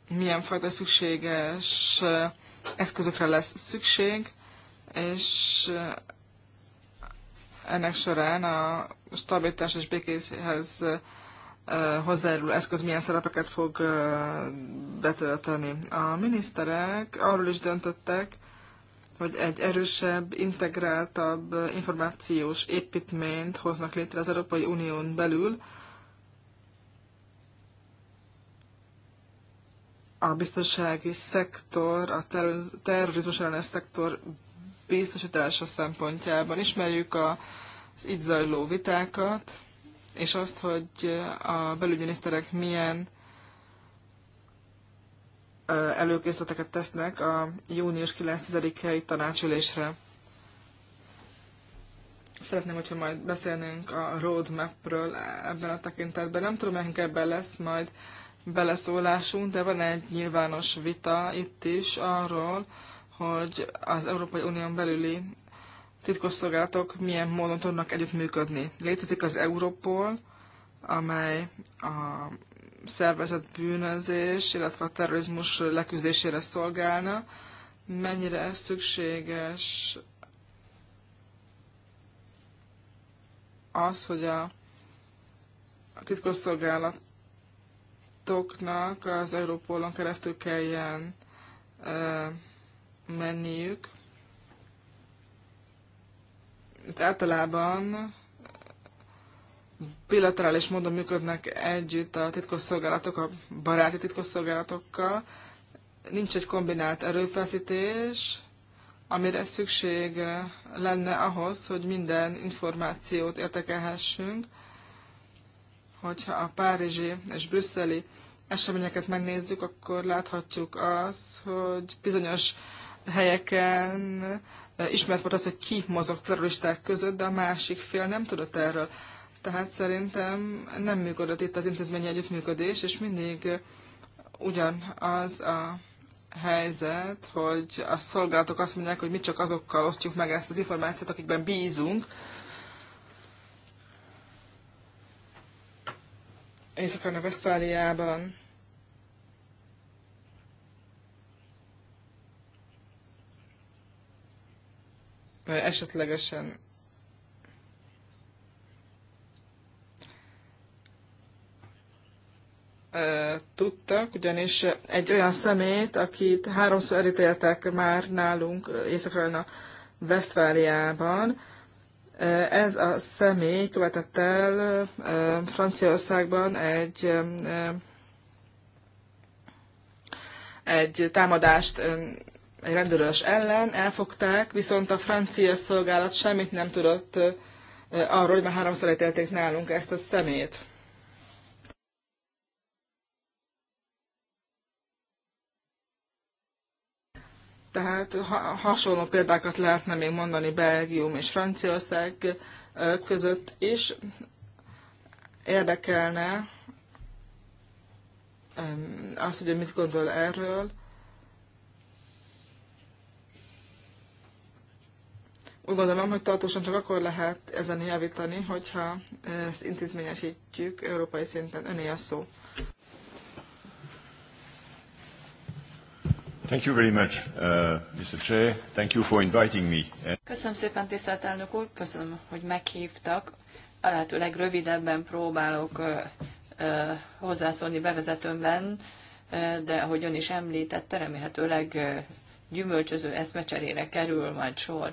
milyen fajta szükséges eszközökre lesz szükség, és ennek során a stabilitás és békéshez hozzájárul eszköz milyen szerepeket fog betölteni. A miniszterek arról is döntöttek, hogy egy erősebb, integráltabb információs építményt hoznak létre az Európai Unión belül, a biztonsági szektor, a terrorizmus ellenes szektor biztosítása szempontjában. Ismerjük a, az itt zajló vitákat, és azt, hogy a belügyminiszterek milyen előkészleteket tesznek a június 9-i tanácsülésre. Szeretném, hogyha majd beszélnénk a roadmapről ebben a tekintetben. Nem tudom, nekünk ebben lesz majd beleszólásunk, de van egy nyilvános vita itt is arról, hogy az Európai Unión belüli titkosszolgálatok milyen módon tudnak együttműködni. Létezik az Europol, amely a szervezett bűnözés, illetve a terrorizmus leküzdésére szolgálna. Mennyire szükséges az, hogy a a titkosszolgálatoknak az Európolon keresztül kelljen ö, menniük. Itt általában bilaterális módon működnek együtt a titkosszolgálatok, a baráti titkosszolgálatokkal. Nincs egy kombinált erőfeszítés, amire szükség lenne ahhoz, hogy minden információt értekelhessünk, hogyha a párizsi és brüsszeli eseményeket megnézzük, akkor láthatjuk az, hogy bizonyos helyeken ismert volt az, hogy ki mozog terroristák között, de a másik fél nem tudott erről. Tehát szerintem nem működött itt az intézményi együttműködés, és mindig ugyanaz a helyzet, hogy a szolgálatok azt mondják, hogy mi csak azokkal osztjuk meg ezt az információt, akikben bízunk. a Vesztfáliában esetlegesen tudtak, ugyanis egy olyan szemét, akit háromszor elítéltek már nálunk észak Vesztváliában, ez a személy követett el Franciaországban egy egy támadást egy rendőrös ellen, elfogták, viszont a francia szolgálat semmit nem tudott arról, hogy már háromszor ítélték nálunk ezt a szemét. Tehát hasonló példákat lehetne még mondani Belgium és Franciaország között is. Érdekelne az, hogy mit gondol erről. Úgy gondolom, hogy tartósan csak akkor lehet ezen javítani, hogyha ezt intézményesítjük európai szinten. Öné a szó. Thank you very much, uh, Mr. Chair. Thank you for inviting me. Köszönöm szépen, tisztelt elnök úr, köszönöm, hogy meghívtak. A lehetőleg rövidebben próbálok uh, uh, hozzászólni bevezetőmben, uh, de ahogy ön is említette, remélhetőleg uh, gyümölcsöző eszmecserére kerül majd sor.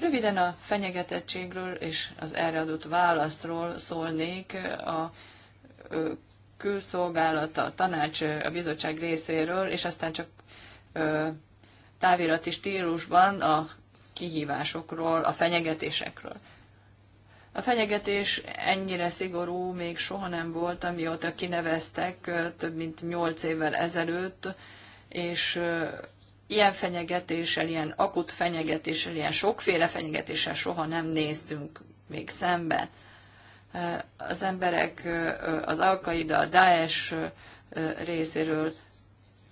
Röviden a fenyegetettségről és az erre adott válaszról szólnék. A uh, külszolgálata, a tanács, uh, a bizottság részéről, és aztán csak távirati stílusban a kihívásokról, a fenyegetésekről. A fenyegetés ennyire szigorú még soha nem volt, amióta kineveztek több mint 8 évvel ezelőtt, és ilyen fenyegetéssel, ilyen akut fenyegetéssel, ilyen sokféle fenyegetéssel soha nem néztünk még szembe. Az emberek az Alkaida, a Daesh részéről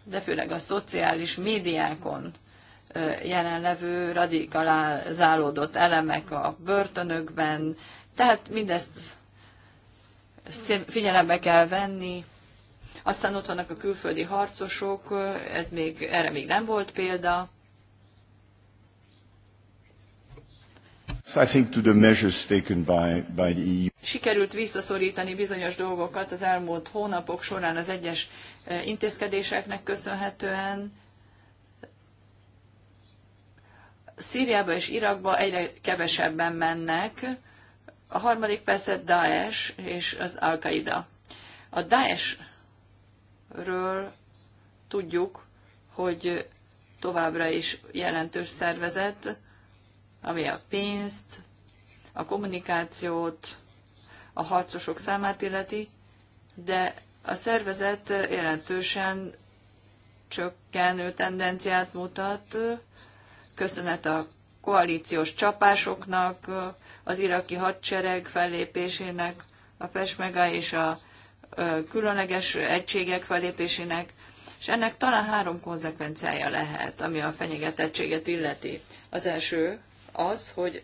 de főleg a szociális médiákon jelenlevő radikalizálódott elemek a börtönökben, tehát mindezt figyelembe kell venni. Aztán ott vannak a külföldi harcosok, ez még, erre még nem volt példa. Sikerült visszaszorítani bizonyos dolgokat az elmúlt hónapok során az egyes e, intézkedéseknek köszönhetően. Szíriába és Irakba egyre kevesebben mennek, a harmadik persze Daesh és az Al-Qaida. A Daesh-ről tudjuk, hogy továbbra is jelentős szervezet, ami a pénzt, a kommunikációt, a harcosok számát illeti, de a szervezet jelentősen csökkenő tendenciát mutat, köszönet a koalíciós csapásoknak, az iraki hadsereg fellépésének, a Pesmega és a különleges egységek fellépésének, és ennek talán három konzekvenciája lehet, ami a fenyegetettséget illeti. Az első, az, hogy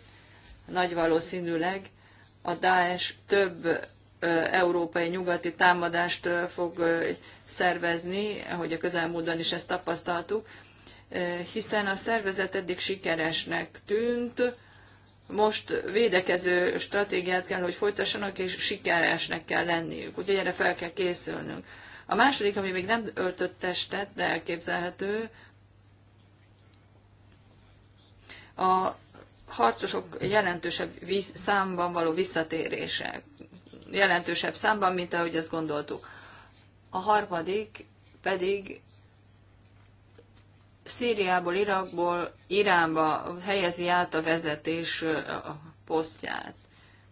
nagy valószínűleg a Daesh több európai nyugati támadást fog szervezni, ahogy a közelmúltban is ezt tapasztaltuk, hiszen a szervezet eddig sikeresnek tűnt, most védekező stratégiát kell, hogy folytassanak, és sikeresnek kell lenniük. Úgyhogy erre fel kell készülnünk. A második, ami még nem öltött testet, de elképzelhető, a harcosok jelentősebb víz, számban való visszatérése, jelentősebb számban, mint ahogy azt gondoltuk. A harmadik pedig Szíriából, Irakból, Iránba helyezi át a vezetés posztját.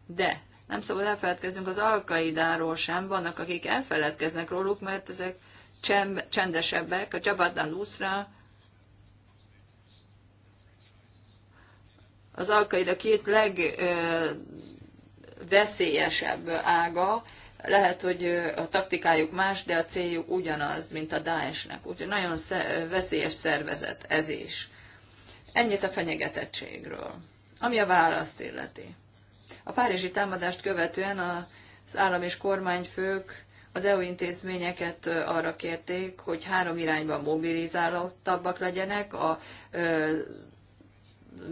De nem szabad elfeledkeznünk az alkaidáról sem, vannak akik elfeledkeznek róluk, mert ezek csendesebbek, a Jabhat al-Nusra az alkaida két legveszélyesebb ága, lehet, hogy a taktikájuk más, de a céljuk ugyanaz, mint a Daesh-nek. Úgyhogy nagyon veszélyes szervezet ez is. Ennyit a fenyegetettségről. Ami a választ illeti. A párizsi támadást követően az állam és kormányfők az EU intézményeket arra kérték, hogy három irányban mobilizálottabbak legyenek, a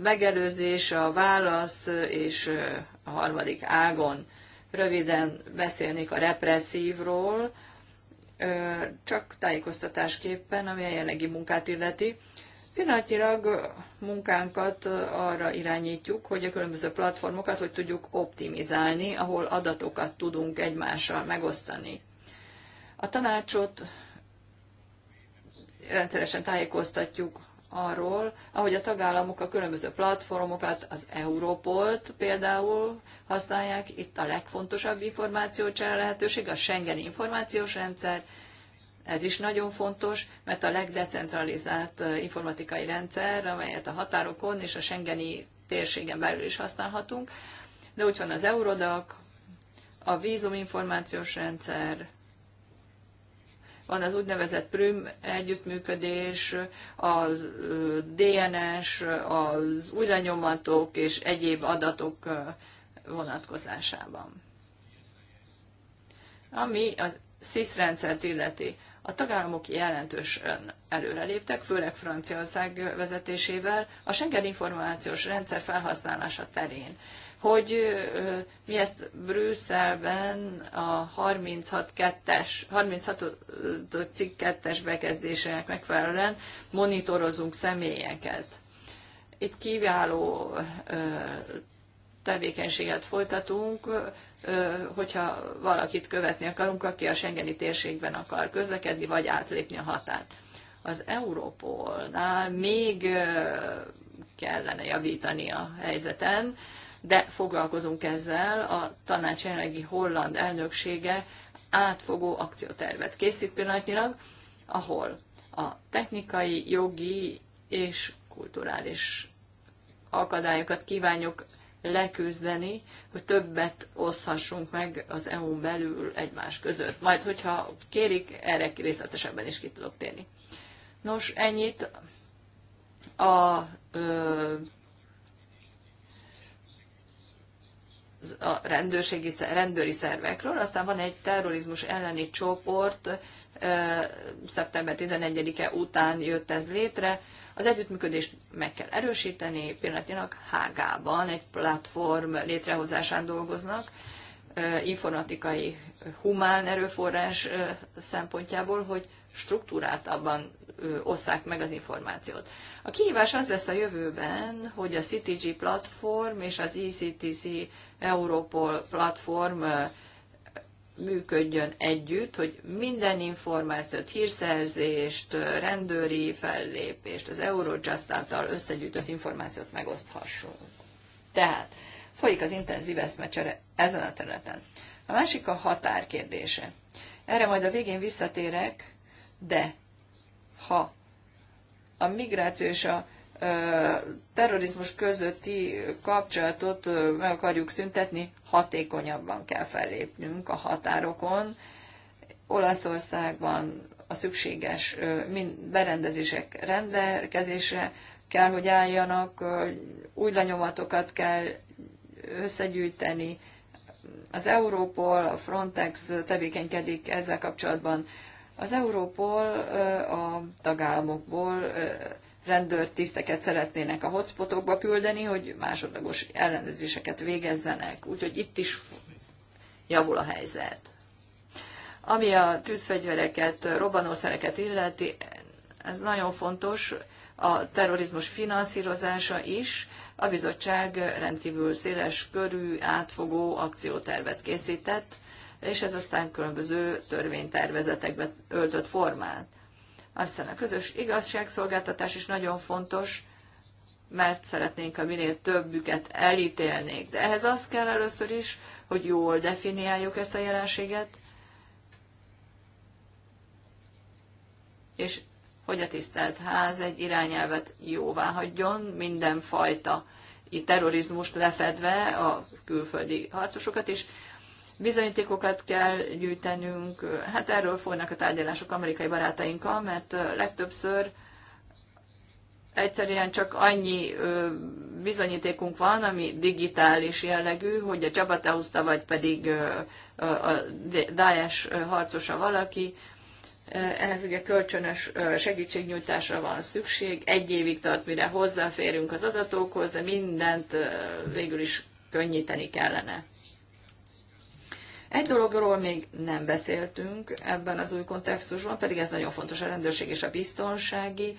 megelőzés, a válasz és a harmadik ágon. Röviden beszélnék a represszívról, csak tájékoztatásképpen, ami a jelenlegi munkát illeti. Pillanatilag munkánkat arra irányítjuk, hogy a különböző platformokat hogy tudjuk optimizálni, ahol adatokat tudunk egymással megosztani. A tanácsot rendszeresen tájékoztatjuk arról, ahogy a tagállamok a különböző platformokat, az Európolt például használják, itt a legfontosabb információcsere lehetőség, a Schengen információs rendszer, ez is nagyon fontos, mert a legdecentralizált informatikai rendszer, amelyet a határokon és a Schengeni térségen belül is használhatunk, de úgy van az Eurodac, a vízuminformációs rendszer, van az úgynevezett Prüm együttműködés, a DNS, az új és egyéb adatok vonatkozásában. Ami az SIS rendszert illeti, a tagállamok jelentősen előreléptek, főleg Franciaország vezetésével, a Schengen információs rendszer felhasználása terén hogy mi ezt Brüsszelben a 36.2-es, 36. cikk 2-es bekezdésének megfelelően monitorozunk személyeket. Itt kiváló tevékenységet folytatunk, hogyha valakit követni akarunk, aki a Schengeni térségben akar közlekedni, vagy átlépni a határt. Az Európolnál még kellene javítani a helyzeten, de foglalkozunk ezzel. A tanács jelenlegi holland elnöksége átfogó akciótervet készít pillanatnyilag, ahol a technikai, jogi és kulturális akadályokat kívánjuk leküzdeni, hogy többet oszhassunk meg az EU-n belül egymás között. Majd, hogyha kérik, erre részletesebben is ki tudok térni. Nos, ennyit a ö, a rendőrségi, rendőri szervekről, aztán van egy terrorizmus elleni csoport, szeptember 11-e után jött ez létre. Az együttműködést meg kell erősíteni, pillanatnyilag Hágában egy platform létrehozásán dolgoznak, informatikai humán erőforrás szempontjából, hogy struktúráltabban osszák meg az információt. A kihívás az lesz a jövőben, hogy a CTG platform és az ECTC Europol platform működjön együtt, hogy minden információt, hírszerzést, rendőri fellépést, az Eurojust által összegyűjtött információt megoszthasson. Tehát folyik az intenzív eszmecsere ezen a területen. A másik a határ kérdése. Erre majd a végén visszatérek, de ha a migráció és a terrorizmus közötti kapcsolatot meg akarjuk szüntetni, hatékonyabban kell fellépnünk a határokon. Olaszországban a szükséges berendezések rendelkezésre kell, hogy álljanak, új lenyomatokat kell összegyűjteni. Az Európol, a Frontex tevékenykedik ezzel kapcsolatban. Az Európol a tagállamokból rendőrtiszteket szeretnének a hotspotokba küldeni, hogy másodlagos ellenőrzéseket végezzenek. Úgyhogy itt is javul a helyzet. Ami a tűzfegyvereket, robbanószereket illeti, ez nagyon fontos, a terrorizmus finanszírozása is. A bizottság rendkívül széles körű, átfogó akciótervet készített, és ez aztán különböző törvénytervezetekbe öltött formát. Aztán a közös igazságszolgáltatás is nagyon fontos, mert szeretnénk, ha minél többüket elítélnék. De ehhez az kell először is, hogy jól definiáljuk ezt a jelenséget, és hogy a tisztelt ház egy irányelvet jóvá hagyjon mindenfajta terrorizmust lefedve a külföldi harcosokat is, bizonyítékokat kell gyűjtenünk, hát erről folynak a tárgyalások amerikai barátainkkal, mert legtöbbször egyszerűen csak annyi bizonyítékunk van, ami digitális jellegű, hogy a Csabatauszta vagy pedig a Daesh harcosa valaki, ehhez ugye kölcsönös segítségnyújtásra van szükség, egy évig tart, mire hozzáférünk az adatokhoz, de mindent végül is könnyíteni kellene. Egy dologról még nem beszéltünk ebben az új kontextusban, pedig ez nagyon fontos a rendőrség és a biztonsági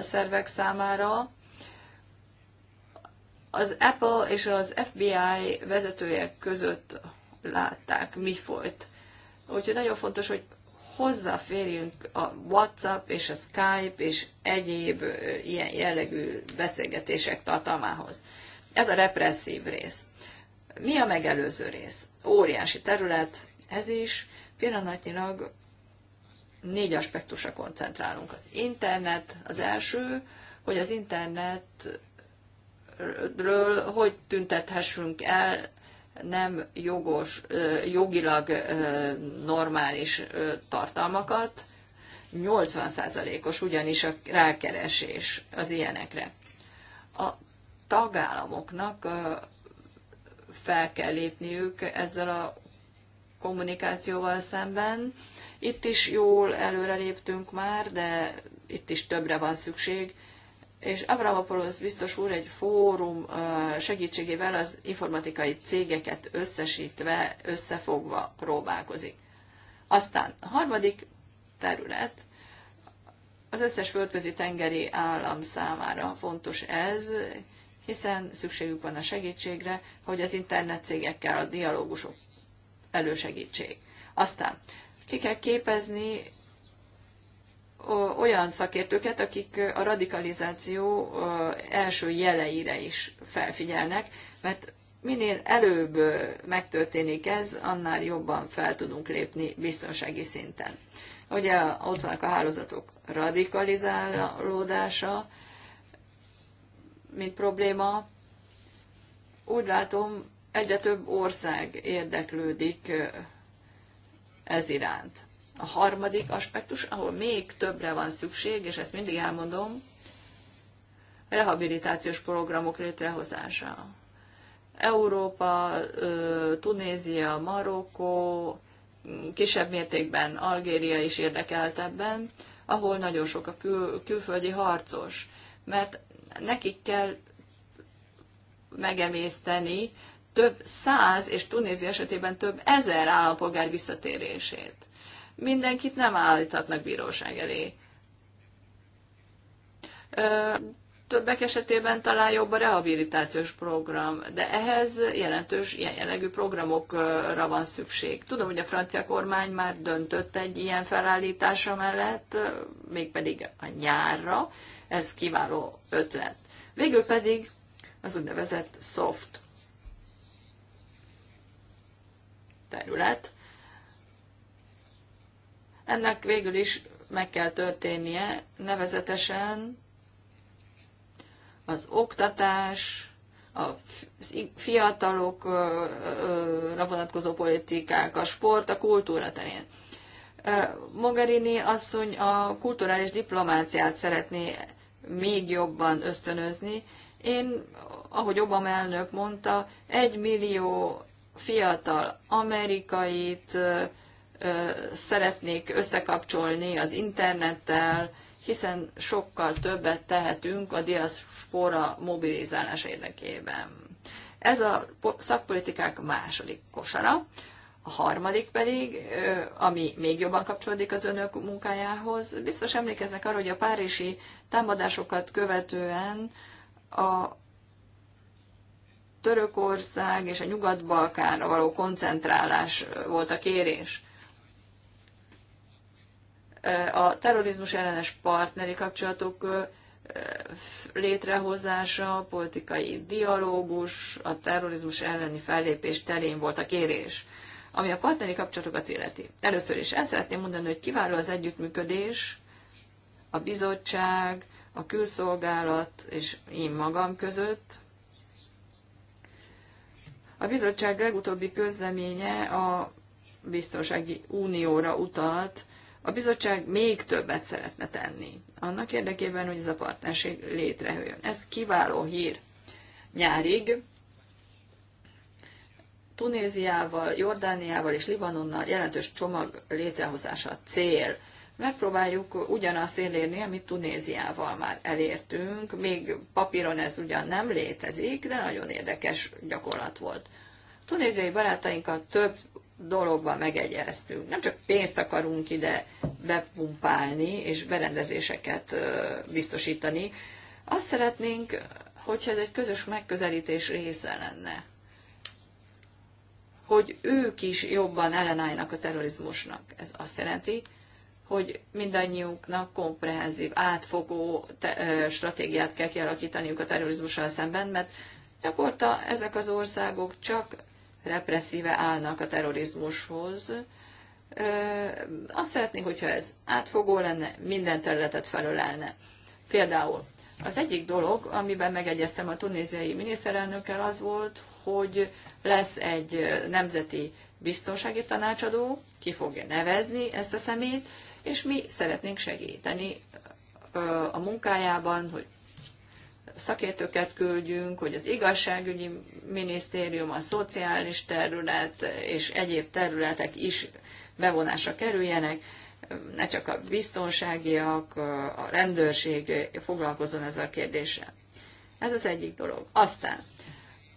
szervek számára. Az Apple és az FBI vezetője között látták, mi folyt. Úgyhogy nagyon fontos, hogy hozzáférjünk a WhatsApp és a Skype és egyéb ilyen jellegű beszélgetések tartalmához. Ez a represszív rész. Mi a megelőző rész? Óriási terület, ez is. Pillanatnyilag négy aspektusra koncentrálunk. Az internet az első, hogy az internetről hogy tüntethessünk el nem jogos, jogilag normális tartalmakat, 80%-os ugyanis a rákeresés az ilyenekre. A tagállamoknak fel kell lépniük ezzel a kommunikációval szemben. Itt is jól előreléptünk már, de itt is többre van szükség. És Abramopoulos biztos úr egy fórum segítségével az informatikai cégeket összesítve, összefogva próbálkozik. Aztán a harmadik terület, az összes földközi tengeri állam számára fontos ez, hiszen szükségük van a segítségre, hogy az internet cégekkel a dialógusok elősegítség. Aztán ki kell képezni olyan szakértőket, akik a radikalizáció első jeleire is felfigyelnek, mert minél előbb megtörténik ez, annál jobban fel tudunk lépni biztonsági szinten. Ugye ott vannak a hálózatok radikalizálódása, mint probléma, úgy látom, egyre több ország érdeklődik ez iránt. A harmadik aspektus, ahol még többre van szükség, és ezt mindig elmondom, rehabilitációs programok létrehozása. Európa, Tunézia, Marokkó, kisebb mértékben Algéria is érdekelt ebben, ahol nagyon sok a kül- külföldi harcos. Mert nekik kell megemészteni több száz, és Tunézia esetében több ezer állampolgár visszatérését. Mindenkit nem állíthatnak bíróság elé többek esetében talán jobb a rehabilitációs program, de ehhez jelentős ilyen jellegű programokra van szükség. Tudom, hogy a francia kormány már döntött egy ilyen felállítása mellett, mégpedig a nyárra, ez kiváló ötlet. Végül pedig az úgynevezett soft terület. Ennek végül is meg kell történnie, nevezetesen az oktatás, a fiatalokra vonatkozó politikák, a sport, a kultúra terén. Mogherini asszony a kulturális diplomáciát szeretné még jobban ösztönözni. Én, ahogy Obama elnök mondta, egy millió fiatal amerikait szeretnék összekapcsolni az internettel, hiszen sokkal többet tehetünk a diaszpora mobilizálás érdekében. Ez a szakpolitikák második kosara. A harmadik pedig, ami még jobban kapcsolódik az önök munkájához, biztos emlékeznek arra, hogy a párizsi támadásokat követően a Törökország és a Nyugat-Balkánra való koncentrálás volt a kérés a terrorizmus ellenes partneri kapcsolatok létrehozása, a politikai dialógus, a terrorizmus elleni fellépés terén volt a kérés, ami a partneri kapcsolatokat illeti. Először is el szeretném mondani, hogy kiváló az együttműködés a bizottság, a külszolgálat és én magam között. A bizottság legutóbbi közleménye a biztonsági unióra utalt, a bizottság még többet szeretne tenni, annak érdekében, hogy ez a partnerség létrejöjjön. Ez kiváló hír. Nyárig Tunéziával, Jordániával és Libanonnal jelentős csomag létrehozása a cél. Megpróbáljuk ugyanazt elérni, amit Tunéziával már elértünk. Még papíron ez ugyan nem létezik, de nagyon érdekes gyakorlat volt. Tunéziai barátainkkal több dologban megegyeztünk. Nem csak pénzt akarunk ide bepumpálni és berendezéseket biztosítani. Azt szeretnénk, hogyha ez egy közös megközelítés része lenne. Hogy ők is jobban ellenálljanak a terrorizmusnak. Ez azt jelenti, hogy mindannyiunknak komprehenzív, átfogó stratégiát kell kialakítaniuk a terrorizmussal szemben, mert gyakorta ezek az országok csak represszíve állnak a terrorizmushoz. Azt szeretnénk, hogyha ez átfogó lenne, minden területet felölelne. Például az egyik dolog, amiben megegyeztem a tunéziai miniszterelnökkel, az volt, hogy lesz egy nemzeti biztonsági tanácsadó, ki fogja nevezni ezt a szemét, és mi szeretnénk segíteni a munkájában, hogy szakértőket küldjünk, hogy az igazságügyi minisztérium, a szociális terület és egyéb területek is bevonásra kerüljenek, ne csak a biztonságiak, a rendőrség foglalkozon ezzel a kérdéssel. Ez az egyik dolog. Aztán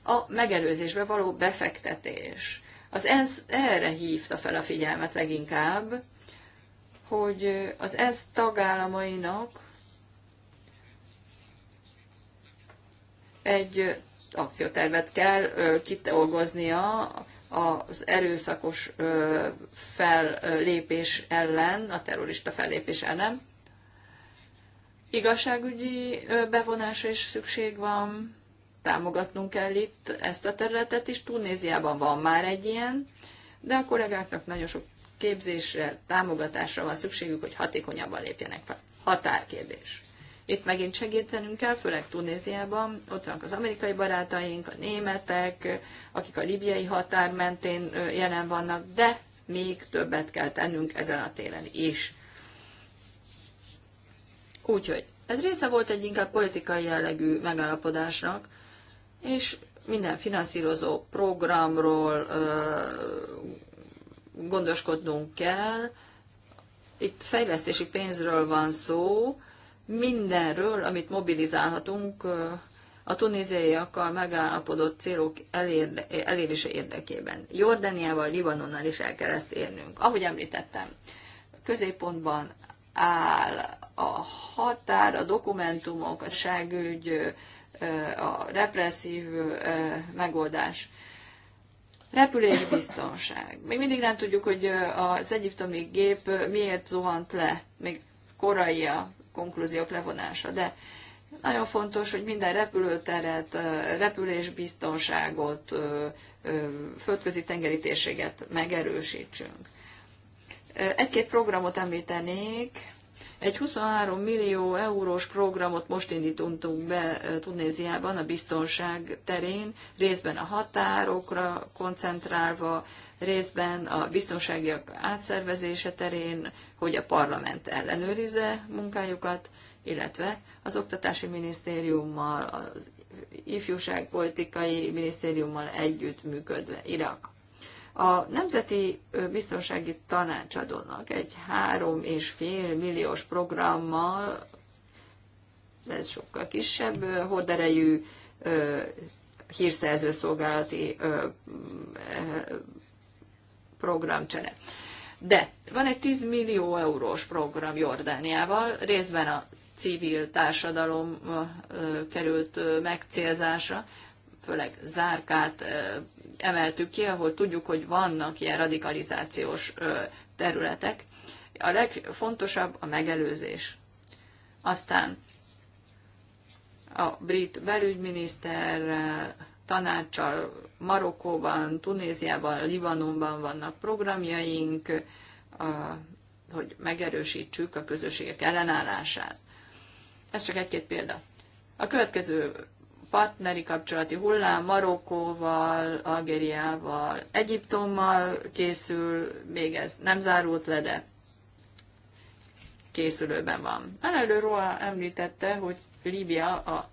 a megelőzésbe való befektetés. Az ENSZ erre hívta fel a figyelmet leginkább, hogy az ENSZ tagállamainak egy akciótervet kell kitolgoznia az erőszakos fellépés ellen, a terrorista fellépés ellen. Igazságügyi bevonásra is szükség van, támogatnunk kell itt ezt a területet is. Tunéziában van már egy ilyen, de a kollégáknak nagyon sok képzésre, támogatásra van szükségük, hogy hatékonyabban lépjenek fel. Határkérdés. Itt megint segítenünk kell, főleg Tunéziában, ott vannak az amerikai barátaink, a németek, akik a libiai határ mentén jelen vannak, de még többet kell tennünk ezen a téren is. Úgyhogy ez része volt egy inkább politikai jellegű megállapodásnak, és minden finanszírozó programról ö, gondoskodnunk kell. Itt fejlesztési pénzről van szó, mindenről, amit mobilizálhatunk a tunéziaiakkal megállapodott célok elér, elérése érdekében. Jordániával, Libanonnal is el kell ezt érnünk. Ahogy említettem, középpontban áll a határ, a dokumentumok, a ságügy, a represszív megoldás. Repülésbiztonság. Még mindig nem tudjuk, hogy az egyiptomi gép miért zuhant le, még korai a konklúziók levonása. De nagyon fontos, hogy minden repülőteret, repülésbiztonságot, földközi tengeri térséget megerősítsünk. Egy-két programot említenék, egy 23 millió eurós programot most indítunk be Tunéziában a biztonság terén, részben a határokra koncentrálva, részben a biztonságiak átszervezése terén, hogy a parlament ellenőrizze munkájukat, illetve az oktatási minisztériummal, az ifjúságpolitikai minisztériummal együttműködve Irak a Nemzeti Biztonsági Tanácsadónak egy három és fél milliós programmal, ez sokkal kisebb horderejű hírszerző szolgálati programcsere. De van egy 10 millió eurós program Jordániával, részben a civil társadalom került megcélzásra, főleg zárkát emeltük ki, ahol tudjuk, hogy vannak ilyen radikalizációs területek. A legfontosabb a megelőzés. Aztán a brit belügyminiszterrel, tanácsal Marokkóban, Tunéziában, Libanonban vannak programjaink, hogy megerősítsük a közösségek ellenállását. Ez csak egy-két példa. A következő partneri kapcsolati hullám Marokkóval, Algériával, Egyiptommal készül, még ez nem zárult le, de készülőben van. Elelő Roa említette, hogy Líbia a,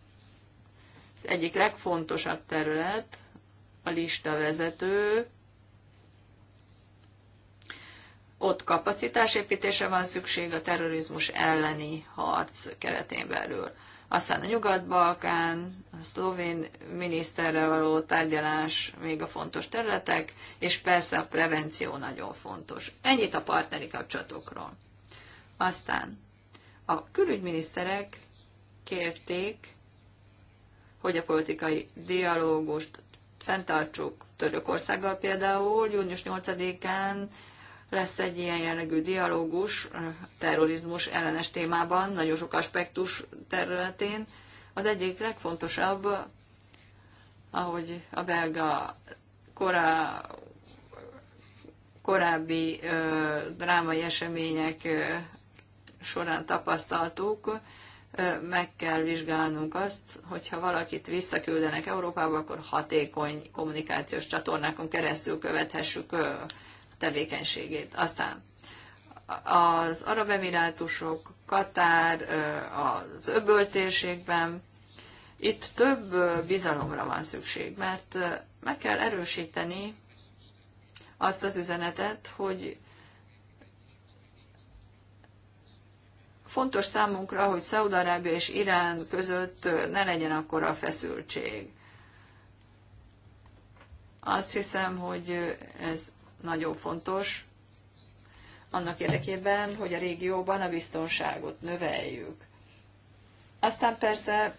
az egyik legfontosabb terület, a lista vezető, ott kapacitásépítése van szükség a terrorizmus elleni harc keretén belül. Aztán a Nyugat-Balkán, a szlovén miniszterrel való tárgyalás még a fontos területek, és persze a prevenció nagyon fontos. Ennyit a partneri kapcsolatokról. Aztán a külügyminiszterek kérték, hogy a politikai dialógust fenntartsuk Törökországgal például. Június 8-án lesz egy ilyen jellegű dialógus terrorizmus ellenes témában, nagyon sok aspektus területén. Az egyik legfontosabb, ahogy a belga korá, korábbi ö, drámai események ö, során tapasztaltuk, ö, meg kell vizsgálnunk azt, hogyha valakit visszaküldenek Európába, akkor hatékony kommunikációs csatornákon keresztül követhessük ö, tevékenységét. Aztán az Arab Emirátusok, Katár, az öböl térségben, itt több bizalomra van szükség, mert meg kell erősíteni azt az üzenetet, hogy fontos számunkra, hogy Szaudarábia és Irán között ne legyen akkora a feszültség. Azt hiszem, hogy ez nagyon fontos annak érdekében, hogy a régióban a biztonságot növeljük. Aztán persze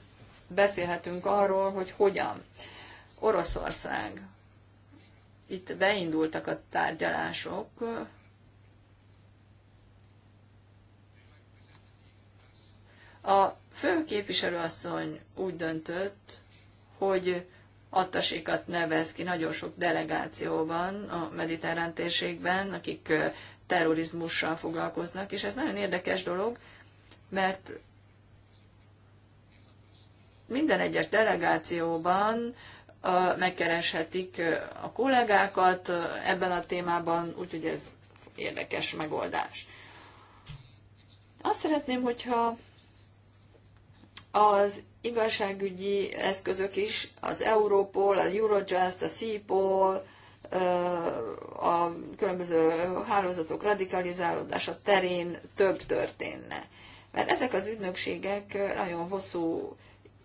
beszélhetünk arról, hogy hogyan. Oroszország. Itt beindultak a tárgyalások. A fő képviselőasszony úgy döntött, hogy attasikat nevez ki nagyon sok delegációban a mediterrán térségben, akik terrorizmussal foglalkoznak, és ez nagyon érdekes dolog, mert minden egyes delegációban megkereshetik a kollégákat ebben a témában, úgyhogy ez érdekes megoldás. Azt szeretném, hogyha az igazságügyi eszközök is, az Europol, a Eurojust, a CIPOL, a különböző hálózatok radikalizálódása terén több történne. Mert ezek az ügynökségek nagyon hosszú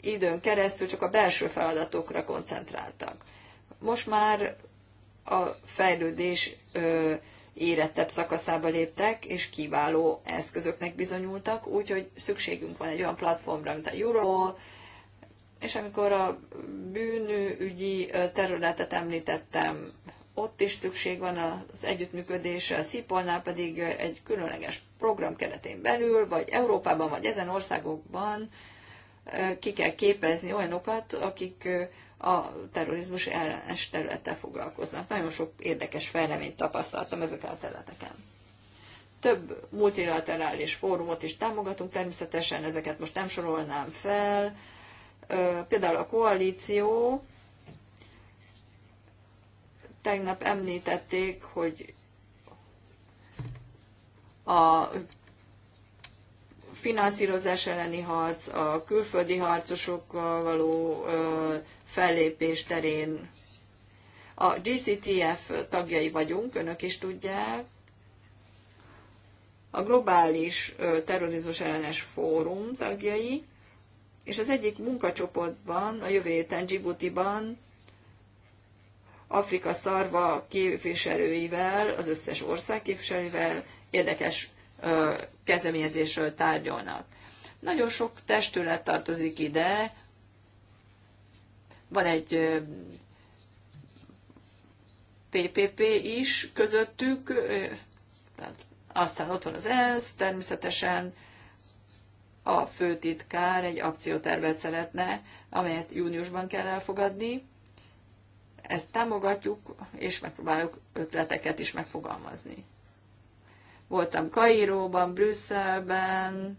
időn keresztül csak a belső feladatokra koncentráltak. Most már a fejlődés érettebb szakaszába léptek, és kiváló eszközöknek bizonyultak, úgyhogy szükségünk van egy olyan platformra, mint a Europol, és amikor a bűnügyi területet említettem, ott is szükség van az együttműködésre, a Szipolnál pedig egy különleges program keretén belül, vagy Európában, vagy ezen országokban ki kell képezni olyanokat, akik a terrorizmus ellenes területtel foglalkoznak. Nagyon sok érdekes fejleményt tapasztaltam ezeken a területeken. Több multilaterális fórumot is támogatunk, természetesen ezeket most nem sorolnám fel. Például a koalíció, tegnap említették, hogy a finanszírozás elleni harc, a külföldi harcosokkal való fellépés terén. A GCTF tagjai vagyunk, önök is tudják. A globális terrorizmus ellenes fórum tagjai, és az egyik munkacsoportban, a jövő héten Djibouti-ban Afrika szarva képviselőivel, az összes ország képviselőivel érdekes kezdeményezésről tárgyalnak. Nagyon sok testület tartozik ide, van egy PPP is közöttük, aztán ott van az ENSZ, természetesen a főtitkár egy akciótervet szeretne, amelyet júniusban kell elfogadni. Ezt támogatjuk, és megpróbáljuk ötleteket is megfogalmazni. Voltam Kairóban, Brüsszelben.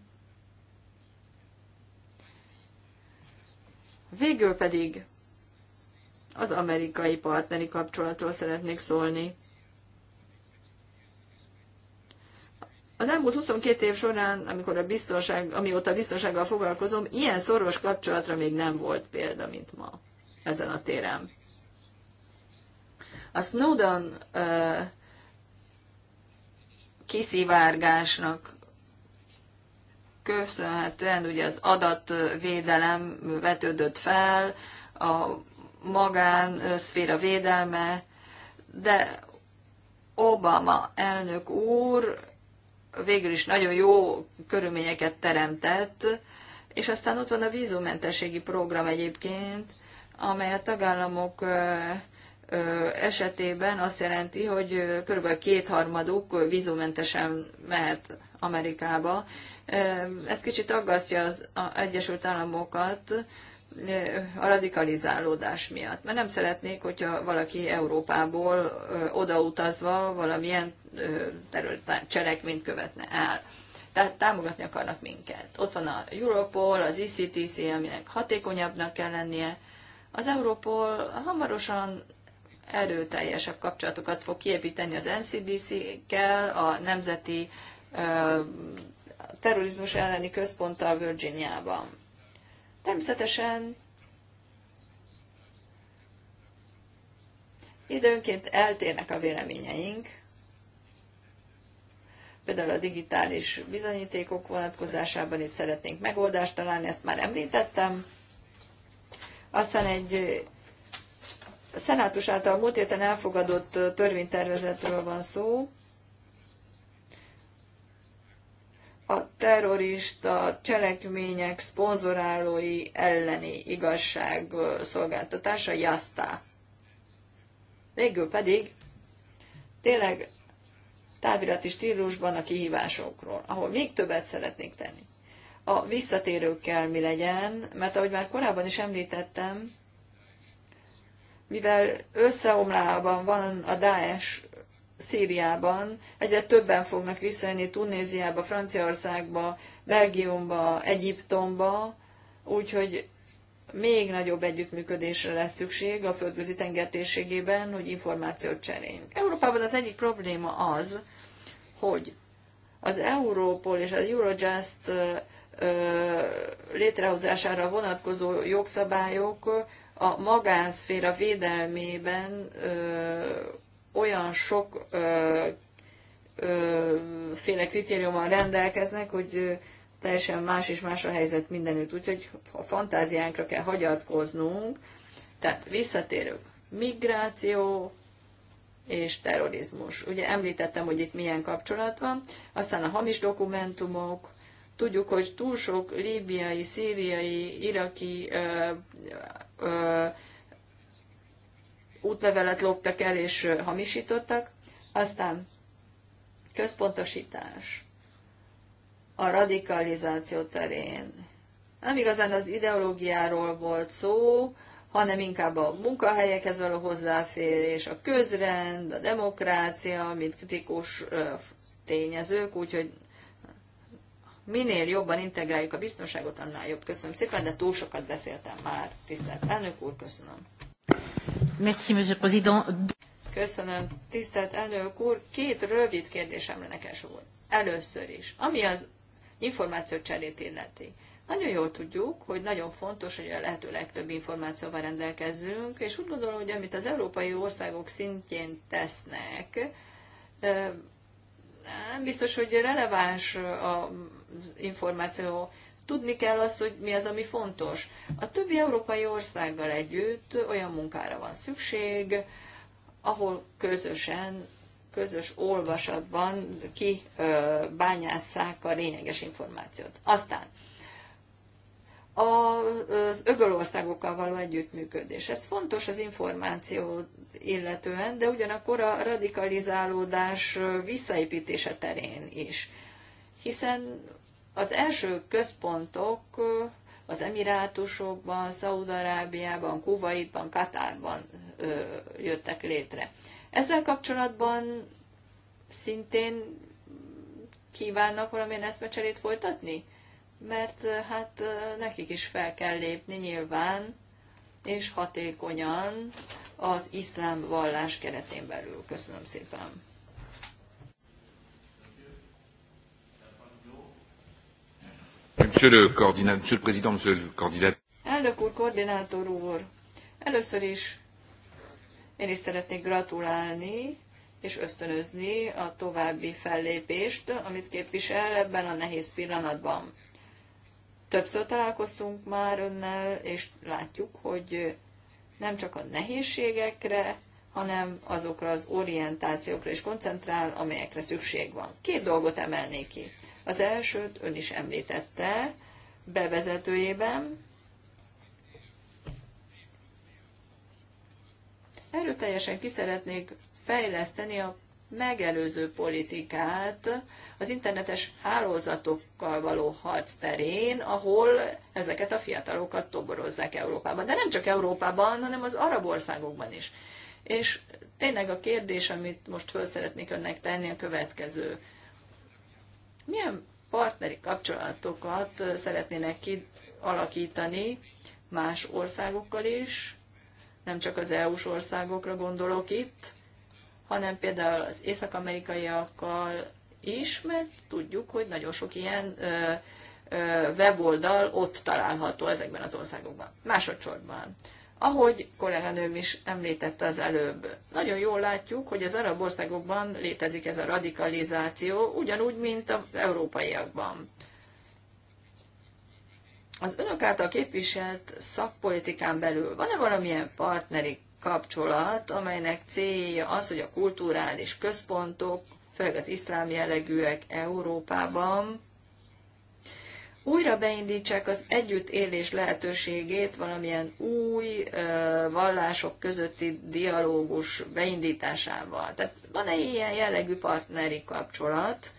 Végül pedig az amerikai partneri kapcsolatról szeretnék szólni. Az elmúlt 22 év során, amikor a biztonság, amióta a biztonsággal foglalkozom, ilyen szoros kapcsolatra még nem volt példa, mint ma ezen a téren. A Snowden uh, kiszivárgásnak köszönhetően ugye az adatvédelem vetődött fel, a magán szféra védelme, de Obama elnök úr végül is nagyon jó körülményeket teremtett, és aztán ott van a vízumentességi program egyébként, amely a tagállamok esetében azt jelenti, hogy kb. kétharmaduk vízumentesen mehet Amerikába. Ez kicsit aggasztja az Egyesült Államokat, a radikalizálódás miatt. Mert nem szeretnék, hogyha valaki Európából odautazva valamilyen cselekményt követne el. Tehát támogatni akarnak minket. Ott van a Europol, az ICTC, e aminek hatékonyabbnak kell lennie. Az Europol hamarosan erőteljesebb kapcsolatokat fog kiépíteni az ncbc kel a Nemzeti Terrorizmus elleni központtal Virginiában Természetesen időnként eltérnek a véleményeink, például a digitális bizonyítékok vonatkozásában itt szeretnénk megoldást találni, ezt már említettem. Aztán egy szenátus által múlt héten elfogadott törvénytervezetről van szó, a terrorista cselekmények szponzorálói elleni igazság szolgáltatása jasztá. Végül pedig tényleg távirati stílusban a kihívásokról, ahol még többet szeretnék tenni. A visszatérőkkel mi legyen, mert ahogy már korábban is említettem, mivel összeomlában van a Daesh Szíriában, egyre többen fognak visszajönni Tunéziába, Franciaországba, Belgiumba, Egyiptomba, úgyhogy még nagyobb együttműködésre lesz szükség a földközi tengertérségében, hogy információt cseréljünk. Európában az egyik probléma az, hogy az Europol és az Eurojust létrehozására vonatkozó jogszabályok a magánszféra védelmében olyan sok ö, ö, féle kritériummal rendelkeznek, hogy teljesen más és más a helyzet mindenütt. Úgyhogy a fantáziánkra kell hagyatkoznunk. Tehát visszatérünk. Migráció és terrorizmus. Ugye említettem, hogy itt milyen kapcsolat van. Aztán a hamis dokumentumok, tudjuk, hogy túl sok líbiai, szíriai, iraki ö, ö, útlevelet loptak el és hamisítottak. Aztán központosítás a radikalizáció terén. Nem igazán az ideológiáról volt szó, hanem inkább a munkahelyekhez való hozzáférés, a közrend, a demokrácia, mint kritikus tényezők, úgyhogy minél jobban integráljuk a biztonságot, annál jobb. Köszönöm szépen, de túl sokat beszéltem már. Tisztelt elnök úr, köszönöm. Merci, Monsieur Président. Köszönöm, tisztelt elnök úr. Két rövid kérdésem lenne volt. Először is, ami az információ cserét illeti. Nagyon jól tudjuk, hogy nagyon fontos, hogy a lehető legtöbb információval rendelkezzünk, és úgy gondolom, hogy amit az európai országok szintjén tesznek, biztos, hogy releváns az információ Tudni kell azt, hogy mi az, ami fontos. A többi európai országgal együtt olyan munkára van szükség, ahol közösen, közös olvasatban kibányásszák a lényeges információt. Aztán az ögölországokkal való együttműködés. Ez fontos az információ illetően, de ugyanakkor a radikalizálódás visszaépítése terén is. Hiszen az első központok az Emirátusokban, Szaúd-Arábiában, Kuwaitban, Katárban jöttek létre. Ezzel kapcsolatban szintén kívánnak valamilyen eszmecserét folytatni? Mert hát nekik is fel kell lépni nyilván, és hatékonyan az iszlám vallás keretén belül. Köszönöm szépen. Monsieur le, monsieur le président, monsieur le Elnök úr, koordinátor úr, először is én is szeretnék gratulálni és ösztönözni a további fellépést, amit képvisel ebben a nehéz pillanatban. Többször találkoztunk már önnel, és látjuk, hogy nem csak a nehézségekre, hanem azokra az orientációkra is koncentrál, amelyekre szükség van. Két dolgot emelnék ki. Az elsőt ön is említette bevezetőjében. Erőteljesen ki szeretnék fejleszteni a megelőző politikát az internetes hálózatokkal való harc terén, ahol ezeket a fiatalokat toborozzák Európában. De nem csak Európában, hanem az arab országokban is. És tényleg a kérdés, amit most föl szeretnék önnek tenni, a következő milyen partneri kapcsolatokat szeretnének alakítani más országokkal is, nem csak az EU-s országokra gondolok itt, hanem például az észak-amerikaiakkal is, mert tudjuk, hogy nagyon sok ilyen ö, ö, weboldal ott található ezekben az országokban. Másodszorban ahogy kolléganőm is említette az előbb, nagyon jól látjuk, hogy az arab országokban létezik ez a radikalizáció, ugyanúgy, mint az európaiakban. Az önök által képviselt szakpolitikán belül van-e valamilyen partneri kapcsolat, amelynek célja az, hogy a kulturális központok, főleg az iszlám jellegűek Európában újra beindítsák az együttélés lehetőségét valamilyen új ö, vallások közötti dialógus beindításával. Tehát van-e ilyen jellegű partneri kapcsolat,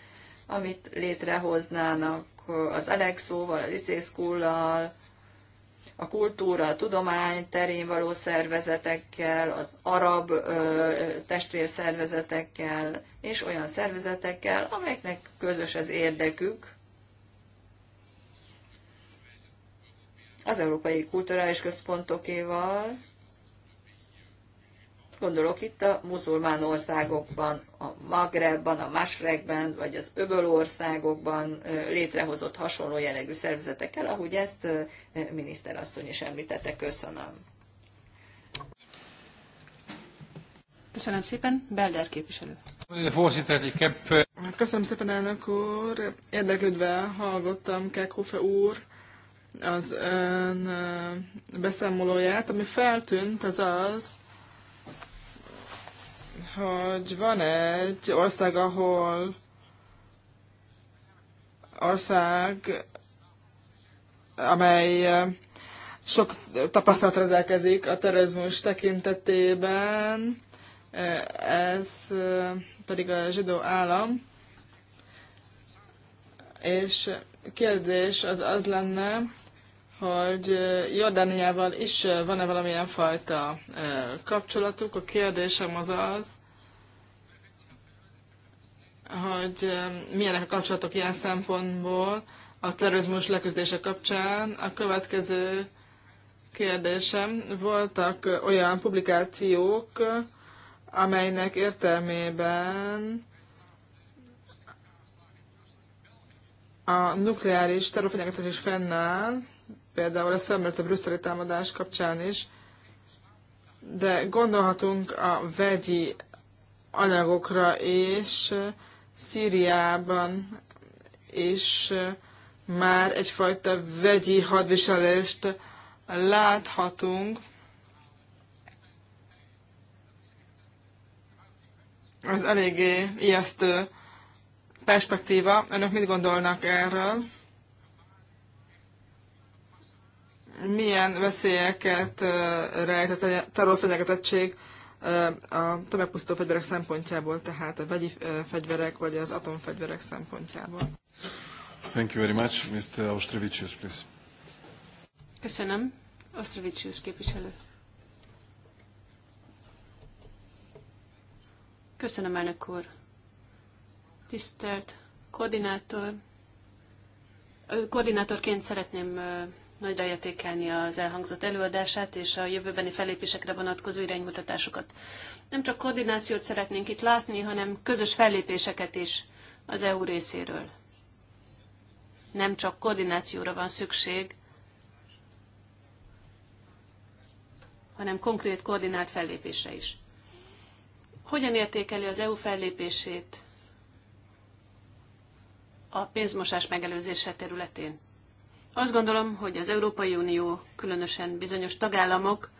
amit létrehoznának az Alexóval, az Iszészkullal, a kultúra, a tudomány terén való szervezetekkel, az arab ö, testvérszervezetekkel és olyan szervezetekkel, amelyeknek közös az érdekük, az Európai Kulturális Központokéval, gondolok itt a muzulmán országokban, a Magrebban, a Masregben, vagy az öböl országokban létrehozott hasonló jellegű szervezetekkel, ahogy ezt miniszterasszony is említette. Köszönöm. Köszönöm szépen. Belder képviselő. Eh, Köszönöm szépen, elnök úr. Érdeklődve hallgattam Kekhofe úr az ön beszámolóját, ami feltűnt, az az, hogy van egy ország, ahol ország, amely sok tapasztalat rendelkezik a terrorizmus tekintetében, ez pedig a zsidó állam. És kérdés az az lenne, hogy Jordániával is van-e valamilyen fajta kapcsolatuk. A kérdésem az az, hogy milyenek a kapcsolatok ilyen szempontból a terrorizmus leküzdése kapcsán. A következő kérdésem, voltak olyan publikációk, amelynek értelmében a nukleáris terrorfenyegetés fennáll, Például ez felmerült a brüsszeli támadás kapcsán is, de gondolhatunk a vegyi anyagokra, és Szíriában is már egyfajta vegyi hadviselést láthatunk. Ez eléggé ijesztő perspektíva. Önök mit gondolnak erről? milyen veszélyeket rejtett a terrorfenyegetettség a tömegpusztító fegyverek szempontjából, tehát a vegyi fegyverek vagy az atomfegyverek szempontjából. Thank you very much, Mr. Ostrovicius, please. Köszönöm. Ostrovicius képviselő. Köszönöm, elnök úr. Tisztelt koordinátor, koordinátorként szeretném nagyra értékelni az elhangzott előadását és a jövőbeni fellépésekre vonatkozó iránymutatásokat. Nem csak koordinációt szeretnénk itt látni, hanem közös fellépéseket is az EU részéről. Nem csak koordinációra van szükség, hanem konkrét koordinált fellépésre is. Hogyan értékeli az EU fellépését a pénzmosás megelőzése területén? Azt gondolom, hogy az Európai Unió, különösen bizonyos tagállamok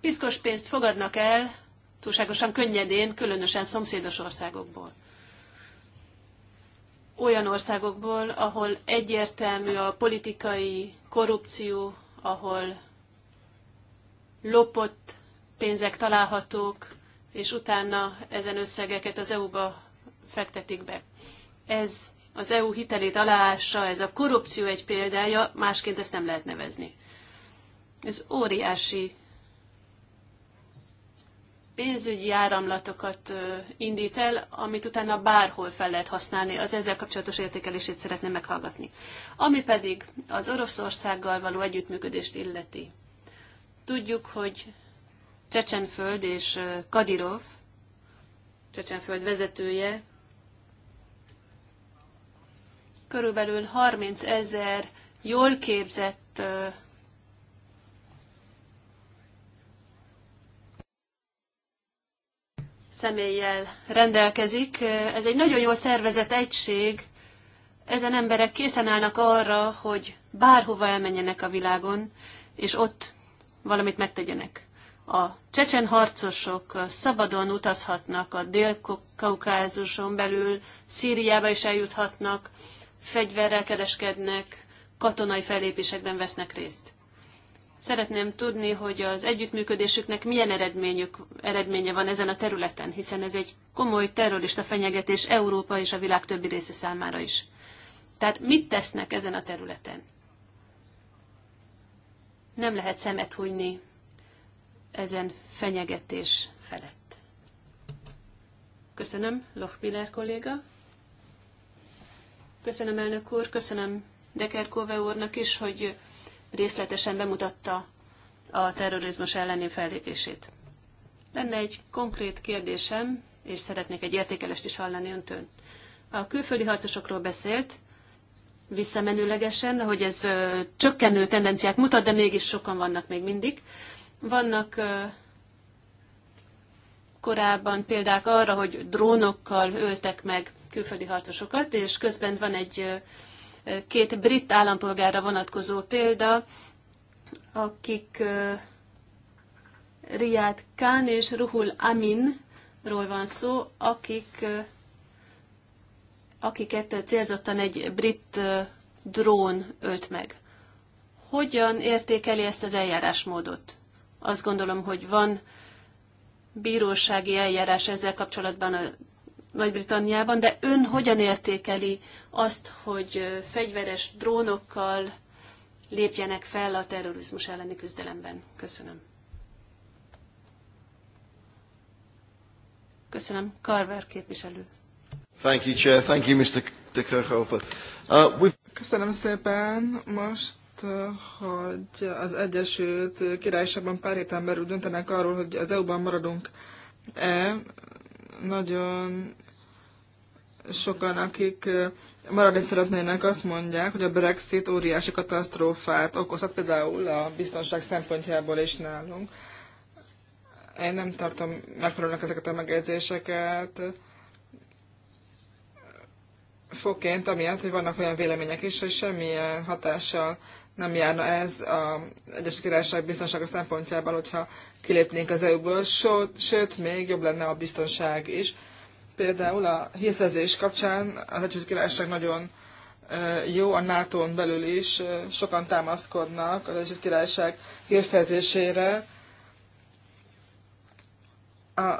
piszkos pénzt fogadnak el, túlságosan könnyedén, különösen szomszédos országokból. Olyan országokból, ahol egyértelmű a politikai korrupció, ahol lopott pénzek találhatók, és utána ezen összegeket az EU-ba fektetik be. Ez az EU hitelét aláássa, ez a korrupció egy példája, másként ezt nem lehet nevezni. Ez óriási pénzügyi áramlatokat indít el, amit utána bárhol fel lehet használni. Az ezzel kapcsolatos értékelését szeretném meghallgatni. Ami pedig az Oroszországgal való együttműködést illeti. Tudjuk, hogy Csecsenföld és Kadirov, Csecsenföld vezetője körülbelül 30 ezer jól képzett személlyel rendelkezik. Ez egy nagyon jó szervezett egység. Ezen emberek készen állnak arra, hogy bárhova elmenjenek a világon, és ott valamit megtegyenek. A csecsen harcosok szabadon utazhatnak a dél-kaukázuson belül, Szíriába is eljuthatnak, fegyverrel kereskednek, katonai fellépésekben vesznek részt. Szeretném tudni, hogy az együttműködésüknek milyen eredményük, eredménye van ezen a területen, hiszen ez egy komoly terrorista fenyegetés Európa és a világ többi része számára is. Tehát mit tesznek ezen a területen? Nem lehet szemet hunyni ezen fenyegetés felett. Köszönöm, Lochbiller kolléga. Köszönöm, elnök úr, köszönöm Deker Kove úrnak is, hogy részletesen bemutatta a terrorizmus elleni fellépését. Lenne egy konkrét kérdésem, és szeretnék egy értékelést is hallani öntől. A külföldi harcosokról beszélt, visszamenőlegesen, hogy ez csökkenő tendenciát mutat, de mégis sokan vannak még mindig. Vannak korábban példák arra, hogy drónokkal öltek meg külföldi harcosokat, és közben van egy két brit állampolgára vonatkozó példa, akik Riyad Khan és Ruhul Aminról van szó, akik, akiket célzottan egy brit drón ölt meg. Hogyan értékeli ezt az eljárásmódot? Azt gondolom, hogy van bírósági eljárás ezzel kapcsolatban a nagy-Britanniában, de ön hogyan értékeli azt, hogy fegyveres drónokkal lépjenek fel a terrorizmus elleni küzdelemben? Köszönöm. Köszönöm. Carver képviselő. Thank you, Chair. Thank you, Mr. De Kerkhofer. Uh, Köszönöm szépen. Most hogy az Egyesült Királyságban pár héten belül döntenek arról, hogy az EU-ban maradunk-e. Nagyon sokan, akik maradni szeretnének, azt mondják, hogy a Brexit óriási katasztrófát okozhat, például a biztonság szempontjából is nálunk. Én nem tartom megfelelőnek ezeket a megjegyzéseket. Fokként, amiatt, hogy vannak olyan vélemények is, hogy semmilyen hatással nem járna ez az Egyes Királyság biztonsága szempontjából, hogyha kilépnénk az EU-ból, sőt, még jobb lenne a biztonság is Például a hírszerzés kapcsán az Egyesült Királyság nagyon jó, a nato belül is sokan támaszkodnak az Egyesült Királyság hírszerzésére. A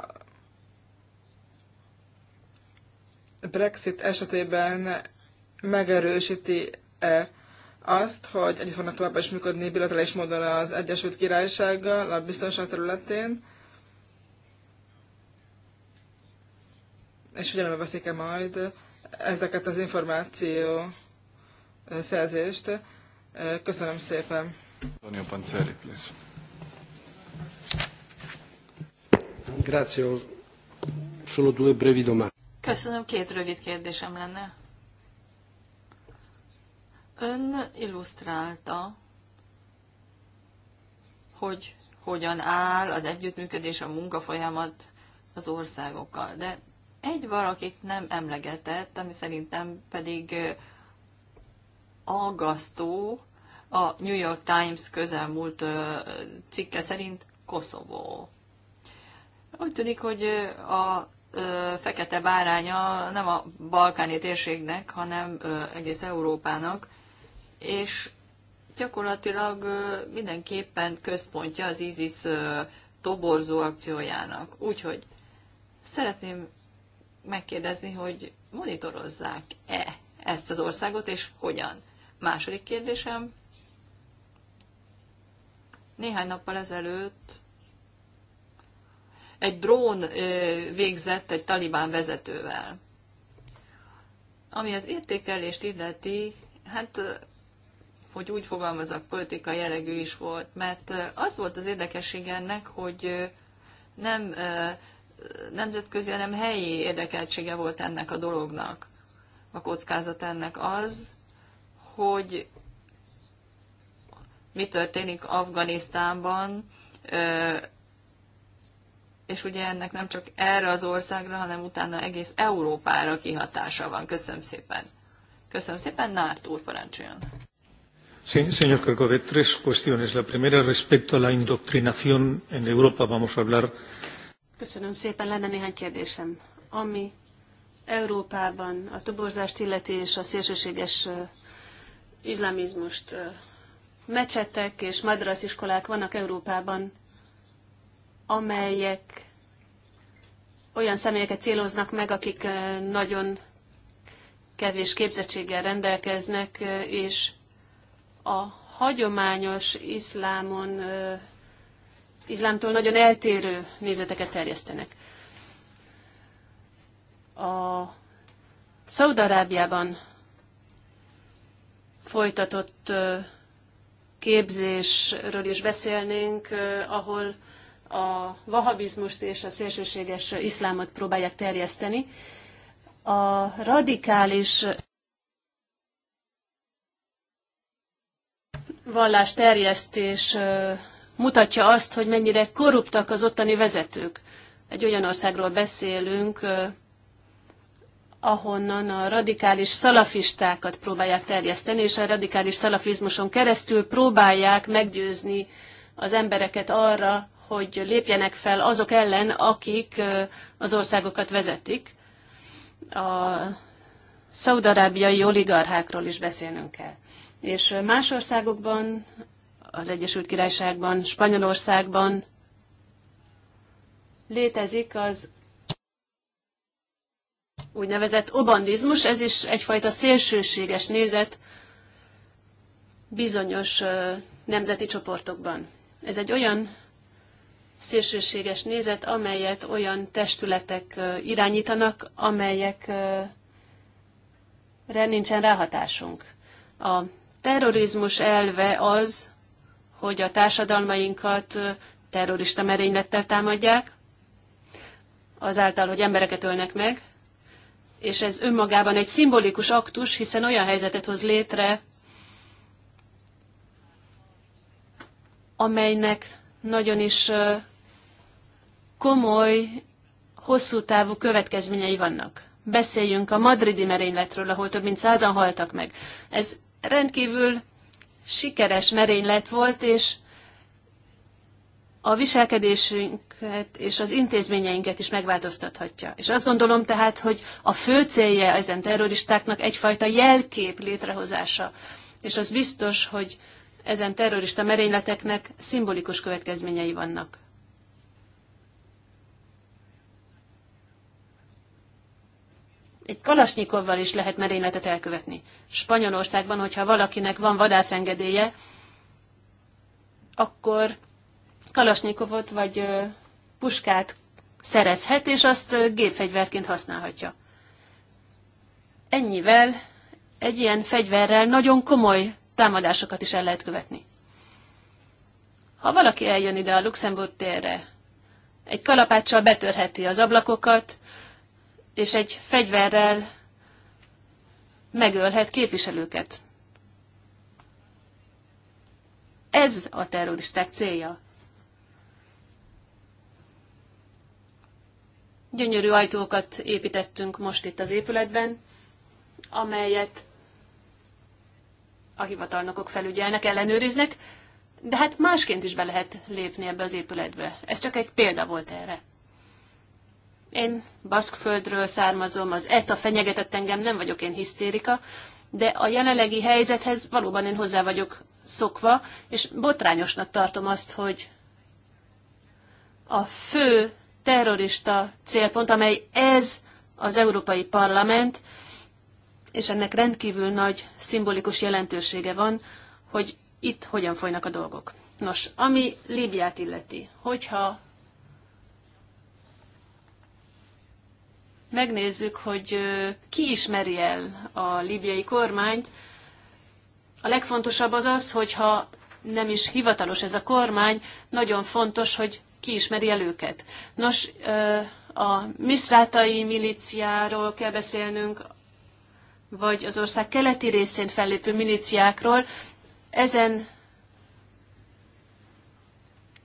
Brexit esetében megerősíti-e azt, hogy együtt fognak továbbra is működni bilaterális módon az Egyesült Királysággal a biztonság területén, és figyelembe veszik-e majd ezeket az információ szerzést. Köszönöm szépen. Antonio Panceri, please. Köszönöm, két rövid kérdésem lenne. Ön illusztrálta, hogy hogyan áll az együttműködés, a munkafolyamat az országokkal. De egy valakit nem emlegetett, ami szerintem pedig aggasztó, a New York Times közelmúlt cikke szerint Koszovó. Úgy tűnik, hogy a fekete báránya nem a balkáni térségnek, hanem egész Európának, és gyakorlatilag mindenképpen központja az ISIS toborzó akciójának. Úgyhogy szeretném megkérdezni, hogy monitorozzák-e ezt az országot, és hogyan. Második kérdésem, néhány nappal ezelőtt egy drón végzett egy talibán vezetővel. Ami az értékelést illeti, hát hogy úgy fogalmazok, politikai jellegű is volt, mert az volt az érdekesség ennek, hogy nem nemzetközi, hanem helyi érdekeltsége volt ennek a dolognak. A kockázat ennek az, hogy mi történik Afganisztánban, és ugye ennek nem csak erre az országra, hanem utána egész Európára kihatása van. Köszönöm szépen. Köszönöm szépen, Nárt úr parancsoljon. Sí, señor Kerkove, tres cuestiones. La primera respecto a la indoctrinación en Europa. Vamos a hablar Köszönöm szépen, lenne néhány kérdésem. Ami Európában a toborzást illeti és a szélsőséges izlamizmust mecsetek és madrasziskolák vannak Európában, amelyek olyan személyeket céloznak meg, akik nagyon kevés képzettséggel rendelkeznek, és a hagyományos iszlámon izlámtól nagyon eltérő nézeteket terjesztenek. A Szaudarábiában folytatott képzésről is beszélnénk, ahol a vahabizmust és a szélsőséges iszlámot próbálják terjeszteni. A radikális vallás terjesztés mutatja azt, hogy mennyire korruptak az ottani vezetők. Egy olyan országról beszélünk, ahonnan a radikális szalafistákat próbálják terjeszteni, és a radikális szalafizmuson keresztül próbálják meggyőzni az embereket arra, hogy lépjenek fel azok ellen, akik az országokat vezetik. A szaudarábiai oligarchákról is beszélnünk kell. És más országokban az Egyesült Királyságban, Spanyolországban létezik az úgynevezett obandizmus, ez is egyfajta szélsőséges nézet bizonyos nemzeti csoportokban. Ez egy olyan szélsőséges nézet, amelyet olyan testületek irányítanak, amelyekre nincsen ráhatásunk. A terrorizmus elve az, hogy a társadalmainkat terrorista merénylettel támadják, azáltal, hogy embereket ölnek meg, és ez önmagában egy szimbolikus aktus, hiszen olyan helyzetet hoz létre, amelynek nagyon is komoly, hosszú távú következményei vannak. Beszéljünk a madridi merényletről, ahol több mint százan haltak meg. Ez rendkívül sikeres merénylet volt, és a viselkedésünket és az intézményeinket is megváltoztathatja. És azt gondolom tehát, hogy a fő célja ezen terroristáknak egyfajta jelkép létrehozása. És az biztos, hogy ezen terrorista merényleteknek szimbolikus következményei vannak. egy kalasnyikovval is lehet merényletet elkövetni. Spanyolországban, hogyha valakinek van vadászengedélye, akkor kalasnyikovot vagy puskát szerezhet, és azt gépfegyverként használhatja. Ennyivel egy ilyen fegyverrel nagyon komoly támadásokat is el lehet követni. Ha valaki eljön ide a Luxemburg térre, egy kalapáccsal betörheti az ablakokat, és egy fegyverrel megölhet képviselőket. Ez a terroristák célja. Gyönyörű ajtókat építettünk most itt az épületben, amelyet a hivatalnokok felügyelnek, ellenőriznek, de hát másként is be lehet lépni ebbe az épületbe. Ez csak egy példa volt erre. Én Baszkföldről származom, az ETA fenyegetett engem, nem vagyok én hisztérika, de a jelenlegi helyzethez valóban én hozzá vagyok szokva, és botrányosnak tartom azt, hogy a fő terrorista célpont, amely ez az Európai Parlament, és ennek rendkívül nagy szimbolikus jelentősége van, hogy itt hogyan folynak a dolgok. Nos, ami Líbiát illeti, hogyha megnézzük, hogy ki ismeri el a libiai kormányt, a legfontosabb az az, hogyha nem is hivatalos ez a kormány, nagyon fontos, hogy ki ismeri el őket. Nos, a misztrátai milíciáról kell beszélnünk, vagy az ország keleti részén fellépő milíciákról. Ezen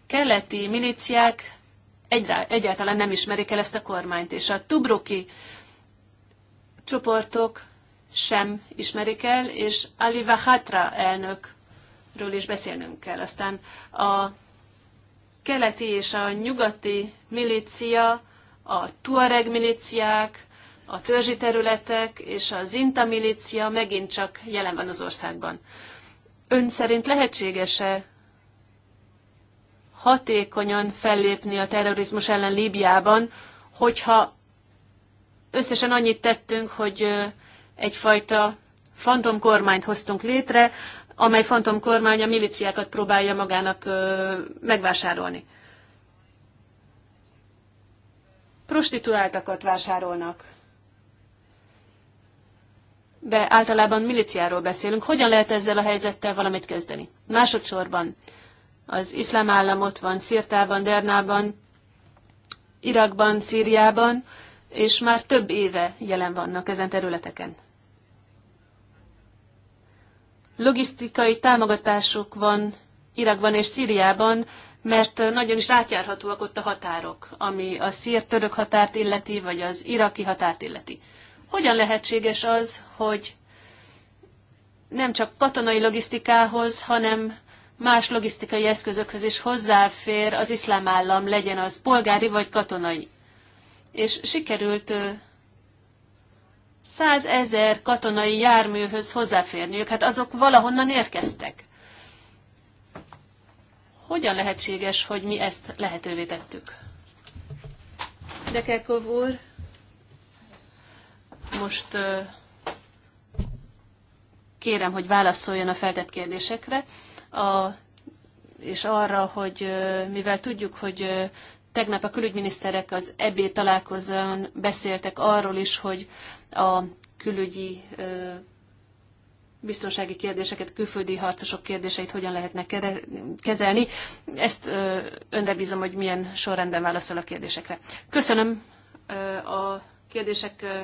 keleti milíciák egyre, egyáltalán nem ismerik el ezt a kormányt, és a tubruki csoportok sem ismerik el, és Ali Vahatra elnökről is beszélnünk kell. Aztán a keleti és a nyugati milícia, a tuareg milíciák, a törzsi területek és a zinta milícia megint csak jelen van az országban. Ön szerint lehetséges-e hatékonyan fellépni a terrorizmus ellen Líbiában, hogyha összesen annyit tettünk, hogy egyfajta fantomkormányt hoztunk létre, amely fantomkormány a miliciákat próbálja magának megvásárolni. Prostituáltakat vásárolnak de általában miliciáról beszélünk. Hogyan lehet ezzel a helyzettel valamit kezdeni? Másodszorban az iszlám állam ott van Szirtában, Dernában, Irakban, Szíriában, és már több éve jelen vannak ezen területeken. Logisztikai támogatásuk van Irakban és Szíriában, mert nagyon is átjárhatóak ott a határok, ami a szír-török határt illeti, vagy az iraki határt illeti. Hogyan lehetséges az, hogy nem csak katonai logisztikához, hanem más logisztikai eszközökhöz is hozzáfér az iszlám állam, legyen az polgári vagy katonai. És sikerült százezer katonai járműhöz hozzáférniük, hát azok valahonnan érkeztek. Hogyan lehetséges, hogy mi ezt lehetővé tettük? Dekerkov úr, most kérem, hogy válaszoljon a feltett kérdésekre a, és arra, hogy mivel tudjuk, hogy tegnap a külügyminiszterek az EB találkozón beszéltek arról is, hogy a külügyi biztonsági kérdéseket, külföldi harcosok kérdéseit hogyan lehetne kezelni. Ezt önre bízom, hogy milyen sorrendben válaszol a kérdésekre. Köszönöm a kérdések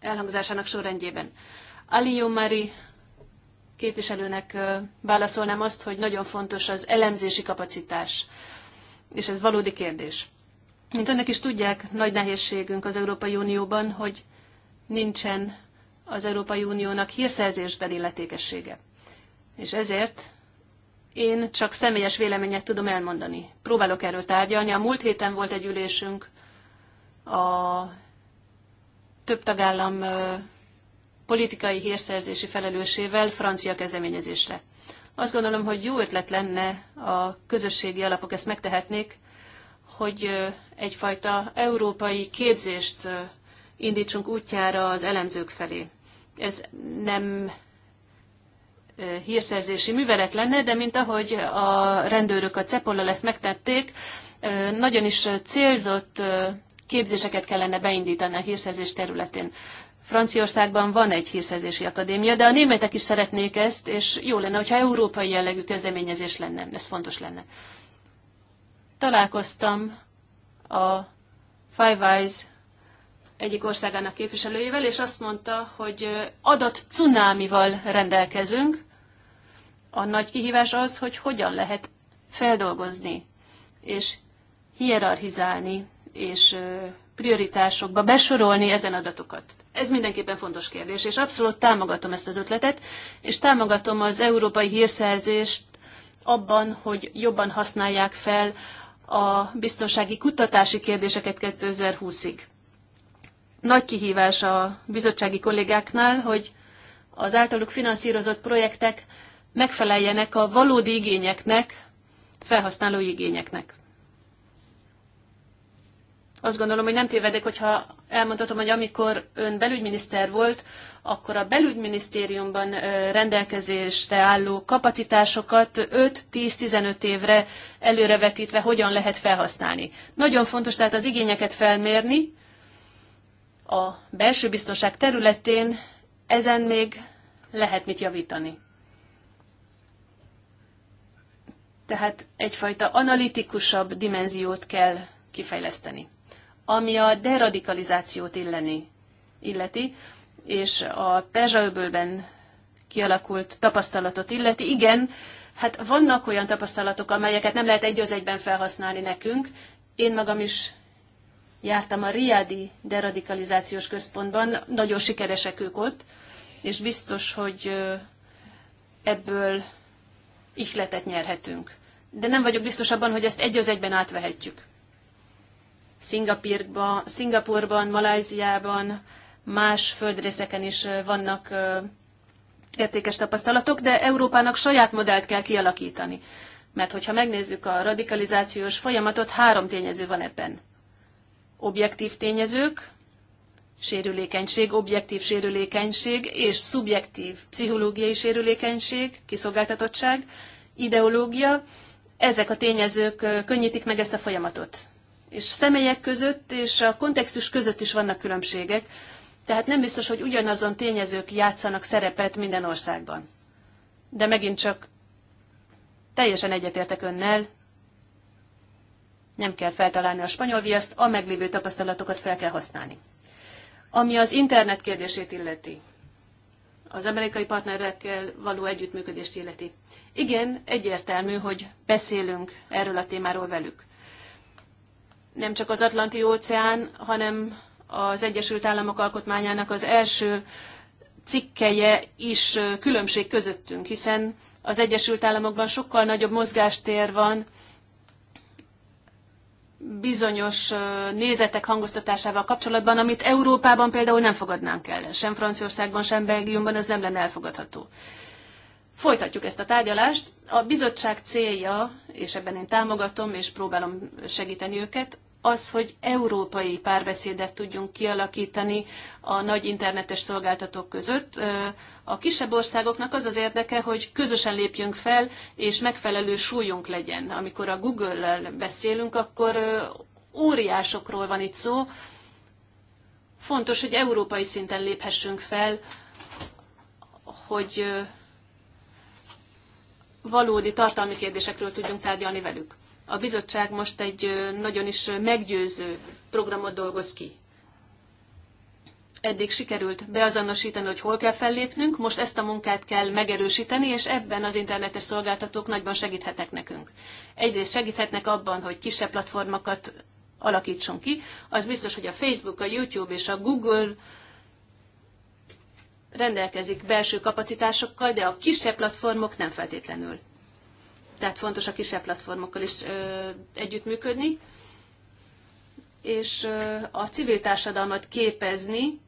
elhangzásának sorrendjében. Alió Mari képviselőnek válaszolnám azt, hogy nagyon fontos az elemzési kapacitás. És ez valódi kérdés. Mint önök is tudják, nagy nehézségünk az Európai Unióban, hogy nincsen az Európai Uniónak hírszerzésben illetékessége. És ezért én csak személyes véleményet tudom elmondani. Próbálok erről tárgyalni. A múlt héten volt egy ülésünk a több tagállam politikai hírszerzési felelősével francia kezdeményezésre. Azt gondolom, hogy jó ötlet lenne, a közösségi alapok ezt megtehetnék, hogy egyfajta európai képzést indítsunk útjára az elemzők felé. Ez nem hírszerzési művelet lenne, de mint ahogy a rendőrök a Cepollal ezt megtették, nagyon is célzott képzéseket kellene beindítani a hírszerzés területén. Franciaországban van egy hírszerzési akadémia, de a németek is szeretnék ezt, és jó lenne, hogyha európai jellegű kezdeményezés lenne. Ez fontos lenne. Találkoztam a Five Eyes egyik országának képviselőjével, és azt mondta, hogy adat cunámival rendelkezünk. A nagy kihívás az, hogy hogyan lehet feldolgozni, és hierarchizálni, és prioritásokba besorolni ezen adatokat? Ez mindenképpen fontos kérdés, és abszolút támogatom ezt az ötletet, és támogatom az európai hírszerzést abban, hogy jobban használják fel a biztonsági kutatási kérdéseket 2020-ig. Nagy kihívás a bizottsági kollégáknál, hogy az általuk finanszírozott projektek megfeleljenek a valódi igényeknek, felhasználói igényeknek azt gondolom, hogy nem tévedek, hogyha elmondhatom, hogy amikor ön belügyminiszter volt, akkor a belügyminisztériumban rendelkezésre álló kapacitásokat 5-10-15 évre előrevetítve hogyan lehet felhasználni. Nagyon fontos tehát az igényeket felmérni a belső biztonság területén, ezen még lehet mit javítani. Tehát egyfajta analitikusabb dimenziót kell kifejleszteni ami a deradikalizációt illeni, illeti, és a Perzsaöbölben kialakult tapasztalatot illeti. Igen, hát vannak olyan tapasztalatok, amelyeket nem lehet egy az egyben felhasználni nekünk. Én magam is jártam a Riadi deradikalizációs központban, nagyon sikeresek ők ott, és biztos, hogy ebből ihletet nyerhetünk. De nem vagyok biztos abban, hogy ezt egy az egyben átvehetjük. Szingapírba, Szingapurban, Malajziában, más földrészeken is vannak értékes tapasztalatok, de Európának saját modellt kell kialakítani. Mert hogyha megnézzük a radikalizációs folyamatot, három tényező van ebben. Objektív tényezők, sérülékenység, objektív sérülékenység és szubjektív pszichológiai sérülékenység, kiszolgáltatottság, ideológia, ezek a tényezők könnyítik meg ezt a folyamatot és személyek között és a kontextus között is vannak különbségek, tehát nem biztos, hogy ugyanazon tényezők játszanak szerepet minden országban. De megint csak teljesen egyetértek önnel, nem kell feltalálni a spanyol viaszt, a meglévő tapasztalatokat fel kell használni. Ami az internet kérdését illeti, az amerikai partnerekkel való együttműködést illeti. Igen, egyértelmű, hogy beszélünk erről a témáról velük nem csak az Atlanti óceán, hanem az Egyesült Államok alkotmányának az első cikkeje is különbség közöttünk, hiszen az Egyesült Államokban sokkal nagyobb mozgástér van bizonyos nézetek hangoztatásával kapcsolatban, amit Európában például nem fogadnánk el. Sem Franciaországban, sem Belgiumban ez nem lenne elfogadható. Folytatjuk ezt a tárgyalást. A bizottság célja, és ebben én támogatom, és próbálom segíteni őket, az, hogy európai párbeszédet tudjunk kialakítani a nagy internetes szolgáltatók között. A kisebb országoknak az az érdeke, hogy közösen lépjünk fel, és megfelelő súlyunk legyen. Amikor a Google-lel beszélünk, akkor óriásokról van itt szó. Fontos, hogy európai szinten léphessünk fel, hogy valódi tartalmi kérdésekről tudjunk tárgyalni velük a bizottság most egy nagyon is meggyőző programot dolgoz ki. Eddig sikerült beazonosítani, hogy hol kell fellépnünk, most ezt a munkát kell megerősíteni, és ebben az internetes szolgáltatók nagyban segíthetek nekünk. Egyrészt segíthetnek abban, hogy kisebb platformokat alakítson ki. Az biztos, hogy a Facebook, a YouTube és a Google rendelkezik belső kapacitásokkal, de a kisebb platformok nem feltétlenül. Tehát fontos a kisebb platformokkal is együttműködni, és a civil társadalmat képezni,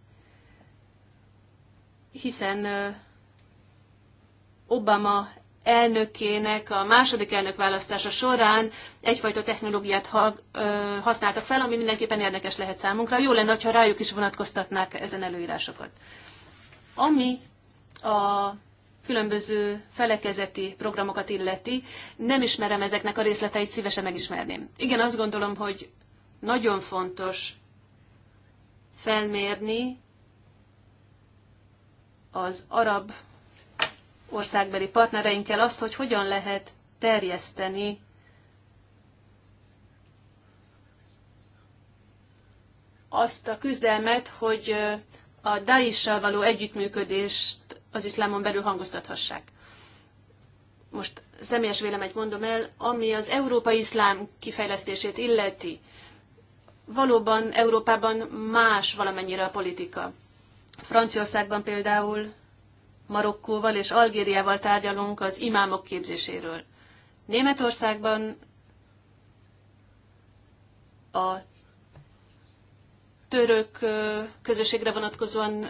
hiszen Obama elnökének a második elnök választása során egyfajta technológiát ha, ö, használtak fel, ami mindenképpen érdekes lehet számunkra. Jó lenne, ha rájuk is vonatkoztatnák ezen előírásokat. Ami a különböző felekezeti programokat illeti. Nem ismerem ezeknek a részleteit, szívesen megismerném. Igen, azt gondolom, hogy nagyon fontos felmérni az arab országbeli partnereinkkel azt, hogy hogyan lehet terjeszteni azt a küzdelmet, hogy a DAIS-sal való együttműködést az iszlámon belül hangoztathassák. Most személyes véleményt mondom el, ami az európai iszlám kifejlesztését illeti. Valóban Európában más valamennyire a politika. Franciaországban például Marokkóval és Algériával tárgyalunk az imámok képzéséről. Németországban a török közösségre vonatkozóan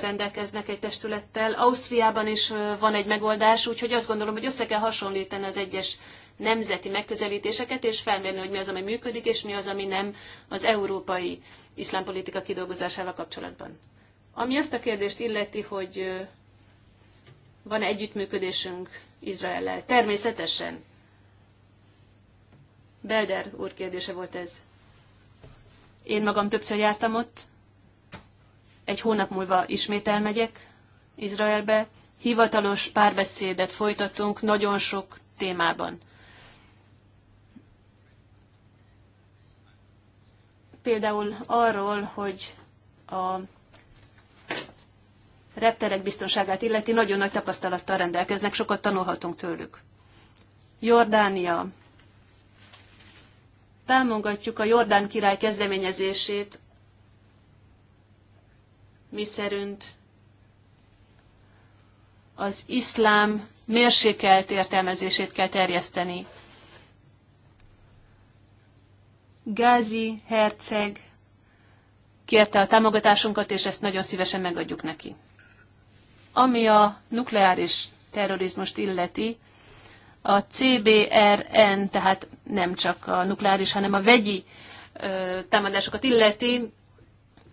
rendelkeznek egy testülettel. Ausztriában is van egy megoldás, úgyhogy azt gondolom, hogy össze kell hasonlítani az egyes nemzeti megközelítéseket, és felmérni, hogy mi az, ami működik, és mi az, ami nem az európai iszlámpolitika kidolgozásával kapcsolatban. Ami azt a kérdést illeti, hogy van -e együttműködésünk Izraellel? Természetesen. Belder úr kérdése volt ez. Én magam többször jártam ott, egy hónap múlva ismét elmegyek Izraelbe. Hivatalos párbeszédet folytatunk nagyon sok témában. Például arról, hogy a repterek biztonságát illeti, nagyon nagy tapasztalattal rendelkeznek, sokat tanulhatunk tőlük. Jordánia. Támogatjuk a Jordán király kezdeményezését miszerint az iszlám mérsékelt értelmezését kell terjeszteni. Gázi Herceg kérte a támogatásunkat, és ezt nagyon szívesen megadjuk neki. Ami a nukleáris terrorizmust illeti, a CBRN, tehát nem csak a nukleáris, hanem a vegyi támadásokat illeti,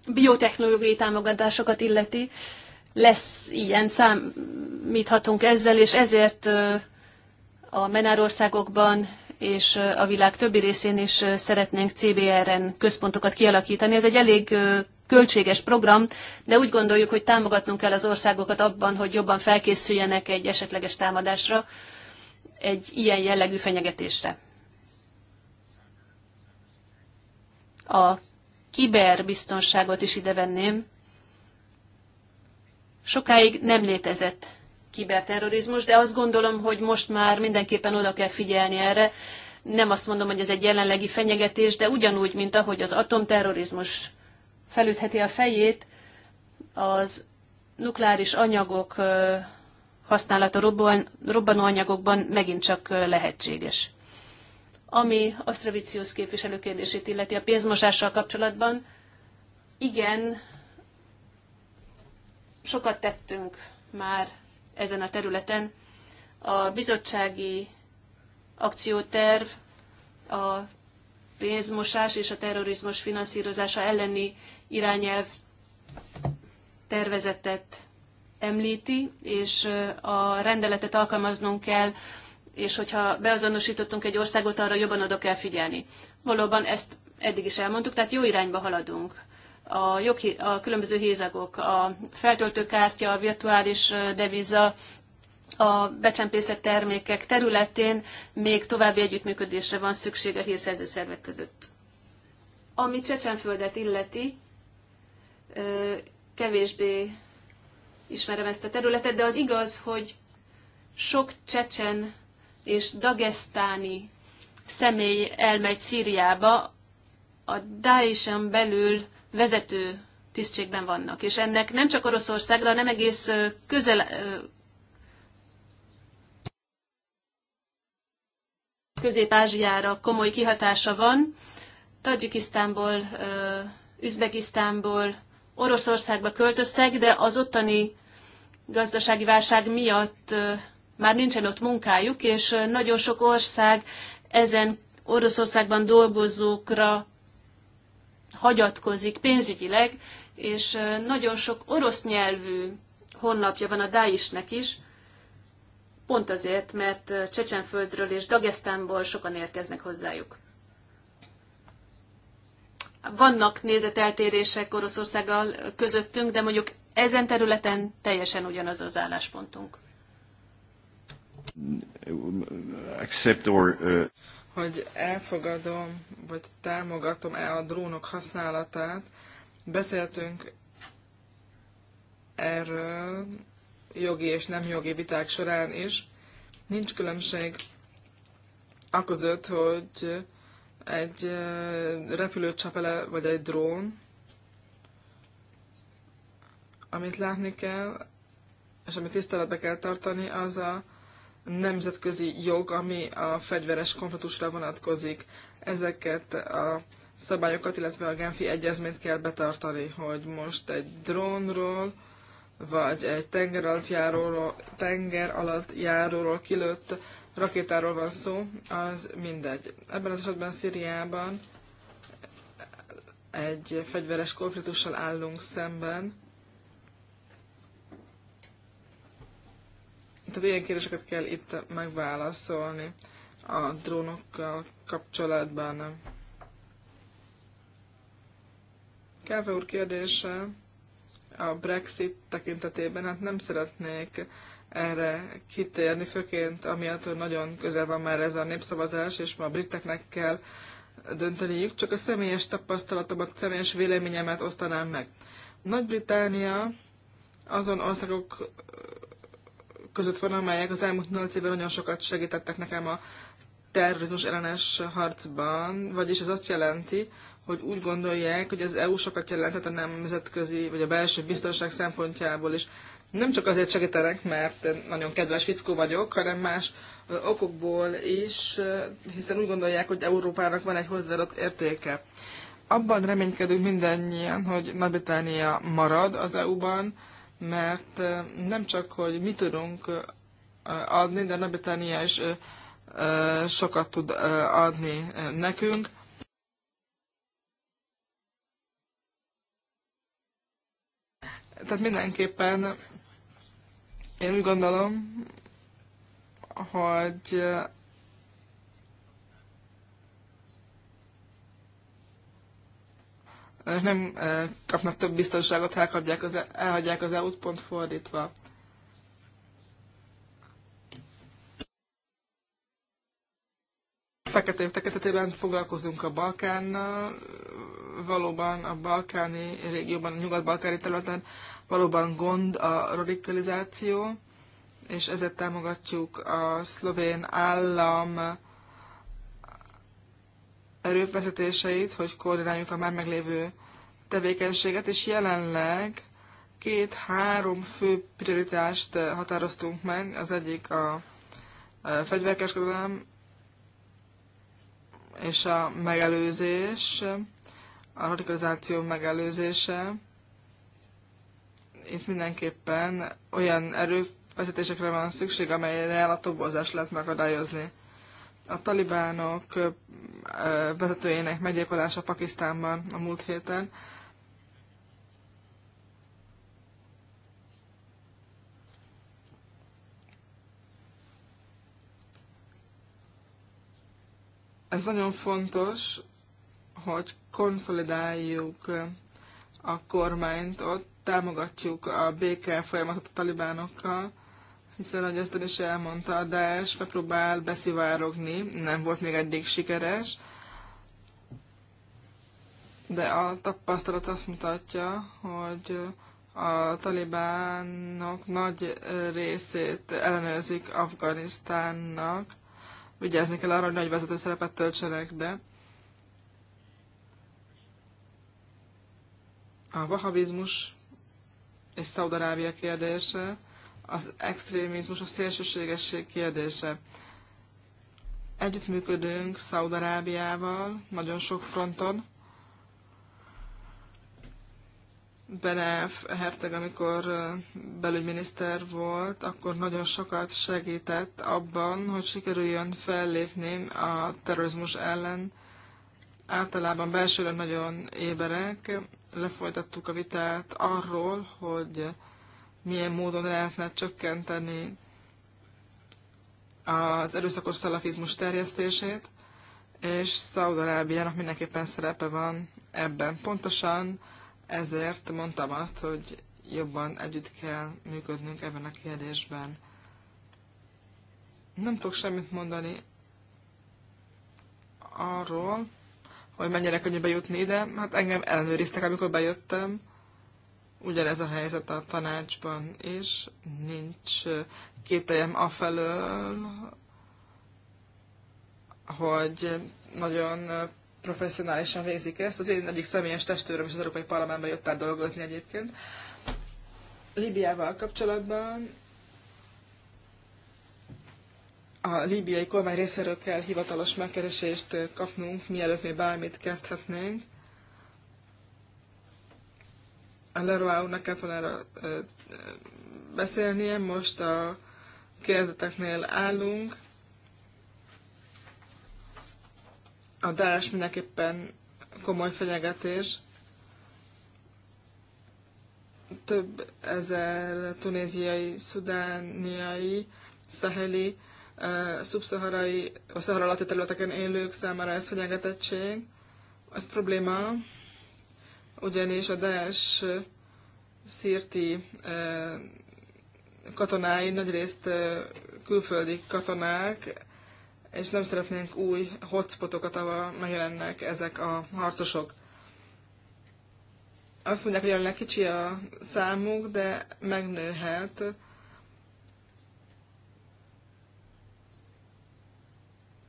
biotechnológiai támogatásokat illeti, lesz ilyen, számíthatunk ezzel, és ezért a menárországokban és a világ többi részén is szeretnénk CBRN központokat kialakítani. Ez egy elég költséges program, de úgy gondoljuk, hogy támogatnunk kell az országokat abban, hogy jobban felkészüljenek egy esetleges támadásra, egy ilyen jellegű fenyegetésre. A kiberbiztonságot is ide venném. Sokáig nem létezett kiberterrorizmus, de azt gondolom, hogy most már mindenképpen oda kell figyelni erre. Nem azt mondom, hogy ez egy jelenlegi fenyegetés, de ugyanúgy, mint ahogy az atomterrorizmus felütheti a fejét, az nukleáris anyagok használata robbanóanyagokban megint csak lehetséges. Ami Ostravicius képviselő kérdését illeti a pénzmosással kapcsolatban, igen, sokat tettünk már ezen a területen. A bizottsági akcióterv a pénzmosás és a terrorizmus finanszírozása elleni irányelv tervezetet említi, és a rendeletet alkalmaznunk kell és hogyha beazonosítottunk egy országot, arra jobban oda kell figyelni. Valóban ezt eddig is elmondtuk, tehát jó irányba haladunk. A, jogi, a különböző hézagok, a feltöltőkártya, a virtuális deviza, a becsempészett termékek területén még további együttműködésre van szükség a hírszerző szervek között. Ami Csecsenföldet illeti, kevésbé ismerem ezt a területet, de az igaz, hogy sok csecsen és dagesztáni személy elmegy Szíriába, a Daesh-en belül vezető tisztségben vannak. És ennek nem csak Oroszországra, hanem egész közel, Közép-Ázsiára komoly kihatása van. Tajikisztánból, Üzbegisztánból, Oroszországba költöztek, de az ottani gazdasági válság miatt már nincsen ott munkájuk, és nagyon sok ország ezen Oroszországban dolgozókra hagyatkozik pénzügyileg, és nagyon sok orosz nyelvű honlapja van a Daisnek is, pont azért, mert Csecsenföldről és Dagestánból sokan érkeznek hozzájuk. Vannak nézeteltérések Oroszországgal közöttünk, de mondjuk ezen területen teljesen ugyanaz az álláspontunk. Accept or, uh... Hogy elfogadom, vagy támogatom el a drónok használatát. Beszéltünk erről jogi és nem jogi viták során is. Nincs különbség aközött, hogy egy uh, repülőcsapele vagy egy drón, amit látni kell, és amit tiszteletbe kell tartani, az a nemzetközi jog, ami a fegyveres konfliktusra vonatkozik. Ezeket a szabályokat, illetve a Genfi egyezményt kell betartani, hogy most egy drónról, vagy egy tenger alatt járóról, tenger alatt járóról kilőtt rakétáról van szó, az mindegy. Ebben az esetben Szíriában egy fegyveres konfliktussal állunk szemben, Tehát ilyen kérdéseket kell itt megválaszolni a drónokkal kapcsolatban. Kávé úr kérdése a Brexit tekintetében, hát nem szeretnék erre kitérni, főként amiatt, hogy nagyon közel van már ez a népszavazás, és ma a briteknek kell dönteniük, csak a személyes tapasztalatomat, személyes véleményemet osztanám meg. Nagy-Británia azon országok között van, amelyek az elmúlt 8 évben nagyon sokat segítettek nekem a terrorizmus ellenes harcban, vagyis ez azt jelenti, hogy úgy gondolják, hogy az EU sokat jelentett a nemzetközi vagy a belső biztonság szempontjából is. Nem csak azért segítenek, mert nagyon kedves fickó vagyok, hanem más okokból is, hiszen úgy gondolják, hogy Európának van egy hozzáadott értéke. Abban reménykedünk mindannyian, hogy Nagy-Britannia marad az EU-ban, mert nem csak, hogy mi tudunk adni, de nagy is sokat tud adni nekünk. Tehát mindenképpen én úgy gondolom, hogy Önök nem kapnak több biztonságot, e, elhagyják az, elhagyják az EU-t, pont fordítva. Fekete tekintetében foglalkozunk a Balkánnal, valóban a balkáni régióban, a nyugat-balkáni területen valóban gond a radikalizáció, és ezért támogatjuk a szlovén állam erőfeszítéseit, hogy koordináljuk a már meglévő tevékenységet, és jelenleg két-három fő prioritást eh, határoztunk meg. Az egyik a eh, fegyverkeskedelem és a megelőzés, a radikalizáció megelőzése. Itt mindenképpen olyan erőfeszítésekre van szükség, amelyre a toborzás lehet megadályozni a talibánok vezetőjének meggyilkolása Pakisztánban a múlt héten. Ez nagyon fontos, hogy konszolidáljuk a kormányt ott, támogatjuk a béke folyamatot a talibánokkal, hiszen, ahogy azt is elmondta, a Daesh megpróbál beszivárogni, nem volt még eddig sikeres, de a tapasztalat azt mutatja, hogy a talibánok nagy részét ellenőrzik Afganisztánnak. Vigyázni kell arra, hogy nagy vezető szerepet töltsenek be. A vahabizmus és Szaudarábia kérdése az extrémizmus, a szélsőségesség kérdése. Együttműködünk Szaudarábiával nagyon sok fronton. Benef herceg, amikor belügyminiszter volt, akkor nagyon sokat segített abban, hogy sikerüljön fellépni a terrorizmus ellen. Általában belsőre nagyon éberek. Lefolytattuk a vitát arról, hogy milyen módon lehetne csökkenteni az erőszakos szalafizmus terjesztését, és Szaudarábiának mindenképpen szerepe van ebben. Pontosan ezért mondtam azt, hogy jobban együtt kell működnünk ebben a kérdésben. Nem tudok semmit mondani arról, hogy mennyire könnyű bejutni ide. Hát engem ellenőriztek, amikor bejöttem. Ugyanez a helyzet a tanácsban is, nincs kételjem afelől, hogy nagyon professzionálisan végzik ezt. Az én egyik személyes testőröm is az Európai Parlamentben jött át dolgozni egyébként. Líbiával kapcsolatban a líbiai kormány részéről kell hivatalos megkeresést kapnunk, mielőtt még bármit kezdhetnénk a Leroy nak kellett volna erről beszélnie, most a kérdezeteknél állunk. A Daesh mindenképpen komoly fenyegetés. Több ezer tunéziai, szudániai, szaheli, szubszaharai, a szahara alatti területeken élők számára ez fenyegetettség. Ez probléma ugyanis a Daesh szirti katonái nagyrészt külföldi katonák, és nem szeretnénk új hotspotokat, ahol megjelennek ezek a harcosok. Azt mondják, hogy jelenleg kicsi a számuk, de megnőhet.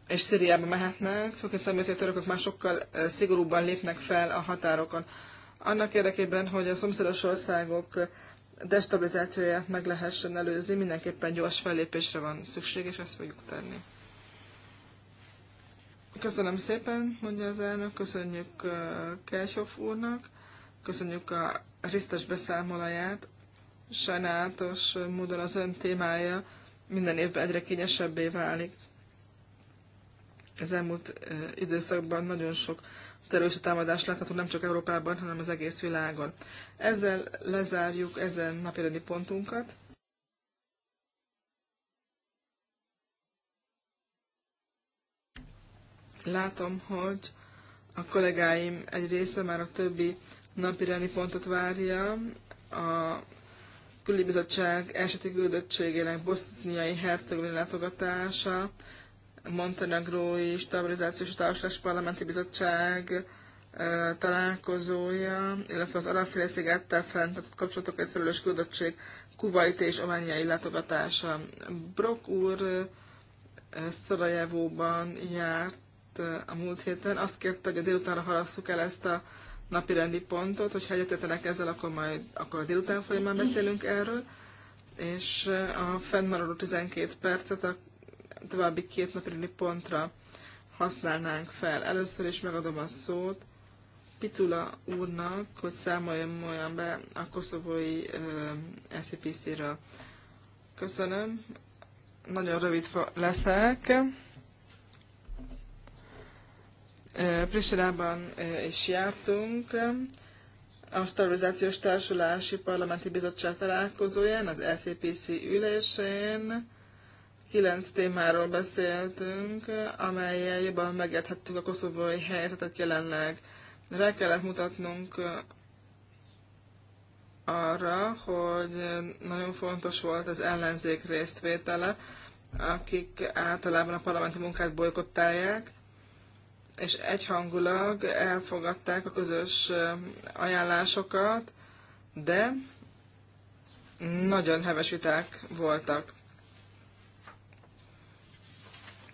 És Szíriába mehetnek, főként amiatt, a törökök már sokkal szigorúbban lépnek fel a határokon annak érdekében, hogy a szomszédos országok destabilizációját meg lehessen előzni, mindenképpen gyors fellépésre van szükség, és ezt fogjuk tenni. Köszönöm szépen, mondja az elnök, köszönjük uh, Kelsoff úrnak, köszönjük a risztes beszámolóját. Sajnálatos módon az ön témája minden évben egyre kényesebbé válik. Az elmúlt uh, időszakban nagyon sok terrorista támadás látható nem csak Európában, hanem az egész világon. Ezzel lezárjuk ezen napirendi pontunkat. Látom, hogy a kollégáim egy része már a többi napirendi pontot várja. A külügyi bizottság eseti küldöttségének boszniai hercegovina látogatása, Montenegrói Stabilizációs és Társas Parlamenti Bizottság találkozója, illetve az Arabféle szigettel fenntartott egy felelős küldöttség Kuwait és Omániai látogatása. Brock úr Szarajevóban járt a múlt héten. Azt kérte, hogy a délutánra halasszuk el ezt a napi rendi pontot, hogy egyetetenek ezzel, akkor majd akkor a délután folyamán beszélünk erről, és a fennmaradó 12 percet a további két napirendi pontra használnánk fel. Először is megadom a szót Picula úrnak, hogy számoljon olyan be a koszovói SCPC-ről. Köszönöm. Nagyon rövid leszek. Prisilában is jártunk a Stabilizációs Társulási Parlamenti Bizottság találkozóján, az SCPC ülésén, kilenc témáról beszéltünk, amelyel jobban megérthettük a koszovói helyzetet jelenleg. Rá kellett mutatnunk arra, hogy nagyon fontos volt az ellenzék résztvétele, akik általában a parlamenti munkát bolykottálják, és egyhangulag elfogadták a közös ajánlásokat, de nagyon heves viták voltak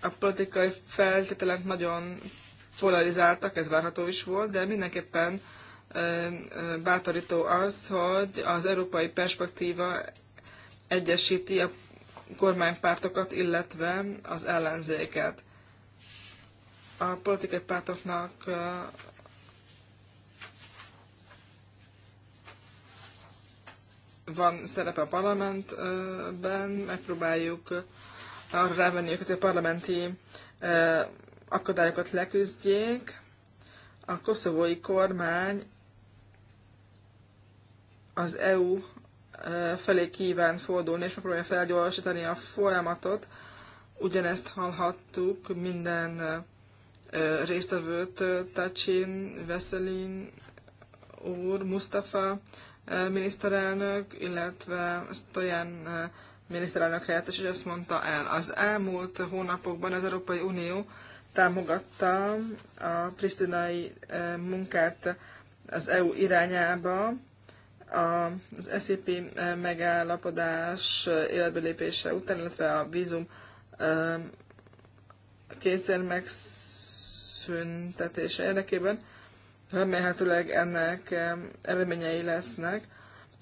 a politikai feltételek nagyon polarizáltak, ez várható is volt, de mindenképpen bátorító az, hogy az európai perspektíva egyesíti a kormánypártokat, illetve az ellenzéket. A politikai pártoknak van szerepe a parlamentben, megpróbáljuk arra rávenni őket, hogy a parlamenti akadályokat leküzdjék. A koszovói kormány az EU felé kíván fordulni, és megpróbálja felgyorsítani a folyamatot. Ugyanezt hallhattuk minden résztvevőt, Tacsin, Veszelin úr, Mustafa miniszterelnök, illetve Stojan miniszterelnök helyettes, és azt mondta el. Az elmúlt hónapokban az Európai Unió támogatta a pristinai eh, munkát az EU irányába, az SZP eh, megállapodás eh, életbelépése után, illetve a vízum kényszer megszüntetése érdekében. Remélhetőleg ennek eredményei lesznek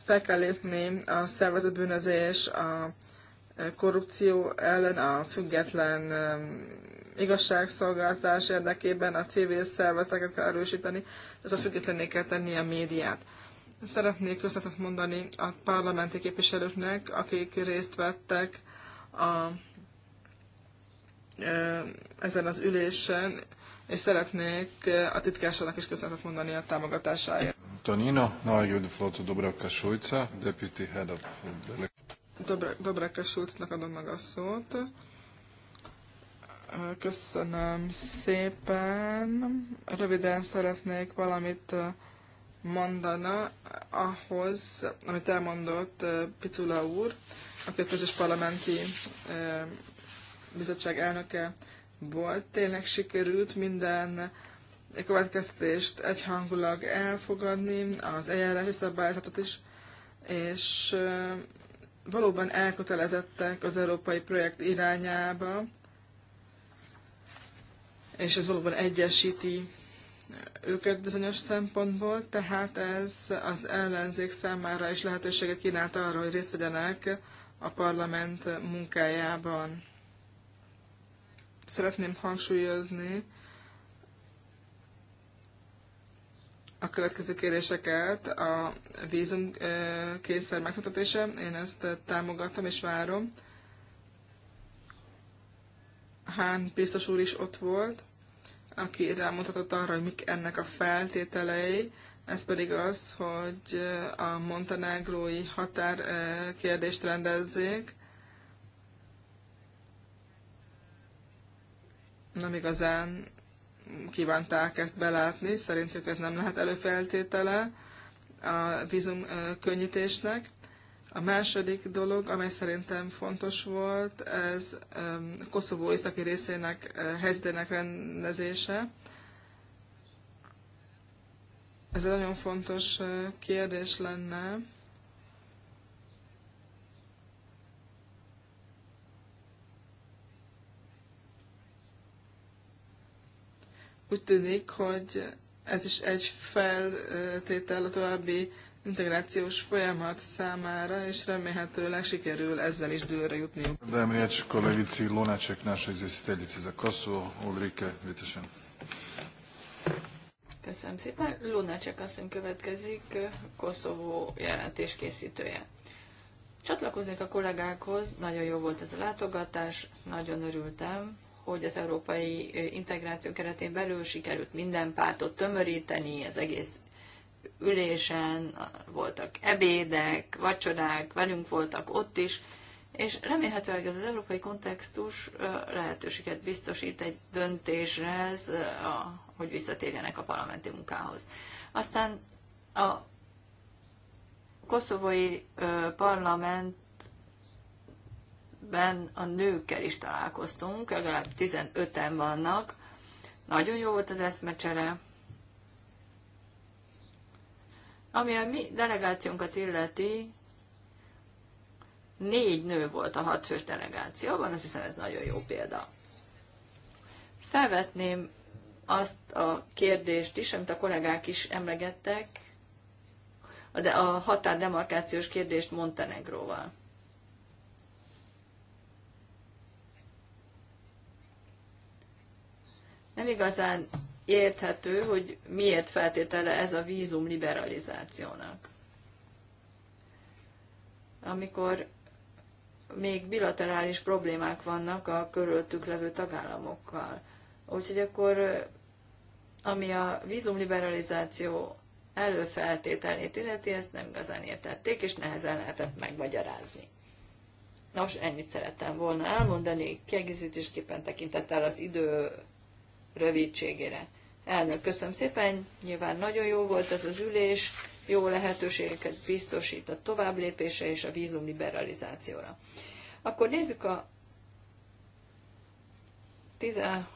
fel kell lépni a szervezetbűnözés, a e, korrupció ellen, a független e, igazságszolgáltás érdekében a civil szervezeteket kell erősíteni, és a függetlenné kell tenni a médiát. Szeretnék köszönetet mondani a parlamenti képviselőknek, akik részt vettek a, e, ezen az ülésen, és szeretnék eh, a titkársának is köszönetet mondani a támogatásáért. Tonino, now I the floor to Deputy Head of Dobra, Dobravka Schulznak adom meg a szót. Eh, köszönöm szépen. Röviden szeretnék valamit eh, mondana ahhoz, amit elmondott Picula úr, aki a közös parlamenti bizottság elnöke volt. Tényleg sikerült minden következtetést egyhangulag elfogadni, az eljárási szabályzatot is, és valóban elkötelezettek az európai projekt irányába, és ez valóban egyesíti őket bizonyos szempontból, tehát ez az ellenzék számára is lehetőséget kínált arra, hogy részt vegyenek a parlament munkájában szeretném hangsúlyozni a következő kéréseket, a vízum kényszer megtartatása, én ezt támogatom és várom. Hán biztos úr is ott volt, aki rámutatott arra, hogy mik ennek a feltételei, ez pedig az, hogy a montenegrói határ kérdést rendezzék, nem igazán kívánták ezt belátni, szerintük ez nem lehet előfeltétele a vízum könnyítésnek. A második dolog, amely szerintem fontos volt, ez Koszovó északi részének helyzetének rendezése. Ez egy nagyon fontos kérdés lenne. Úgy tűnik, hogy ez is egy feltétel a további integrációs folyamat számára, és remélhetőleg sikerül ezzel is dőre jutniuk. Dajem riječ kolegici Lunaček, našoj izvjestiteljici za Kosovo, Ulrike Vitesen. Köszönöm szépen. Lunaček asszony következik, Koszovó jelentés készítője. Csatlakoznék a kollégákhoz, nagyon jó volt ez a látogatás, nagyon örültem, hogy az európai integráció keretén belül sikerült minden pártot tömöríteni, az egész ülésen voltak ebédek, vacsorák, velünk voltak ott is, és remélhetőleg ez az európai kontextus lehetőséget biztosít egy döntésre, ez, a, hogy visszatérjenek a parlamenti munkához. Aztán a koszovói parlament ben a nőkkel is találkoztunk, legalább 15-en vannak. Nagyon jó volt az eszmecsere. Ami a mi delegációnkat illeti, négy nő volt a hatfős delegációban, azt hiszem ez nagyon jó példa. Felvetném azt a kérdést is, amit a kollégák is emlegettek, de a határdemarkációs kérdést Montenegróval. Nem igazán érthető, hogy miért feltétele ez a vízum liberalizációnak. Amikor még bilaterális problémák vannak a körülöttük levő tagállamokkal. Úgyhogy akkor, ami a vízumliberalizáció előfeltételét illeti, ezt nem igazán értették, és nehezen lehetett megmagyarázni. Nos, ennyit szerettem volna elmondani, kiegészítésképpen tekintettel az idő rövidségére. Elnök, köszönöm szépen, nyilván nagyon jó volt ez az ülés, jó lehetőségeket biztosít a tovább lépése és a vízum liberalizációra. Akkor nézzük a 13.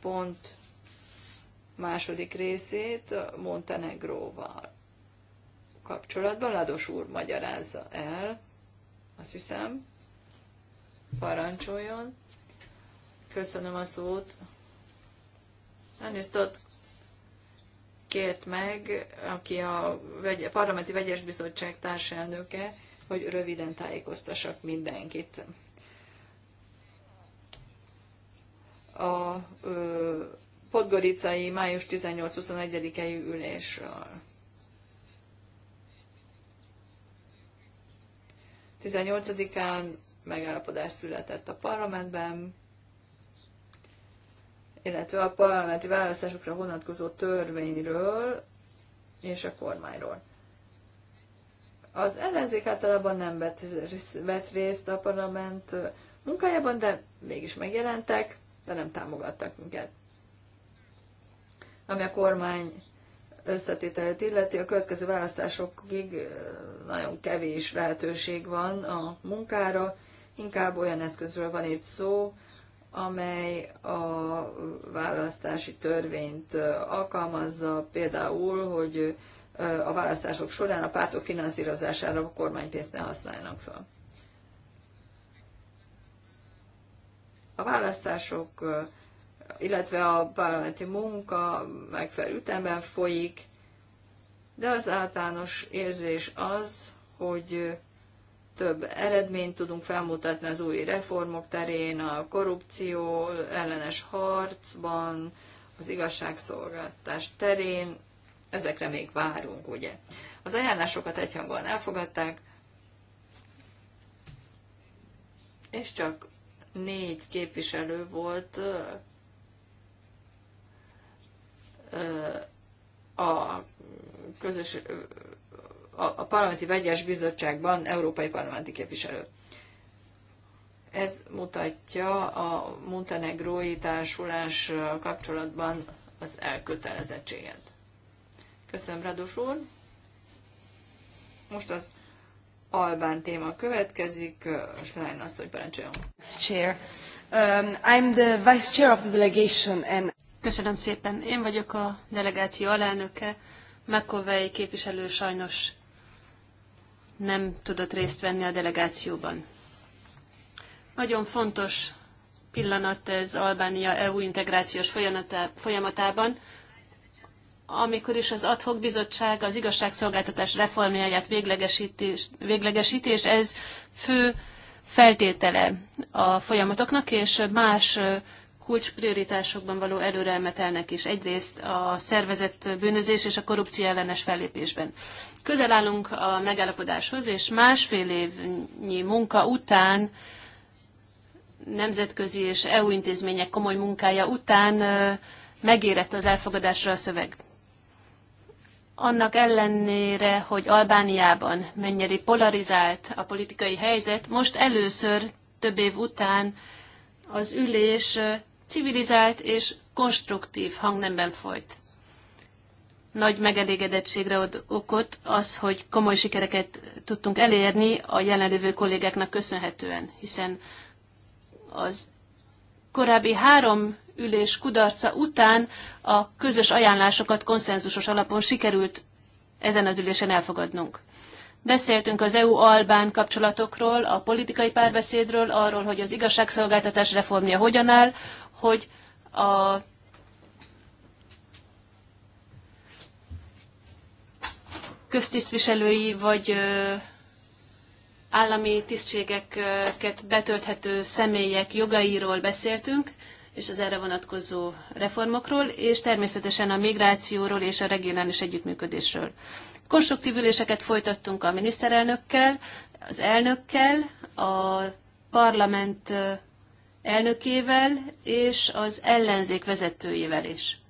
pont második részét Montenegróval kapcsolatban. Lados úr magyarázza el, azt hiszem, parancsoljon. Köszönöm a szót. Anisztot kért meg, aki a Parlamenti Vegyes Bizottság társelnöke, hogy röviden tájékoztassak mindenkit. A ö, Podgoricai május 18-21-i ülésről. 18-án megállapodás született a parlamentben, illetve a parlamenti választásokra vonatkozó törvényről és a kormányról. Az ellenzék általában nem vesz részt a parlament munkájában, de mégis megjelentek, de nem támogattak minket. Ami a kormány összetételét illeti, a következő választásokig nagyon kevés lehetőség van a munkára, inkább olyan eszközről van itt szó, amely a választási törvényt alkalmazza, például, hogy a választások során a pártok finanszírozására a kormánypénzt ne használjanak fel. A választások, illetve a parlamenti munka megfelelő ütemben folyik, de az általános érzés az, hogy több eredményt tudunk felmutatni az új reformok terén, a korrupció ellenes harcban, az igazságszolgáltás terén. Ezekre még várunk, ugye? Az ajánlásokat egyhangon elfogadták, és csak négy képviselő volt a közös a, Parlamenti Vegyes Bizottságban európai parlamenti képviselő. Ez mutatja a montenegrói társulás kapcsolatban az elkötelezettséget. Köszönöm, Rados úr! Most az Albán téma következik. Schlein asszony, parancsoljon. Chair. Um, I'm the vice chair of the delegation and... Köszönöm szépen. Én vagyok a delegáció alelnöke. McCovey képviselő sajnos nem tudott részt venni a delegációban. Nagyon fontos pillanat ez Albánia EU integrációs folyamatában, amikor is az adhok bizottság az igazságszolgáltatás reformjáját véglegesítés, véglegesítés, ez fő feltétele a folyamatoknak, és más kulcsprioritásokban való előrelmetelnek is. Egyrészt a szervezett bűnözés és a korrupció ellenes fellépésben. Közel állunk a megállapodáshoz, és másfél évnyi munka után nemzetközi és EU intézmények komoly munkája után megérett az elfogadásra a szöveg. Annak ellenére, hogy Albániában mennyire polarizált a politikai helyzet, most először több év után az ülés civilizált és konstruktív hangnemben folyt. Nagy megelégedettségre ad okot az, hogy komoly sikereket tudtunk elérni a jelenlévő kollégáknak köszönhetően, hiszen az korábbi három ülés kudarca után a közös ajánlásokat konszenzusos alapon sikerült ezen az ülésen elfogadnunk. Beszéltünk az EU-Albán kapcsolatokról, a politikai párbeszédről, arról, hogy az igazságszolgáltatás reformja hogyan áll, hogy a köztisztviselői vagy állami tisztségeket betölthető személyek jogairól beszéltünk, és az erre vonatkozó reformokról, és természetesen a migrációról és a regionális együttműködésről. Konstruktív üléseket folytattunk a miniszterelnökkel, az elnökkel, a parlament elnökével és az ellenzék vezetőjével is.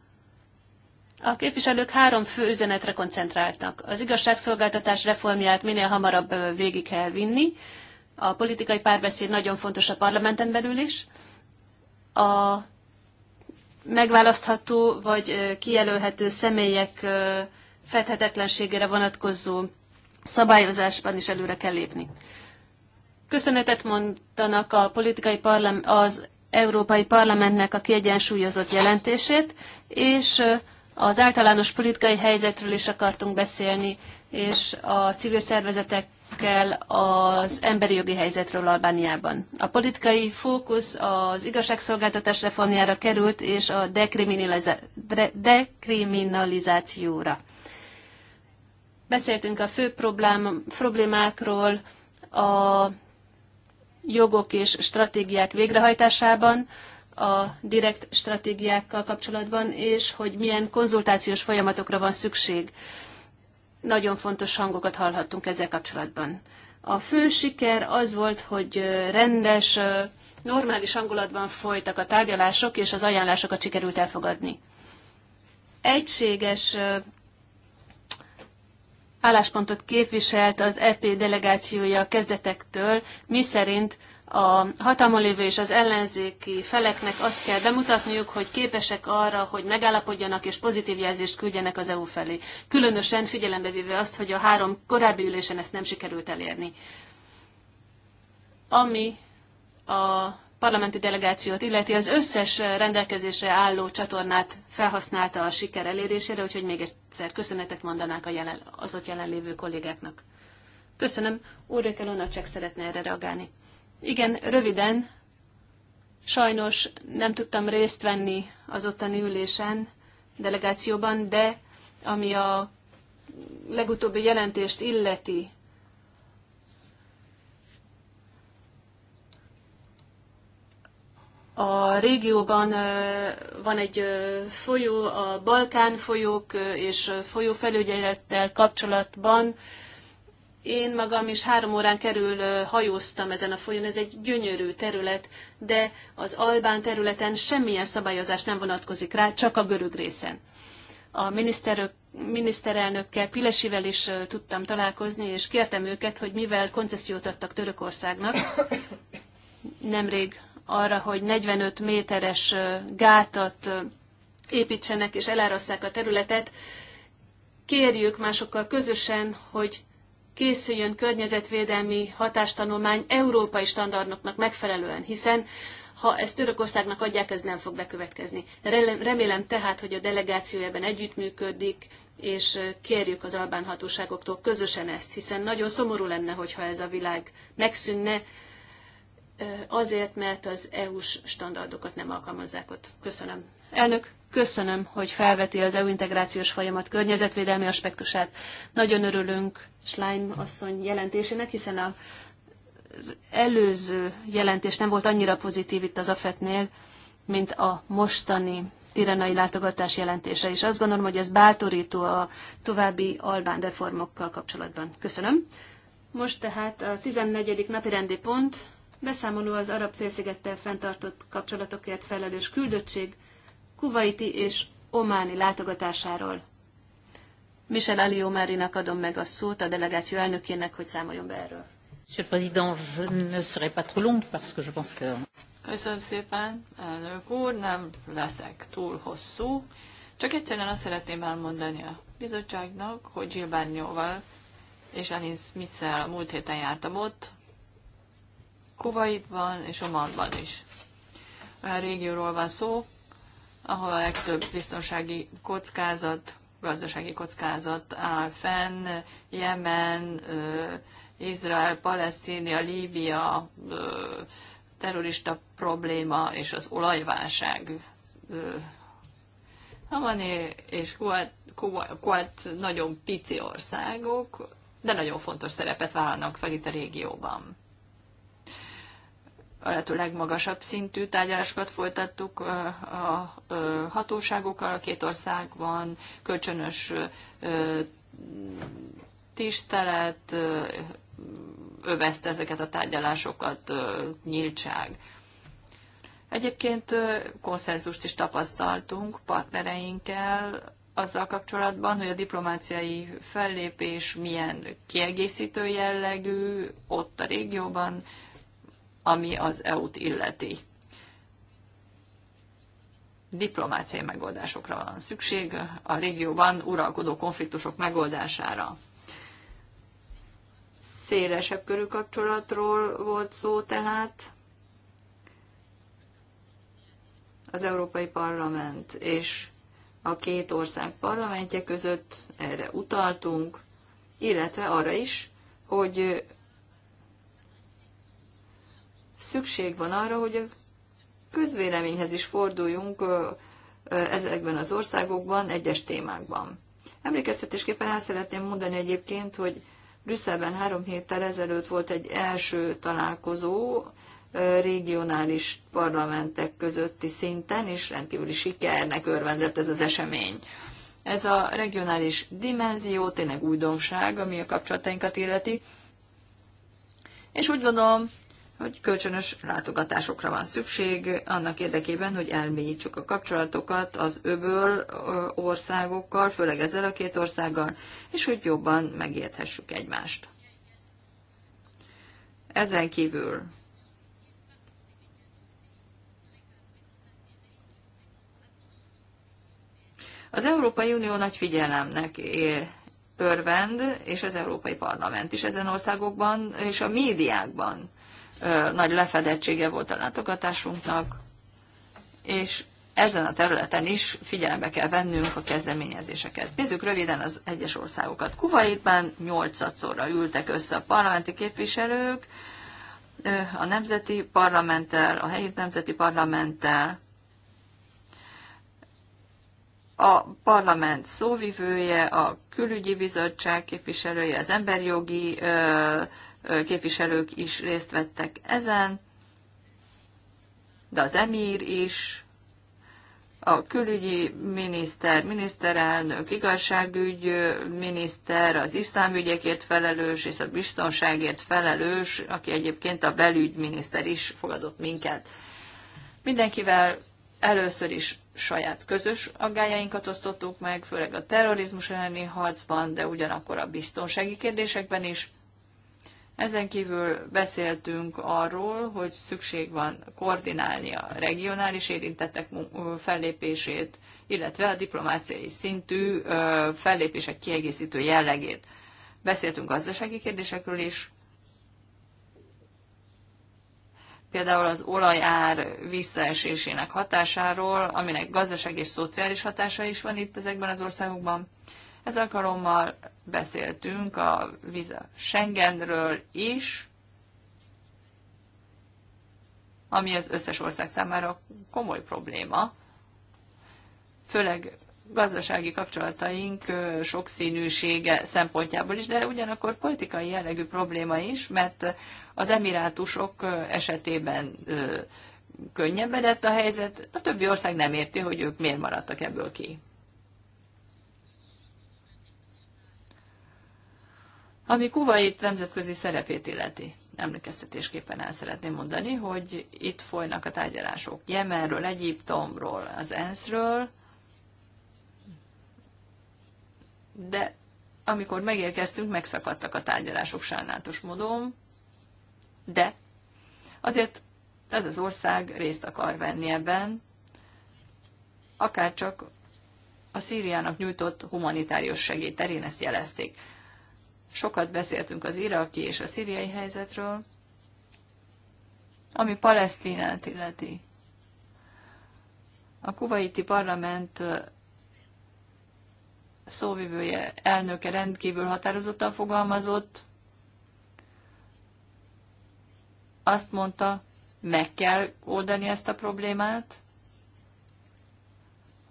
A képviselők három fő üzenetre koncentráltak. Az igazságszolgáltatás reformját minél hamarabb végig kell vinni, a politikai párbeszéd nagyon fontos a parlamenten belül is, a megválasztható vagy kijelölhető személyek fedhetetlenségére vonatkozó szabályozásban is előre kell lépni. Köszönetet mondanak a politikai parlam- az Európai Parlamentnek a kiegyensúlyozott jelentését, és az általános politikai helyzetről is akartunk beszélni, és a civil szervezetekkel az emberi jogi helyzetről Albániában. A politikai fókusz az igazságszolgáltatás reformjára került, és a dekriminalizációra. Beszéltünk a fő problém, problémákról, a jogok és stratégiák végrehajtásában, a direkt stratégiákkal kapcsolatban, és hogy milyen konzultációs folyamatokra van szükség. Nagyon fontos hangokat hallhattunk ezzel kapcsolatban. A fő siker az volt, hogy rendes, normális hangulatban folytak a tárgyalások, és az ajánlásokat sikerült elfogadni. Egységes álláspontot képviselt az EP delegációja kezdetektől, miszerint a hatalmon lévő és az ellenzéki feleknek azt kell bemutatniuk, hogy képesek arra, hogy megállapodjanak és pozitív jelzést küldjenek az EU felé. Különösen figyelembe véve azt, hogy a három korábbi ülésen ezt nem sikerült elérni. Ami a parlamenti delegációt illeti, az összes eh, rendelkezésre álló csatornát felhasználta a siker elérésére, úgyhogy még egyszer köszönetet mondanák a jelen, az ott jelenlévő kollégáknak. Köszönöm. úr Ulrike csak szeretne erre reagálni. Igen, röviden, sajnos nem tudtam részt venni az ottani ülésen, delegációban, de ami a legutóbbi jelentést illeti, A régióban van egy folyó, a Balkán folyók és folyófelügyelettel kapcsolatban. Én magam is három órán kerül hajóztam ezen a folyón, ez egy gyönyörű terület, de az Albán területen semmilyen szabályozás nem vonatkozik rá, csak a görög részen. A miniszterök miniszterelnökkel, Pilesivel is tudtam találkozni, és kértem őket, hogy mivel koncesziót adtak Törökországnak nemrég arra, hogy 45 méteres gátat építsenek és elárasszák a területet. Kérjük másokkal közösen, hogy készüljön környezetvédelmi hatástanulmány európai standardoknak megfelelően, hiszen ha ezt Törökországnak adják, ez nem fog bekövetkezni. Remélem tehát, hogy a delegáció ebben együttműködik, és kérjük az albán hatóságoktól közösen ezt, hiszen nagyon szomorú lenne, hogyha ez a világ megszűnne, azért, mert az EU-s standardokat nem alkalmazzák ott. Köszönöm. Elnök, köszönöm, hogy felveti az EU integrációs folyamat környezetvédelmi aspektusát. Nagyon örülünk Slime asszony jelentésének, hiszen a az előző jelentés nem volt annyira pozitív itt az AFET-nél, mint a mostani tiranai látogatás jelentése, és azt gondolom, hogy ez bátorító a további albán reformokkal kapcsolatban. Köszönöm. Most tehát a 14. napi rendi pont, beszámoló az arab félszigettel fenntartott kapcsolatokért felelős küldöttség kuvaiti és ománi látogatásáról. Michel Ali Omarinak adom meg a szót a delegáció elnökének, hogy számoljon be erről. Monsieur le Président, je ne serai pas trop long parce que je pense que... Köszönöm szépen, elnök úr, nem leszek túl hosszú. Csak egyszerűen azt szeretném elmondani a bizottságnak, hogy Gilbert Nyóval és Alice smith múlt héten jártam ott, Kuwaitban és Omanban is. Olyan régióról van szó, ahol a legtöbb biztonsági kockázat, gazdasági kockázat áll fenn, Jemen, Izrael, Palesztínia, Líbia, terrorista probléma és az olajválság. Hamani és Kuwait, Kuwait nagyon pici országok, de nagyon fontos szerepet vállalnak fel itt a régióban a lehető legmagasabb szintű tárgyalásokat folytattuk a hatóságokkal a két országban, kölcsönös tisztelet övezte ezeket a tárgyalásokat, nyíltság. Egyébként konszenzust is tapasztaltunk partnereinkkel azzal kapcsolatban, hogy a diplomáciai fellépés milyen kiegészítő jellegű ott a régióban, ami az EU-t illeti. Diplomáciai megoldásokra van szükség a régióban uralkodó konfliktusok megoldására. Szélesebb körű kapcsolatról volt szó tehát. Az Európai Parlament és a két ország parlamentje között erre utaltunk, illetve arra is, hogy szükség van arra, hogy a közvéleményhez is forduljunk ezekben az országokban, egyes témákban. Emlékeztetésképpen el szeretném mondani egyébként, hogy Brüsszelben három héttel ezelőtt volt egy első találkozó regionális parlamentek közötti szinten, és rendkívüli sikernek örvendett ez az esemény. Ez a regionális dimenzió tényleg újdonság, ami a kapcsolatainkat illeti, és úgy gondolom, hogy kölcsönös látogatásokra van szükség, annak érdekében, hogy elmélyítsük a kapcsolatokat az öböl országokkal, főleg ezzel a két országgal, és hogy jobban megérthessük egymást. Ezen kívül az Európai Unió nagy figyelemnek örvend, és az Európai Parlament is ezen országokban, és a médiákban nagy lefedettsége volt a látogatásunknak, és ezen a területen is figyelembe kell vennünk a kezdeményezéseket. Nézzük röviden az egyes országokat. Kuwaitban 8-szorra ültek össze a parlamenti képviselők, a nemzeti parlamenttel, a helyi nemzeti parlamenttel, a parlament szóvivője, a külügyi bizottság képviselője, az emberjogi képviselők is részt vettek ezen, de az emír is, a külügyi miniszter, miniszterelnök, igazságügy miniszter, az iszlámügyekért felelős és a biztonságért felelős, aki egyébként a belügyminiszter is fogadott minket. Mindenkivel először is saját közös aggájainkat osztottuk meg, főleg a terrorizmus elleni harcban, de ugyanakkor a biztonsági kérdésekben is, ezen kívül beszéltünk arról, hogy szükség van koordinálni a regionális érintettek fellépését, illetve a diplomáciai szintű fellépések kiegészítő jellegét. Beszéltünk gazdasági kérdésekről is, például az olajár visszaesésének hatásáról, aminek gazdaság és szociális hatása is van itt ezekben az országokban. Ez alkalommal beszéltünk a Visa Schengenről is, ami az összes ország számára komoly probléma, főleg gazdasági kapcsolataink sokszínűsége szempontjából is, de ugyanakkor politikai jellegű probléma is, mert az emirátusok esetében könnyebbedett a helyzet, a többi ország nem érti, hogy ők miért maradtak ebből ki. Ami Kuwait nemzetközi szerepét illeti, emlékeztetésképpen el szeretném mondani, hogy itt folynak a tárgyalások Jemenről, Egyiptomról, az ENSZ-ről, de amikor megérkeztünk, megszakadtak a tárgyalások sajnálatos módon, de azért ez az ország részt akar venni ebben, akár csak a Szíriának nyújtott humanitárius segély terén ezt jelezték. Sokat beszéltünk az iraki és a szíriai helyzetről, ami Palesztinát illeti. A kuvaiti parlament szóvivője, elnöke rendkívül határozottan fogalmazott, azt mondta, meg kell oldani ezt a problémát,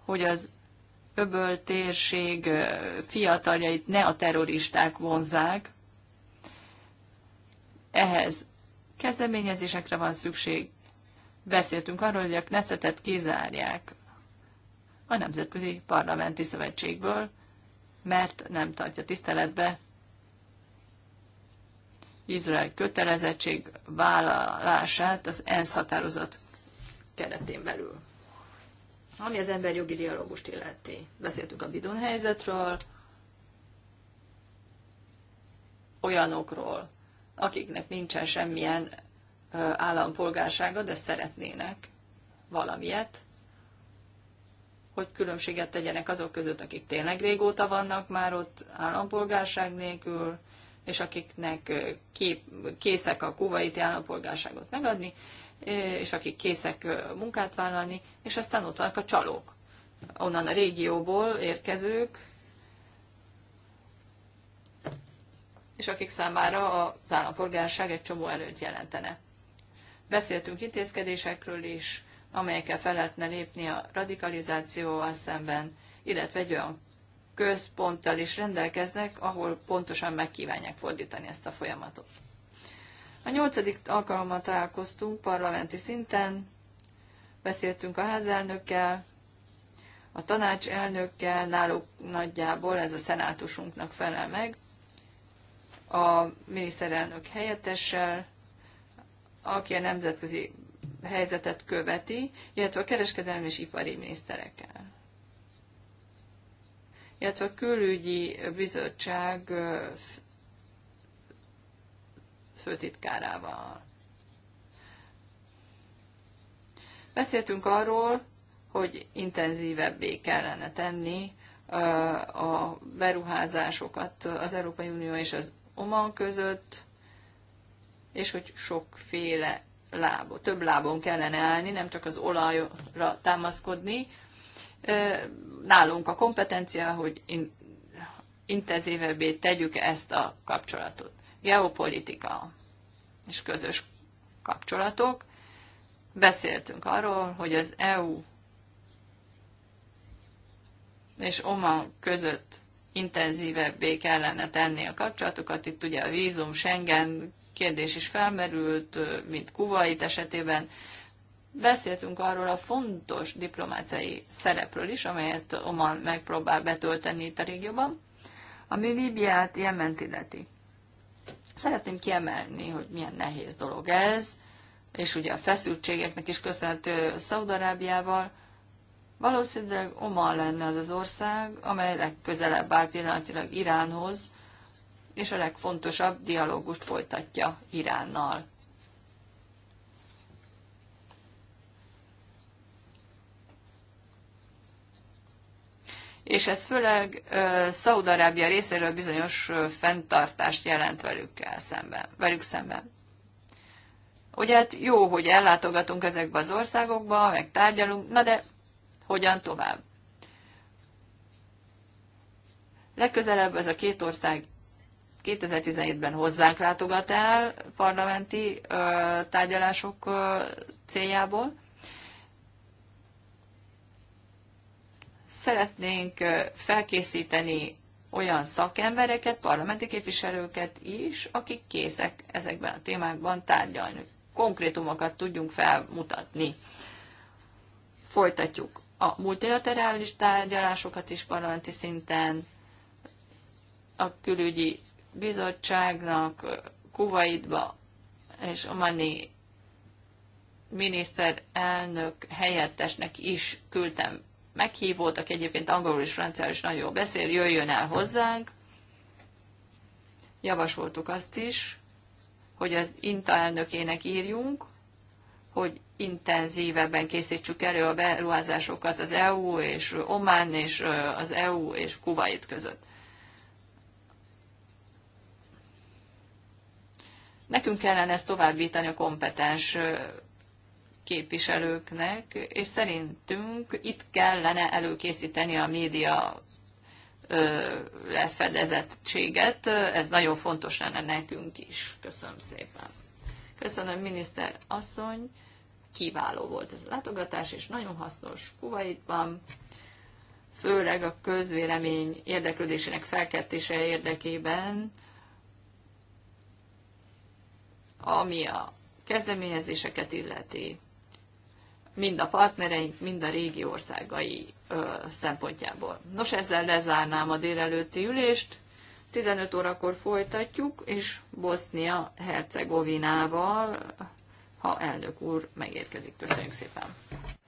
hogy az öböl térség fiataljait ne a terroristák vonzák. Ehhez kezdeményezésekre van szükség. Beszéltünk arról, hogy a Knessetet kizárják a Nemzetközi Parlamenti Szövetségből, mert nem tartja tiszteletbe Izrael kötelezettség vállalását az ENSZ határozat keretén belül. Ami az jogi dialógust illeti. Beszéltünk a bidon helyzetről, olyanokról, akiknek nincsen semmilyen állampolgársága, de szeretnének valamilyet, hogy különbséget tegyenek azok között, akik tényleg régóta vannak már ott állampolgárság nélkül, és akiknek kép, készek a kuvaiti állampolgárságot megadni, és akik készek munkát vállalni, és aztán ott vannak a csalók. Onnan a régióból érkezők, és akik számára az állampolgárság egy csomó előtt jelentene. Beszéltünk intézkedésekről is, amelyekkel fel lehetne lépni a radikalizációval szemben, illetve egy olyan központtal is rendelkeznek, ahol pontosan megkívánják fordítani ezt a folyamatot. A nyolcadik alkalommal találkoztunk parlamenti szinten, beszéltünk a házelnökkel, a tanács elnökkel, náluk nagyjából ez a szenátusunknak felel meg, a miniszterelnök helyettessel, aki a nemzetközi helyzetet követi, illetve a kereskedelmi és ipari miniszterekkel. Illetve a külügyi bizottság főtitkárával. Beszéltünk arról, hogy intenzívebbé kellene tenni a beruházásokat az Európai Unió és az Oman között, és hogy sokféle lábon, több lábon kellene állni, nem csak az olajra támaszkodni. Nálunk a kompetencia, hogy intenzívebbé tegyük ezt a kapcsolatot geopolitika és közös kapcsolatok. Beszéltünk arról, hogy az EU és Oman között intenzívebbé kellene tenni a kapcsolatokat. Itt ugye a vízum, Schengen kérdés is felmerült, mint Kuwait esetében. Beszéltünk arról a fontos diplomáciai szerepről is, amelyet Oman megpróbál betölteni itt a régióban, ami Líbiát, Jement illeti. Szeretném kiemelni, hogy milyen nehéz dolog ez, és ugye a feszültségeknek is köszönhető Szaudarábiával, valószínűleg Oman lenne az az ország, amely legközelebb áll pillanatilag Iránhoz, és a legfontosabb dialógust folytatja Iránnal. és ez főleg Szaudarábia részéről bizonyos fenntartást jelent velük, el szemben, velük szemben. Ugye hát jó, hogy ellátogatunk ezekbe az országokba, meg tárgyalunk, na de hogyan tovább? Legközelebb ez a két ország 2017-ben hozzánk látogat el parlamenti ö, tárgyalások ö, céljából, Szeretnénk felkészíteni olyan szakembereket, parlamenti képviselőket is, akik készek ezekben a témákban tárgyalni. Konkrétumokat tudjunk felmutatni. Folytatjuk a multilaterális tárgyalásokat is parlamenti szinten, a külügyi bizottságnak Kuwaitba és Omani miniszterelnök helyettesnek is küldtem meghívót, aki egyébként angolul és franciául is nagyon jól beszél, jöjjön el hozzánk. Javasoltuk azt is, hogy az INTA elnökének írjunk, hogy intenzívebben készítsük elő a beruházásokat az EU és Omán és az EU és Kuwait között. Nekünk kellene ezt továbbítani a kompetens képviselőknek, és szerintünk itt kellene előkészíteni a média lefedezettséget. Ez nagyon fontos lenne nekünk is. Köszönöm szépen. Köszönöm, miniszter asszony. Kiváló volt ez a látogatás, és nagyon hasznos Kuwaitban, főleg a közvélemény érdeklődésének felkeltése érdekében, ami a kezdeményezéseket illeti mind a partnereink, mind a régi országai ö, szempontjából. Nos, ezzel lezárnám a délelőtti ülést. 15 órakor folytatjuk, és Bosznia-Hercegovinával, ha elnök úr megérkezik. Köszönjük szépen!